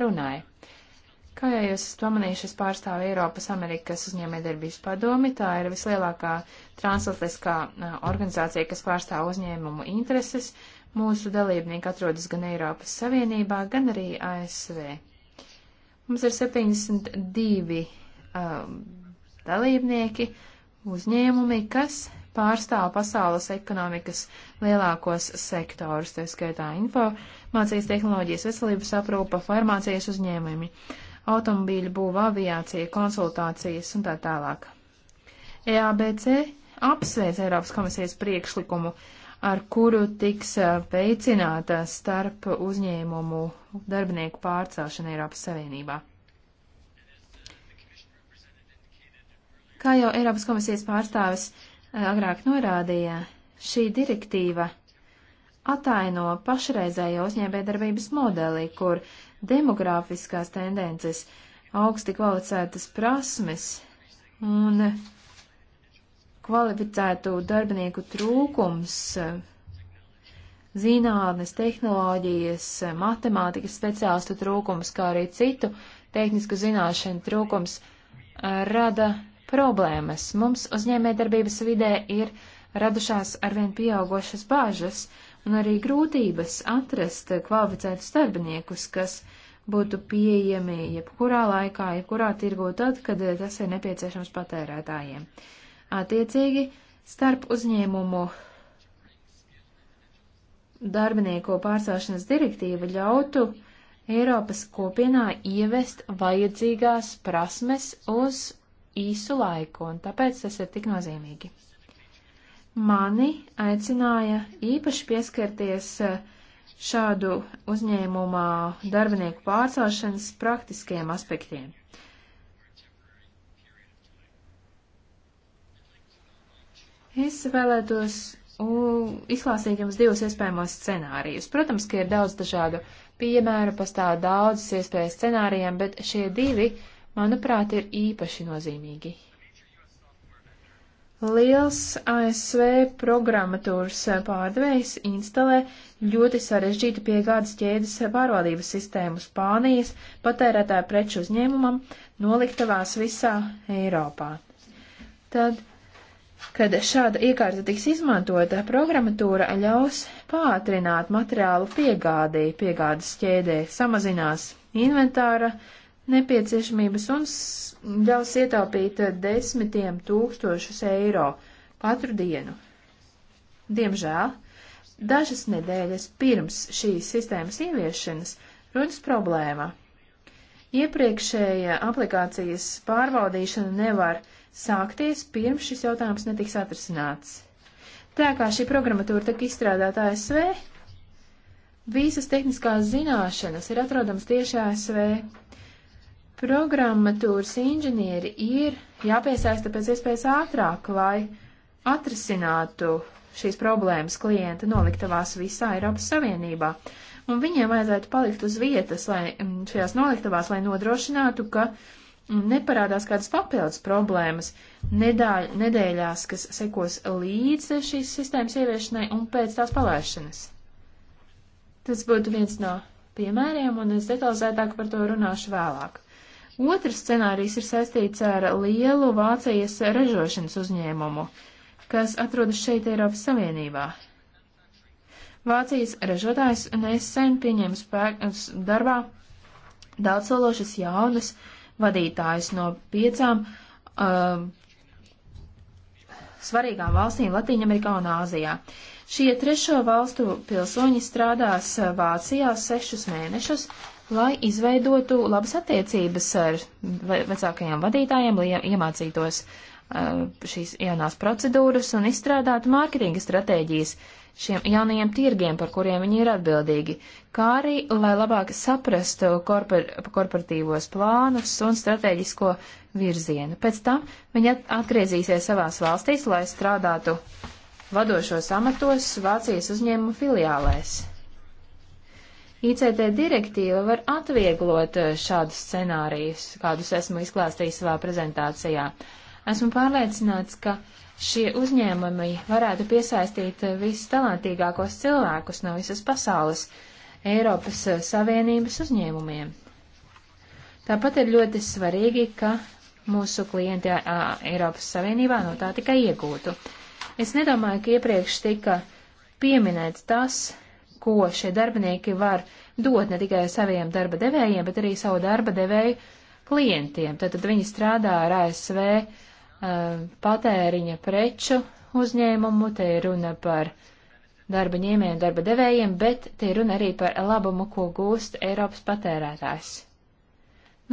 runai. Kā jau jūs esat pamanījuši, es pārstāvu Eiropas Amerikas uzņēmējdarbības padomi. Tā ir vislielākā transatlantiskā organizācija, kas pārstāv uzņēmumu intereses. Mūsu dalībnieki atrodas gan Eiropas Savienībā, gan arī ASV. Mums ir 72 um, dalībnieki, uzņēmumi, kas pārstāv pasaules ekonomikas lielākos sektorus, tā skaitā info, mācīs tehnoloģijas, veselības aprūpa, farmācijas uzņēmumi. Uh, automobīļu būva, aviācija, konsultācijas un tā tālāk. EABC apsveic Eiropas komisijas priekšlikumu, ar kuru tiks veicināta starp uzņēmumu darbinieku pārcelšana Eiropas Savienībā. Kā jau Eiropas komisijas pārstāvis agrāk norādīja, šī direktīva ataino pašreizējo uzņēmējdarbības modeli, kur demogrāfiskās tendences, augsti kvalificētas prasmes un kvalificētu darbinieku trūkums, zinātnes, tehnoloģijas, matemātikas speciālistu trūkums, kā arī citu tehnisku zināšanu trūkums rada problēmas. Mums uzņēmējdarbības vidē ir radušās arvien pieaugošas bāžas, un arī grūtības atrast kvalificētus darbiniekus, kas būtu pieejami jebkurā laikā, jebkurā tirgu tad, kad eh, tas ir nepieciešams patērētājiem. Attiecīgi, starp uzņēmumu darbinieku pārcelšanas direktīva ļautu Eiropas kopienā ievest vajadzīgās prasmes uz īsu laiku, un tāpēc tas ir tik nozīmīgi mani aicināja īpaši pieskarties eh, šādu uzņēmumā darbinieku pārcelšanas praktiskajiem aspektiem. Es vēlētos izklāstīt jums divus iespējamos scenārijus. Protams, ka ir daudz dažādu piemēru, pastāv daudzas iespējas scenārijiem, bet šie divi, manuprāt, ir īpaši nozīmīgi. Liels ASV programmatūras pārdevējs instalē ļoti sarežģītu piegādes ķēdes pārvaldības sistēmu Spānijas patērētāju preču uzņēmumam noliktavās visā Eiropā. Tad, kad šāda iekārta tiks izmantota, programmatūra ļaus pātrināt materiālu piegādī piegādes ķēdē, samazinās inventāra nepieciešamības un ļaus ietaupīt eh, desmitiem tūkstošus eiro katru dienu. Diemžēl dažas nedēļas pirms šīs sistēmas ieviešanas rodas problēma. Iepriekšēja aplikācijas pārbaudīšana nevar sākties, pirms šis jautājums netiks atrisināts. Tā kā šī programmatūra tika izstrādāta ASV, visas tehniskās zināšanas ir atrodamas tieši ASV. Programmatūras inženieri ir jāpiesaista pēc iespējas ātrāk, lai atrisinātu šīs problēmas klienta noliktavās visā Eiropas Savienībā. Un viņiem vajadzētu palikt uz vietas lai, mm, šajās noliktavās, lai nodrošinātu, ka mm, neparādās kādas papildus problēmas nedāļ, nedēļās, kas sekos līdz šīs sistēmas ieviešanai un pēc tās palaišanas. Tas būtu viens no piemēriem, un es detalizētāk par to runāšu vēlāk. Otrs scenārijs ir saistīts ar lielu Vācijas ražošanas uzņēmumu, kas atrodas šeit Eiropas Savienībā. Vācijas ražotājs nesen pieņēma spēkus darbā daudzsološas jaunas vadītājas no piecām um, svarīgām valstīm Latīņamerikā un Āzijā. Šie trešo valstu pilsoņi strādās Vācijā sešus mēnešus, lai izveidotu labas attiecības ar vecākajiem vadītājiem, lai iemācītos uh, šīs jaunās procedūras un izstrādātu mārketinga stratēģijas šiem jaunajiem tirgiem, par kuriem viņi ir atbildīgi, kā arī, lai labāk saprastu korpor korporatīvos plānus un strateģisko virzienu. Pēc tam viņi atgriezīsies savās valstīs, lai strādātu vadošos amatos Vācijas uzņēmumu filiālēs. ICT direktīva var atvieglot eh, šādus scenārijus, kādus esmu izklāstījis savā prezentācijā. Esmu pārliecināts, ka šie uzņēmumi varētu piesaistīt eh, visus talantīgākos cilvēkus no visas pasaules Eiropas eh, Savienības uzņēmumiem. Tāpat ir ļoti svarīgi, ka mūsu klienti ā, Eiropas Savienībā no tā tikai iegūtu. Es nedomāju, ka iepriekš tika pieminēts tas, ko šie darbinieki var dot ne tikai saviem darba devējiem, bet arī savu darba devēju klientiem. Tātad viņi strādā ar ASV uh, eh, patēriņa preču uzņēmumu, te ir runa par darba ņēmējiem, darba devējiem, bet te ir runa arī par labumu, ko gūst Eiropas patērētājs.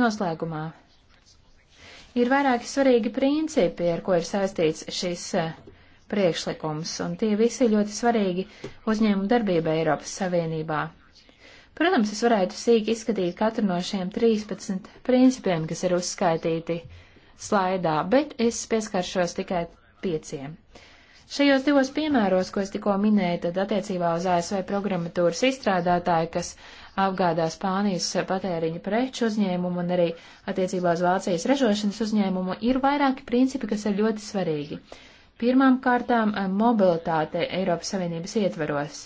Noslēgumā. Ir vairāki svarīgi principi, ar ko ir saistīts šis uh, priekšlikums, un tie visi ļoti svarīgi uzņēmumu darbībai Eiropas Savienībā. Protams, es varētu sīki izskatīt katru no šiem 13 principiem, kas ir uzskaitīti slaidā, bet es pieskaršos tikai pieciem. Šajos divos piemēros, ko es tikko minēju, tad attiecībā uz ASV programmatūras izstrādātāju, kas apgādā Spānijas patēriņa preču uzņēmumu un arī attiecībā uz Vācijas ražošanas uzņēmumu, ir vairāki principi, kas ir ļoti svarīgi. Pirmām kārtām eh, mobilitāte Eiropas Savienības ietveros.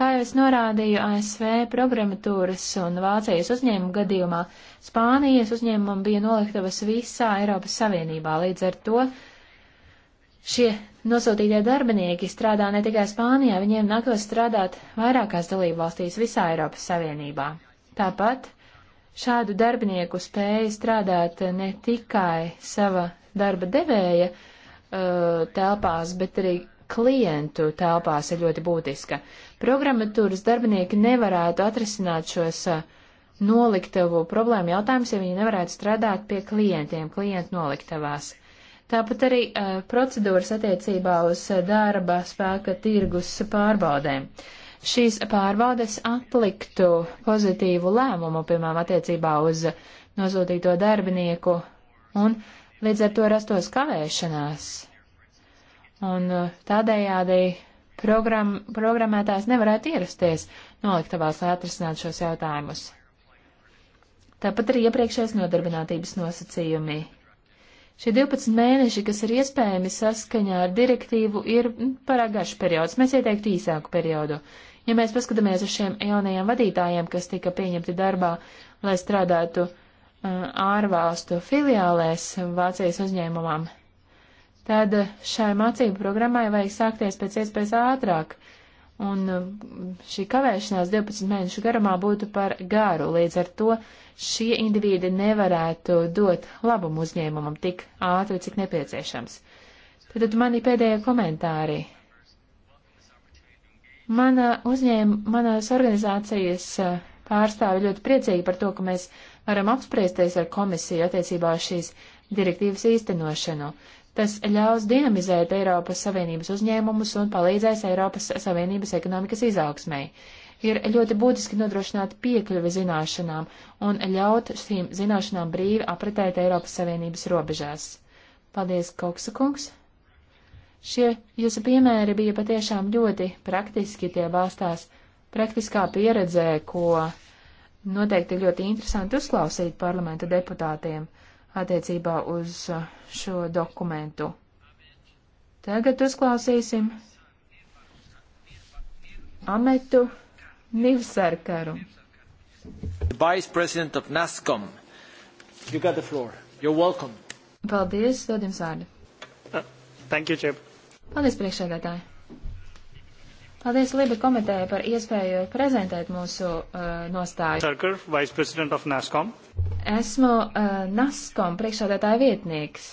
Kā jau es norādīju, ASV programmatūras un Vācijas uzņēmuma gadījumā Spānijas uzņēmumam bija noliktavas visā Eiropas Savienībā. Līdz ar to šie nosūtītie darbinieki strādā ne tikai Spānijā, viņiem nākos strādāt vairākās dalību valstīs visā Eiropas Savienībā. Tāpat šādu darbinieku spēja strādāt ne tikai sava darba devēja, Uh, telpās, bet arī klientu telpās ir ļoti būtiska. Programmatūras darbinieki nevarētu atrisināt šos uh, noliktavu problēmu jautājumus, ja viņi nevarētu strādāt pie klientiem, klientu noliktavās. Tāpat arī uh, procedūras attiecībā uz uh, darba spēka tirgus pārbaudēm. Šīs pārbaudes atliktu pozitīvu lēmumu, piemēram, attiecībā uz nosūtīto darbinieku un uh, Līdz ar to rastos kavēšanās. Un uh, tādējādi program, programmētājs nevarētu ierasties noliktavās, lai atrisinātu šos jautājumus. Tāpat arī iepriekšējais nodarbinātības nosacījumi. Šie 12 mēneši, kas ir iespējami saskaņā ar direktīvu, ir mm, pārāk garš periods. Mēs ieteiktu īsāku periodu. Ja mēs paskatāmies uz šiem jaunajiem vadītājiem, kas tika pieņemti darbā, lai strādātu uh, ārvalstu filiālēs Vācijas uzņēmumam, tad šai mācību programmai vajag sākties pēc iespējas ātrāk, un uh, šī kavēšanās 12 mēnešu garumā būtu par garu, līdz ar to šie individi nevarētu dot labumu uzņēmumam tik ātri, cik nepieciešams. Tad, tad mani pēdējie komentāri. Mana uzņēma, manas organizācijas uh, pārstāvi ļoti priecīgi par to, ka mēs varam apspriesties ar komisiju attiecībā uz šīs direktīvas īstenošanu. Tas ļaus dinamizēt Eiropas Savienības uzņēmumus un palīdzēs Eiropas Savienības ekonomikas izaugsmai. Ir ļoti būtiski nodrošināt piekļuvi zināšanām un ļaut šīm zināšanām brīvi apretēt Eiropas Savienības robežās. Paldies, Koksa kungs! Šie jūsu piemēri bija patiešām ļoti praktiski, tie balstās praktiskā pieredzē, ko Noteikti ļoti interesanti uzklausīt parlamenta deputātiem attiecībā uz uh, šo dokumentu. Tagad uzklausīsim Ametu Nilsarkaru. Vice President of NASCOM. You got the floor. You're welcome. Paldies, dod jums vārdu. Uh, thank you, Chip. Paldies, priekšsēdētāji. Paldies Liba komitēja par iespēju prezentēt mūsu uh, nostāju. Turker, Vice President of NASCOM. Esmu uh, NASCOM priekšādētāja vietnieks.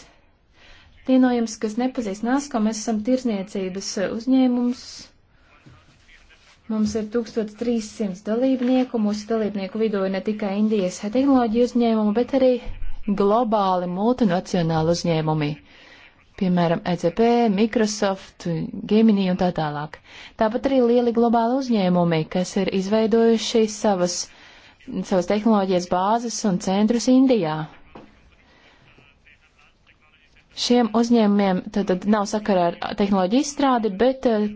Tie no jums, kas nepazīst NASCOM, mēs esam tirzniecības uh, uzņēmums. Mums ir 1300 dalībnieku. Mūsu dalībnieku vidū ir ne tikai Indijas tehnoloģiju uzņēmumu, bet arī globāli multinacionāli uzņēmumi piemēram, ECP, Microsoft, Gemini un tā tālāk. Tāpat arī lieli globāli uzņēmumi, kas ir izveidojuši savas, savas tehnoloģijas bāzes un centrus Indijā. Šiem uzņēmumiem tad, tad nav sakara ar tehnoloģiju izstrādi, bet eh,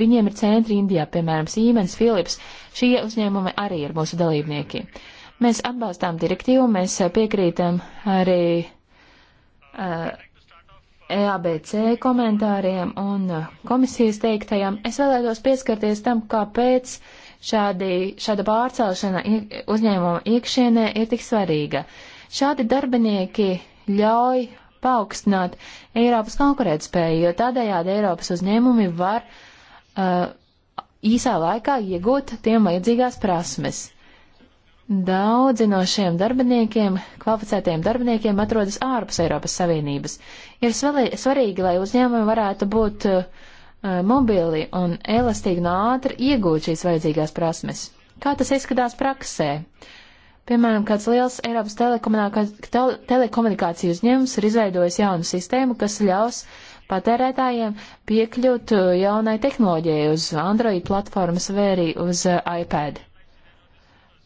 viņiem ir centri Indijā, piemēram, Siemens, Philips. Šie uzņēmumi arī ir mūsu dalībnieki. Mēs atbalstām direktīvu, mēs eh, piekrītam arī uh, EABC komentāriem un uh, komisijas teiktajam, es vēlētos pieskarties tam, kāpēc šādi, šāda pārcelšana uzņēmuma iekšienē ir tik svarīga. Šādi darbinieki ļauj paaugstināt Eiropas konkurētspēju, jo tādējādi Eiropas uzņēmumi var uh, īsā laikā iegūt tiem vajadzīgās prasmes. Daudzi no šiem darbiniekiem, kvalificētiem darbiniekiem, atrodas ārpus Eiropas Savienības. Ir svarīgi, lai uzņēmumi varētu būt uh, uh mobili un elastīgi un no ātri iegūt šīs vajadzīgās prasmes. Kā tas izskatās praksē? Piemēram, kāds liels Eiropas telekomunikāciju uzņēmums ir izveidojis jaunu sistēmu, kas ļaus patērētājiem piekļūt uh, jaunai tehnoloģijai uz Android platformas vai arī uz uh, iPad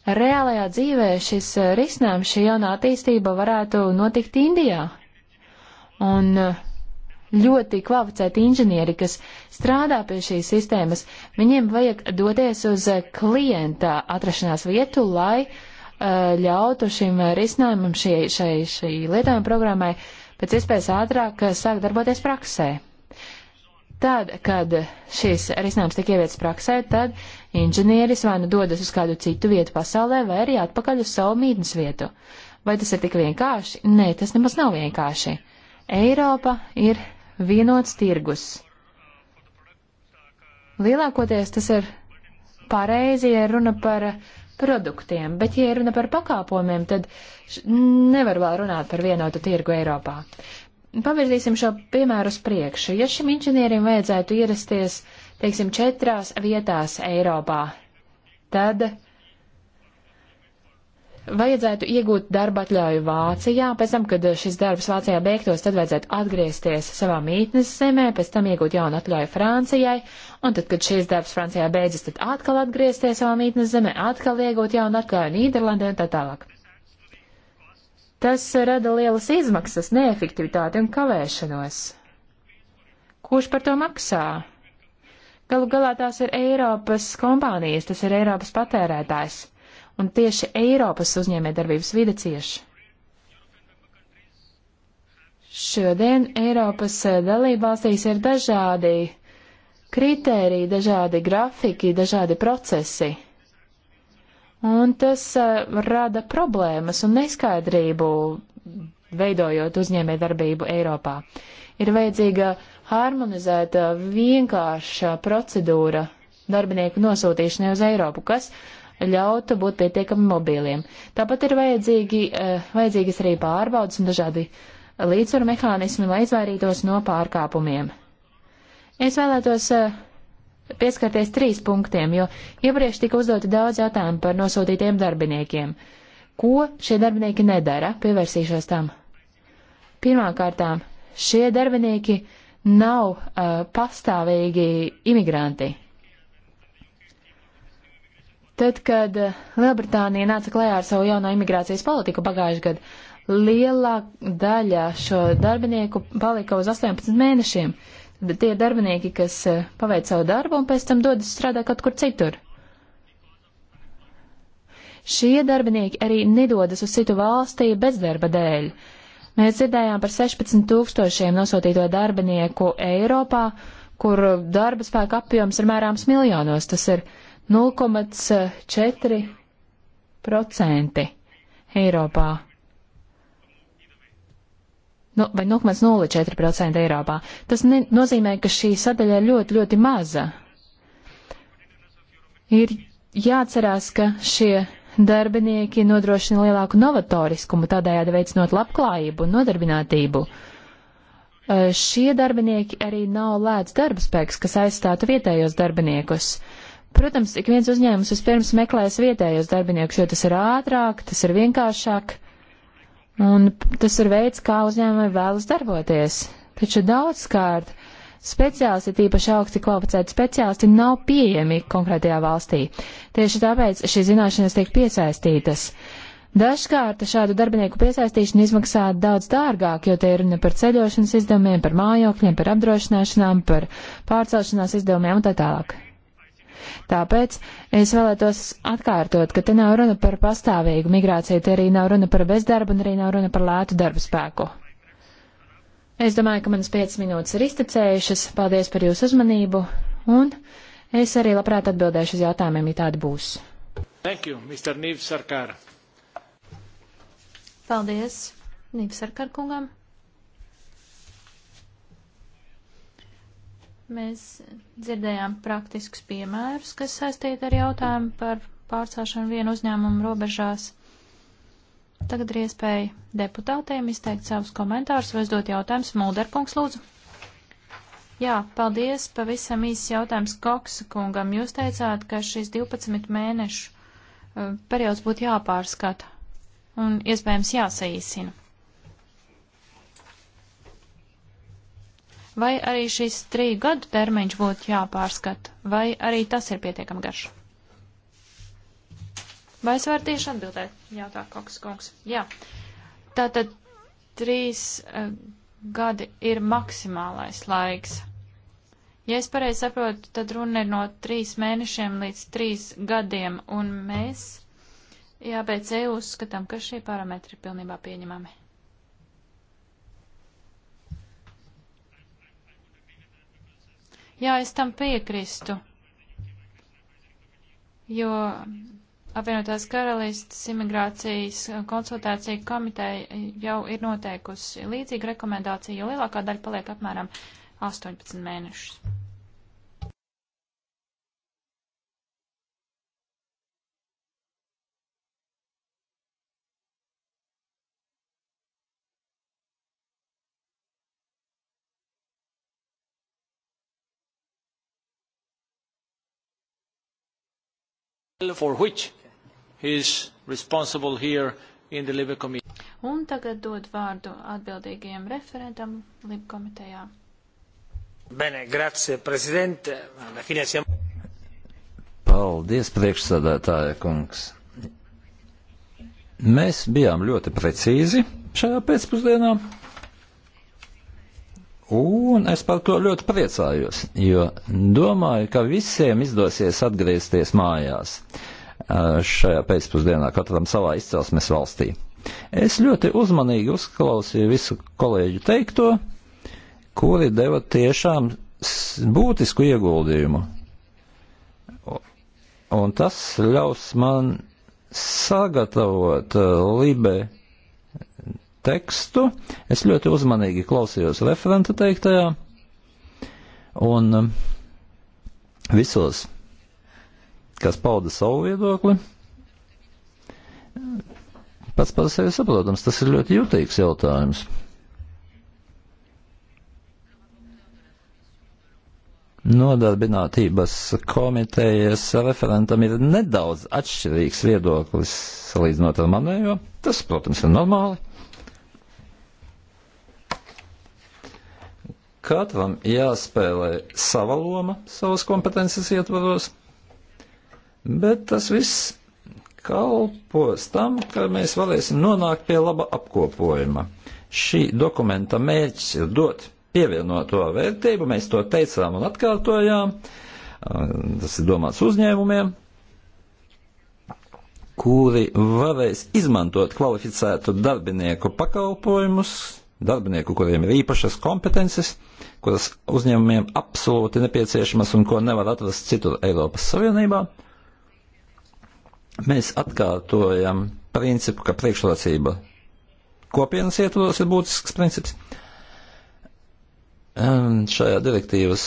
reālajā dzīvē šis eh, risinājums, šī jaunā attīstība varētu notikt Indijā. Un eh, ļoti kvalificēti inženieri, kas strādā pie šīs sistēmas, viņiem vajag doties uz eh, klienta atrašanās vietu, lai uh, ļautu šim risinājumam, šai, šai, šai lietojuma programmai pēc iespējas ātrāk sākt darboties praksē. Tad, kad šis risinājums tiek ievietas praksē, tad inženieris vai nu dodas uz kādu citu vietu pasaulē, vai arī atpakaļ uz savu mītnes vietu. Vai tas ir tik vienkārši? Nē, tas nemaz nav vienkārši. Eiropa ir vienots tirgus. Lielākoties tas ir pareizi, ja runa par produktiem, bet, ja runa par pakāpojumiem, tad nevar vēl runāt par vienotu tirgu Eiropā pavirzīsim šo piemēru uz priekšu. Ja šim inženierim vajadzētu ierasties, teiksim, četrās vietās Eiropā, tad vajadzētu iegūt darba atļauju Vācijā, pēc tam, kad šis darbs Vācijā beigtos, tad vajadzētu atgriezties savā mītnes zemē, pēc tam iegūt jaunu atļauju Francijai, un tad, kad šis darbs Francijā beidzas, tad atkal atgriezties savā mītnes zemē, atkal iegūt jaunu atļauju Nīderlandē un tā tālāk. Tas rada lielas izmaksas, neefektivitāti un kavēšanos. Kurš par to maksā? Galu galā tās ir Eiropas kompānijas, tas ir Eiropas patērētājs, un tieši Eiropas uzņēmējdarbības vide cieši. Šodien Eiropas eh, dalībvalstīs ir dažādi kritēriji, dažādi grafiki, dažādi procesi un tas rada problēmas un neskaidrību, veidojot uzņēmē darbību Eiropā. Ir vajadzīga harmonizēta, vienkārša procedūra darbinieku nosūtīšanai uz Eiropu, kas ļautu būt pietiekami mobīliem. Tāpat ir vajadzīgi, vajadzīgas arī pārbaudas un dažādi līdzsvaru mehānismi, lai izvairītos no pārkāpumiem. Es vēlētos uh, pieskarties trīs punktiem, jo iepriekš tika uzdoti daudz jautājumu par nosūtītiem darbiniekiem. Ko šie darbinieki nedara? Pievērsīšos tam. Pirmkārtām, šie darbinieki nav uh, pastāvīgi imigranti. Tad, kad uh, Lielbritānija nāca klajā ar savu jauno imigrācijas politiku pagājušajā gadā, lielā daļa šo darbinieku palika uz 18 mēnešiem. Uh, bet tie darbinieki, kas eh, paveic savu darbu un pēc tam dodas strādā kaut kur citur. Šie darbinieki arī nedodas uz citu valstī bezdarba dēļ. Mēs dzirdējām par 16 tūkstošiem nosūtīto darbinieku Eiropā, kur darba spēka apjoms ir mērāms miljonos. Tas ir 0,4% eh, Eiropā no, nu, vai 0,04% Eiropā. Tas ne, nozīmē, ka šī sadaļa ir ļoti, ļoti maza. Ir jāatcerās, ka šie darbinieki nodrošina lielāku novatoriskumu, tādējādi veicinot labklājību un nodarbinātību. Šie darbinieki arī nav lēts darbspēks, kas aizstātu vietējos darbiniekus. Protams, ik viens uzņēmums vispirms meklēs vietējos darbiniekus, jo tas ir ātrāk, tas ir vienkāršāk. Un tas ir veids, kā uzņēmumi vēlas darboties. Taču daudzkārt speciālisti, tīpaši augsti kvalificēti speciālisti, nav pieejami konkrētajā valstī. Tieši tāpēc šīs zināšanas tiek piesaistītas. Dažkārt šādu darbinieku piesaistīšana izmaksā daudz dārgāk, jo te ir runa par ceļošanas izdevumiem, par mājokļiem, par apdrošināšanām, par pārcelšanās izdevumiem un tā tālāk. Tāpēc es vēlētos atkārtot, ka te nav runa par pastāvīgu migrāciju, te arī nav runa par bezdarbu un arī nav runa par lētu darba spēku. Es domāju, ka manas 5 minūtes ir iztecējušas. Paldies par jūsu uzmanību un es arī labprāt atbildēšu uz jautājumiem, ja tādi būs. Thank you, Mr. Nīvs Sarkāra. Paldies, Nīvs Sarkāra kungam. Mēs Dzirdējām praktiskus piemērus, kas saistīti ar jautājumu par pārcēšanu vienu uzņēmumu robežās. Tagad ir iespēja deputātiem izteikt savus komentārus vai uzdot jautājumus. Mulderpunkts, lūdzu. Jā, paldies. Pavisam īsts jautājums Koksa kungam. Jūs teicāt, ka šis 12 mēnešu eh, periods būtu jāpārskata un iespējams jāsaīsina. vai arī šis trīs gadu termiņš būtu jāpārskata, vai arī tas ir pietiekami garš? Vai es varu tieši atbildēt? Jā, tā koks kungs. Jā. Tātad trīs uh, gadi ir maksimālais laiks. Ja es pareizi saprotu, tad runa ir no trīs mēnešiem līdz trīs gadiem, un mēs, jā, pēc EU uzskatām, ka šie parametri ir pilnībā pieņemami. Jā, es tam piekrīstu, jo apvienotās karalistas imigrācijas konsultācija komiteja jau ir noteikusi līdzīgu rekomendāciju, jo lielākā daļa paliek apmēram 18 mēnešus. for which he is responsible here in the Libe Committee. Un tagad dod vārdu atbildīgajam referentam Libe komitejā. Bene, grazie, prezidente. Fine siamo... Paldies, priekšsādātāja kungs. Mēs bijām ļoti precīzi šajā pēcpusdienā. Un es par to ļoti priecājos, jo domāju, ka visiem izdosies atgriezties mājās šajā pēcpusdienā, katram savā izcelsmes valstī. Es ļoti uzmanīgi uzklausīju visu kolēģu teikto, kuri deva tiešām būtisku ieguldījumu. Un tas ļaus man sagatavot Libe tekstu. Es ļoti uzmanīgi klausījos referenta teiktajā un um, visos, kas pauda savu viedokli. Pats par sevi saprotams, tas ir ļoti jutīgs jautājums. Nodarbinātības komitejas referentam ir nedaudz atšķirīgs viedoklis salīdzinot ar manējo. Tas, protams, ir normāli. Katram jāspēlē sava loma savas kompetences ietvaros, bet tas viss kalpos tam, ka mēs varēsim nonākt pie laba apkopojuma. Šī dokumenta mērķis ir dot pievienoto vērtību, mēs to teicām un atkārtojām, tas ir domāts uzņēmumiem, kuri varēs izmantot kvalificētu darbinieku pakalpojumus, darbinieku, kuriem ir īpašas kompetences, kuras uzņēmumiem absolūti nepieciešamas un ko nevar atrast citur Eiropas Savienībā. Mēs atkārtojam principu, ka priekšrocība kopienas ietvaros ir būtisks princips. Un šajā direktīvas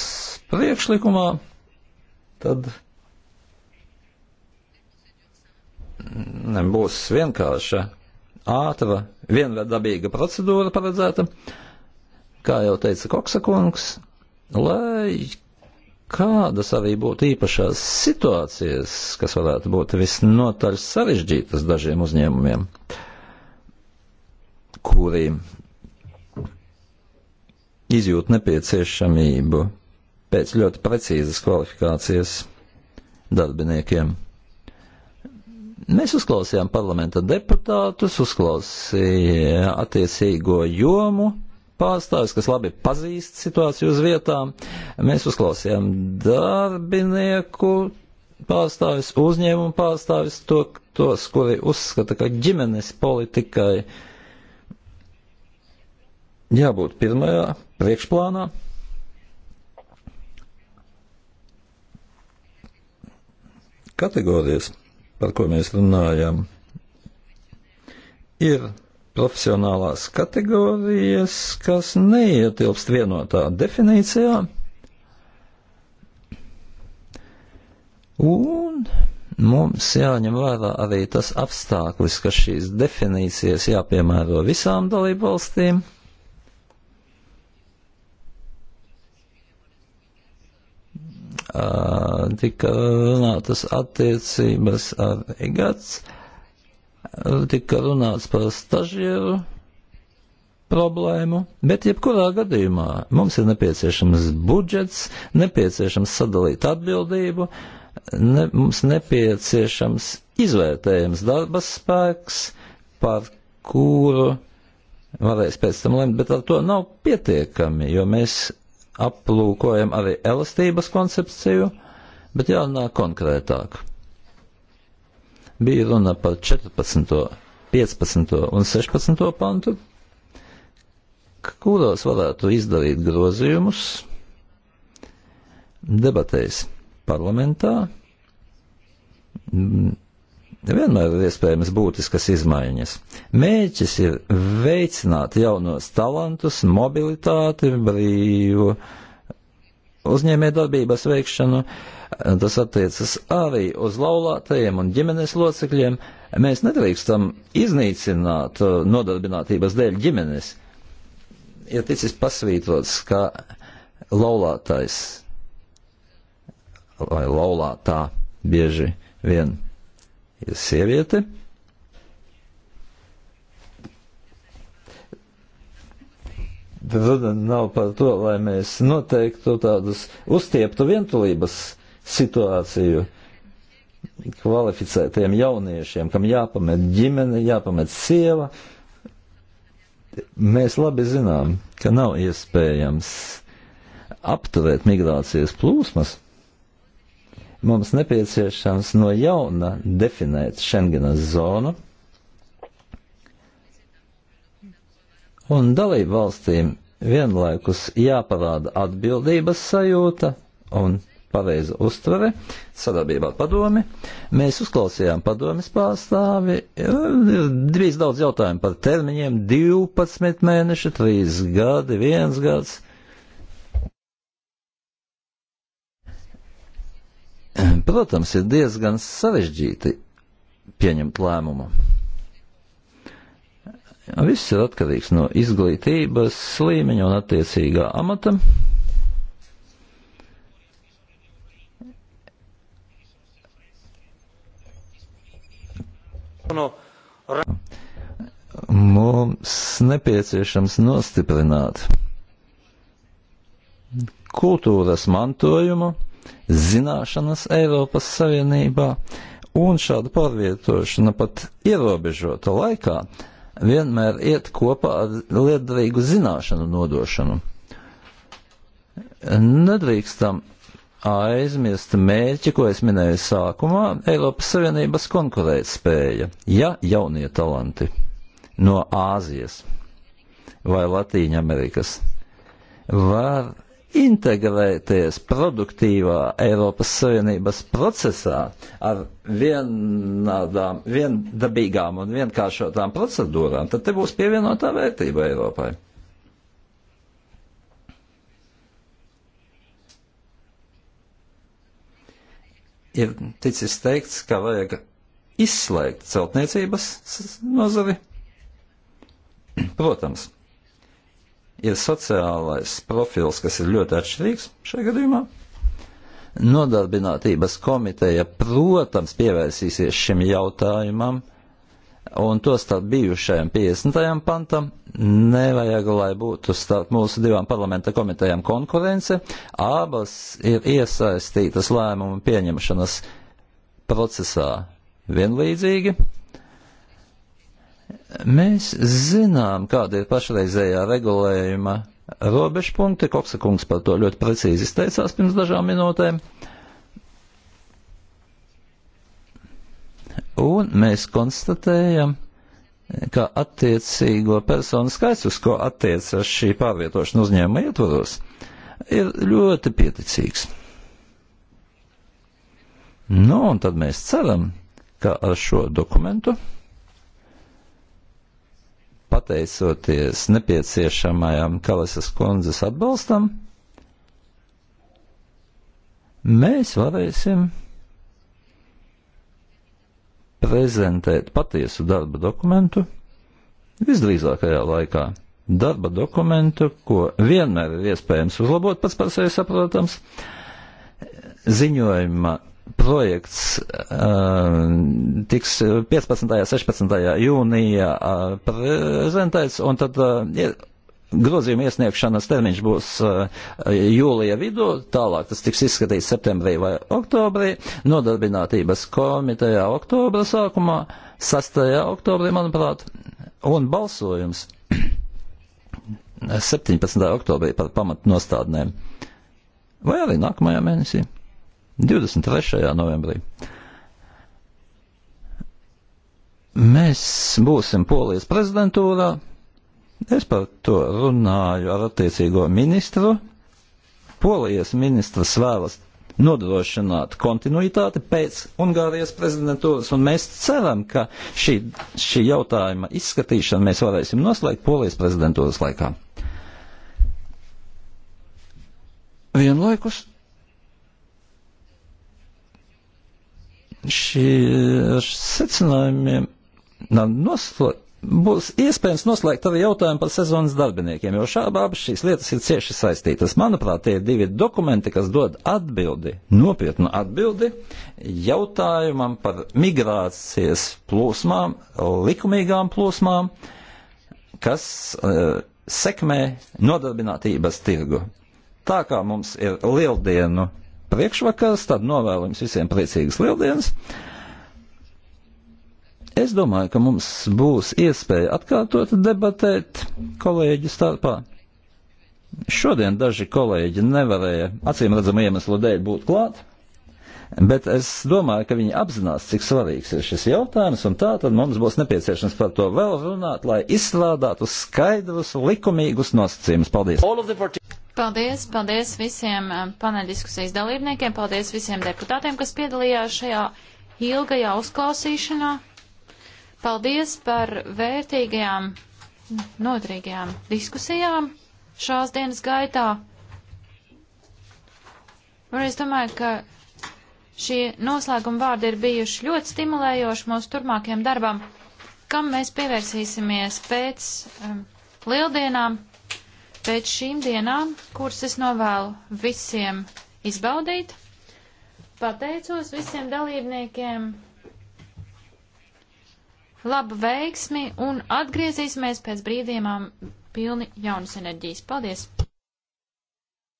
priekšlikumā tad nebūs vienkārša, ātra vienvedabīga procedūra paredzēta, kā jau teica Koksakungs, lai kādas arī būtu īpašās situācijas, kas varētu būt visnotaļ sarežģītas dažiem uzņēmumiem, kuri izjūt nepieciešamību pēc ļoti precīzas kvalifikācijas darbiniekiem. Mēs uzklausījām parlamenta deputātus, uzklausījām attiecīgo jomu pārstāvis, kas labi pazīst situāciju uz vietām. Mēs uzklausījām darbinieku pārstāvis, uzņēmumu pārstāvis, to, tos, kuri uzskata, ka ģimenes politikai jābūt pirmajā priekšplānā. Kategorijas par ko mēs runājam. Ir profesionālās kategorijas, kas neietilpst vienotā definīcijā. Un mums jāņem vērā arī tas apstākļis, ka šīs definīcijas jāpiemēro visām dalībvalstīm. Uh, tika runātas attiecības ar EGATS, uh, tika runāts par stažieru problēmu, bet jebkurā gadījumā mums ir nepieciešams budžets, nepieciešams sadalīt atbildību, ne, mums nepieciešams izvērtējams darbas spēks, par kuru varēs pēc tam lemt, bet ar to nav pietiekami, jo mēs aplūkojam arī elastības koncepciju, bet jārunā konkrētāk. Bija runa par 14., 15. un 16. pantu, kuros varētu izdarīt grozījumus debatēs parlamentā, vienmēr ir iespējams būtiskas izmaiņas. Mēķis ir veicināt jaunos talantus, mobilitāti, brīvu uzņēmējdarbības veikšanu. Tas attiecas arī uz laulātajiem un ģimenes locekļiem. Mēs nedrīkstam iznīcināt uh, nodarbinātības dēļ ģimenes. Ir ticis pasvītrots, ka laulātais vai laulātā bieži vien ir sieviete. Runa nav par to, lai mēs noteiktu tādus uztieptu vientulības situāciju kvalificētiem jauniešiem, kam jāpamet ģimene, jāpamet sieva. Mēs labi zinām, ka nav iespējams apturēt migrācijas plūsmas, Mums nepieciešams no jauna definēt Schengenas zonu un dalību valstīm vienlaikus jāparāda atbildības sajūta un pareiza uztvere sadarbībā ar padomi. Mēs uzklausījām padomis pārstāvi. Ir drīz daudz jautājumu par termiņiem - 12 mēneši, 3 gadi, 1 gads. Protams, ir diezgan sarežģīti pieņemt lēmumu. Viss ir atkarīgs no izglītības līmeņa un attiecīgā amata. Mums nepieciešams nostiprināt kultūras mantojumu zināšanas Eiropas Savienībā, un šāda pārvietošana pat ierobežota laikā vienmēr iet kopā ar liederīgu zināšanu nodošanu. Nedrīkstam aizmirst mērķi, ko es minēju sākumā - Eiropas Savienības konkurētspēja, ja jaunie talanti no Āzijas vai Latīņa Amerikas var integrēties produktīvā Eiropas Savienības procesā ar vienādām, viendabīgām un vienkāršotām procedūrām, tad te būs pievienotā vērtība Eiropai. Ir ticis teikts, ka vajag izslēgt celtniecības nozari. Protams, ir sociālais profils, kas ir ļoti atšķirīgs šajā gadījumā. Nodarbinātības komiteja, protams, pievērsīsies šim jautājumam, un to starp bijušajam 50. pantam nevajag, lai būtu starp mūsu divām parlamenta komitejām konkurence. Abas ir iesaistītas lēmumu pieņemšanas procesā vienlīdzīgi, Mēs zinām, kāda ir pašreizējā regulējuma robežpunkti. Koksa kungs par to ļoti precīzi izteicās pirms dažām minūtēm. Un mēs konstatējam, ka attiecīgo personu skaits, uz ko attiecas šī pārvietošana uzņēmuma ietvaros, ir ļoti pieticīgs. Nu, un tad mēs ceram, ka ar šo dokumentu pateicoties nepieciešamajam Kalasas kundzes atbalstam, mēs varēsim prezentēt patiesu darba dokumentu visdrīzākajā laikā. Darba dokumentu, ko vienmēr ir iespējams uzlabot, pats par sevi saprotams, ziņojuma projekts uh, tiks 15. un 16. jūnijā uh, prezentēts, un tad uh, grozījuma iesniegšanas termiņš būs jūlija vidū, tālāk tas tiks izskatīts septembrī vai oktobrī, nodarbinātības komitejā oktobra sākumā, 6. oktobrī, manuprāt, un balsojums 17. oktobrī par pamatnostādnēm. Vai arī nākamajā mēnesī? 23. novembrī. Mēs būsim Polijas prezidentūrā. Es par to runāju ar attiecīgo ministru. Polijas ministrs vēlas nodrošināt kontinuitāti pēc Ungārijas prezidentūras, un mēs ceram, ka šī, šī jautājuma izskatīšanu mēs varēsim noslēgt Polijas prezidentūras laikā. Vienlaikus šī ar secinājumiem nav noslēgta būs iespējams noslēgt arī jautājumu par sezonas darbiniekiem, jo šā abas šīs lietas ir cieši saistītas. Manuprāt, tie ir divi dokumenti, kas dod atbildi, nopietnu atbildi jautājumam par migrācijas plūsmām, likumīgām plūsmām, kas uh, sekmē nodarbinātības tirgu. Tā kā mums ir lieldienu priekšvakars, tad novēlu jums visiem priecīgas lieldienas. Es domāju, ka mums būs iespēja atkārtot debatēt kolēģi starpā. Šodien daži kolēģi nevarēja, acīm redzamu iemeslu dēļ, būt klāt, bet es domāju, ka viņi apzinās, cik svarīgs ir šis jautājums, un tā tad mums būs nepieciešams par to vēl runāt, lai izstrādātu skaidrus, likumīgus nosacījumus. Paldies! Paldies, paldies visiem eh, paneļdiskusijas dalībniekiem, paldies visiem deputātiem, kas piedalījās šajā ilgajā uzklausīšanā. Paldies par vērtīgajām, noderīgajām diskusijām šās dienas gaitā. Un es domāju, ka šie noslēguma vārdi ir bijuši ļoti stimulējoši mūsu turpmākajam darbam, kam mēs pievērsīsimies pēc um, lieldienām pēc šīm dienām, kuras es novēlu visiem izbaudīt. Pateicos visiem dalībniekiem. Labu veiksmi un atgriezīsimies pēc brīdījumām pilni jaunas enerģijas. Paldies!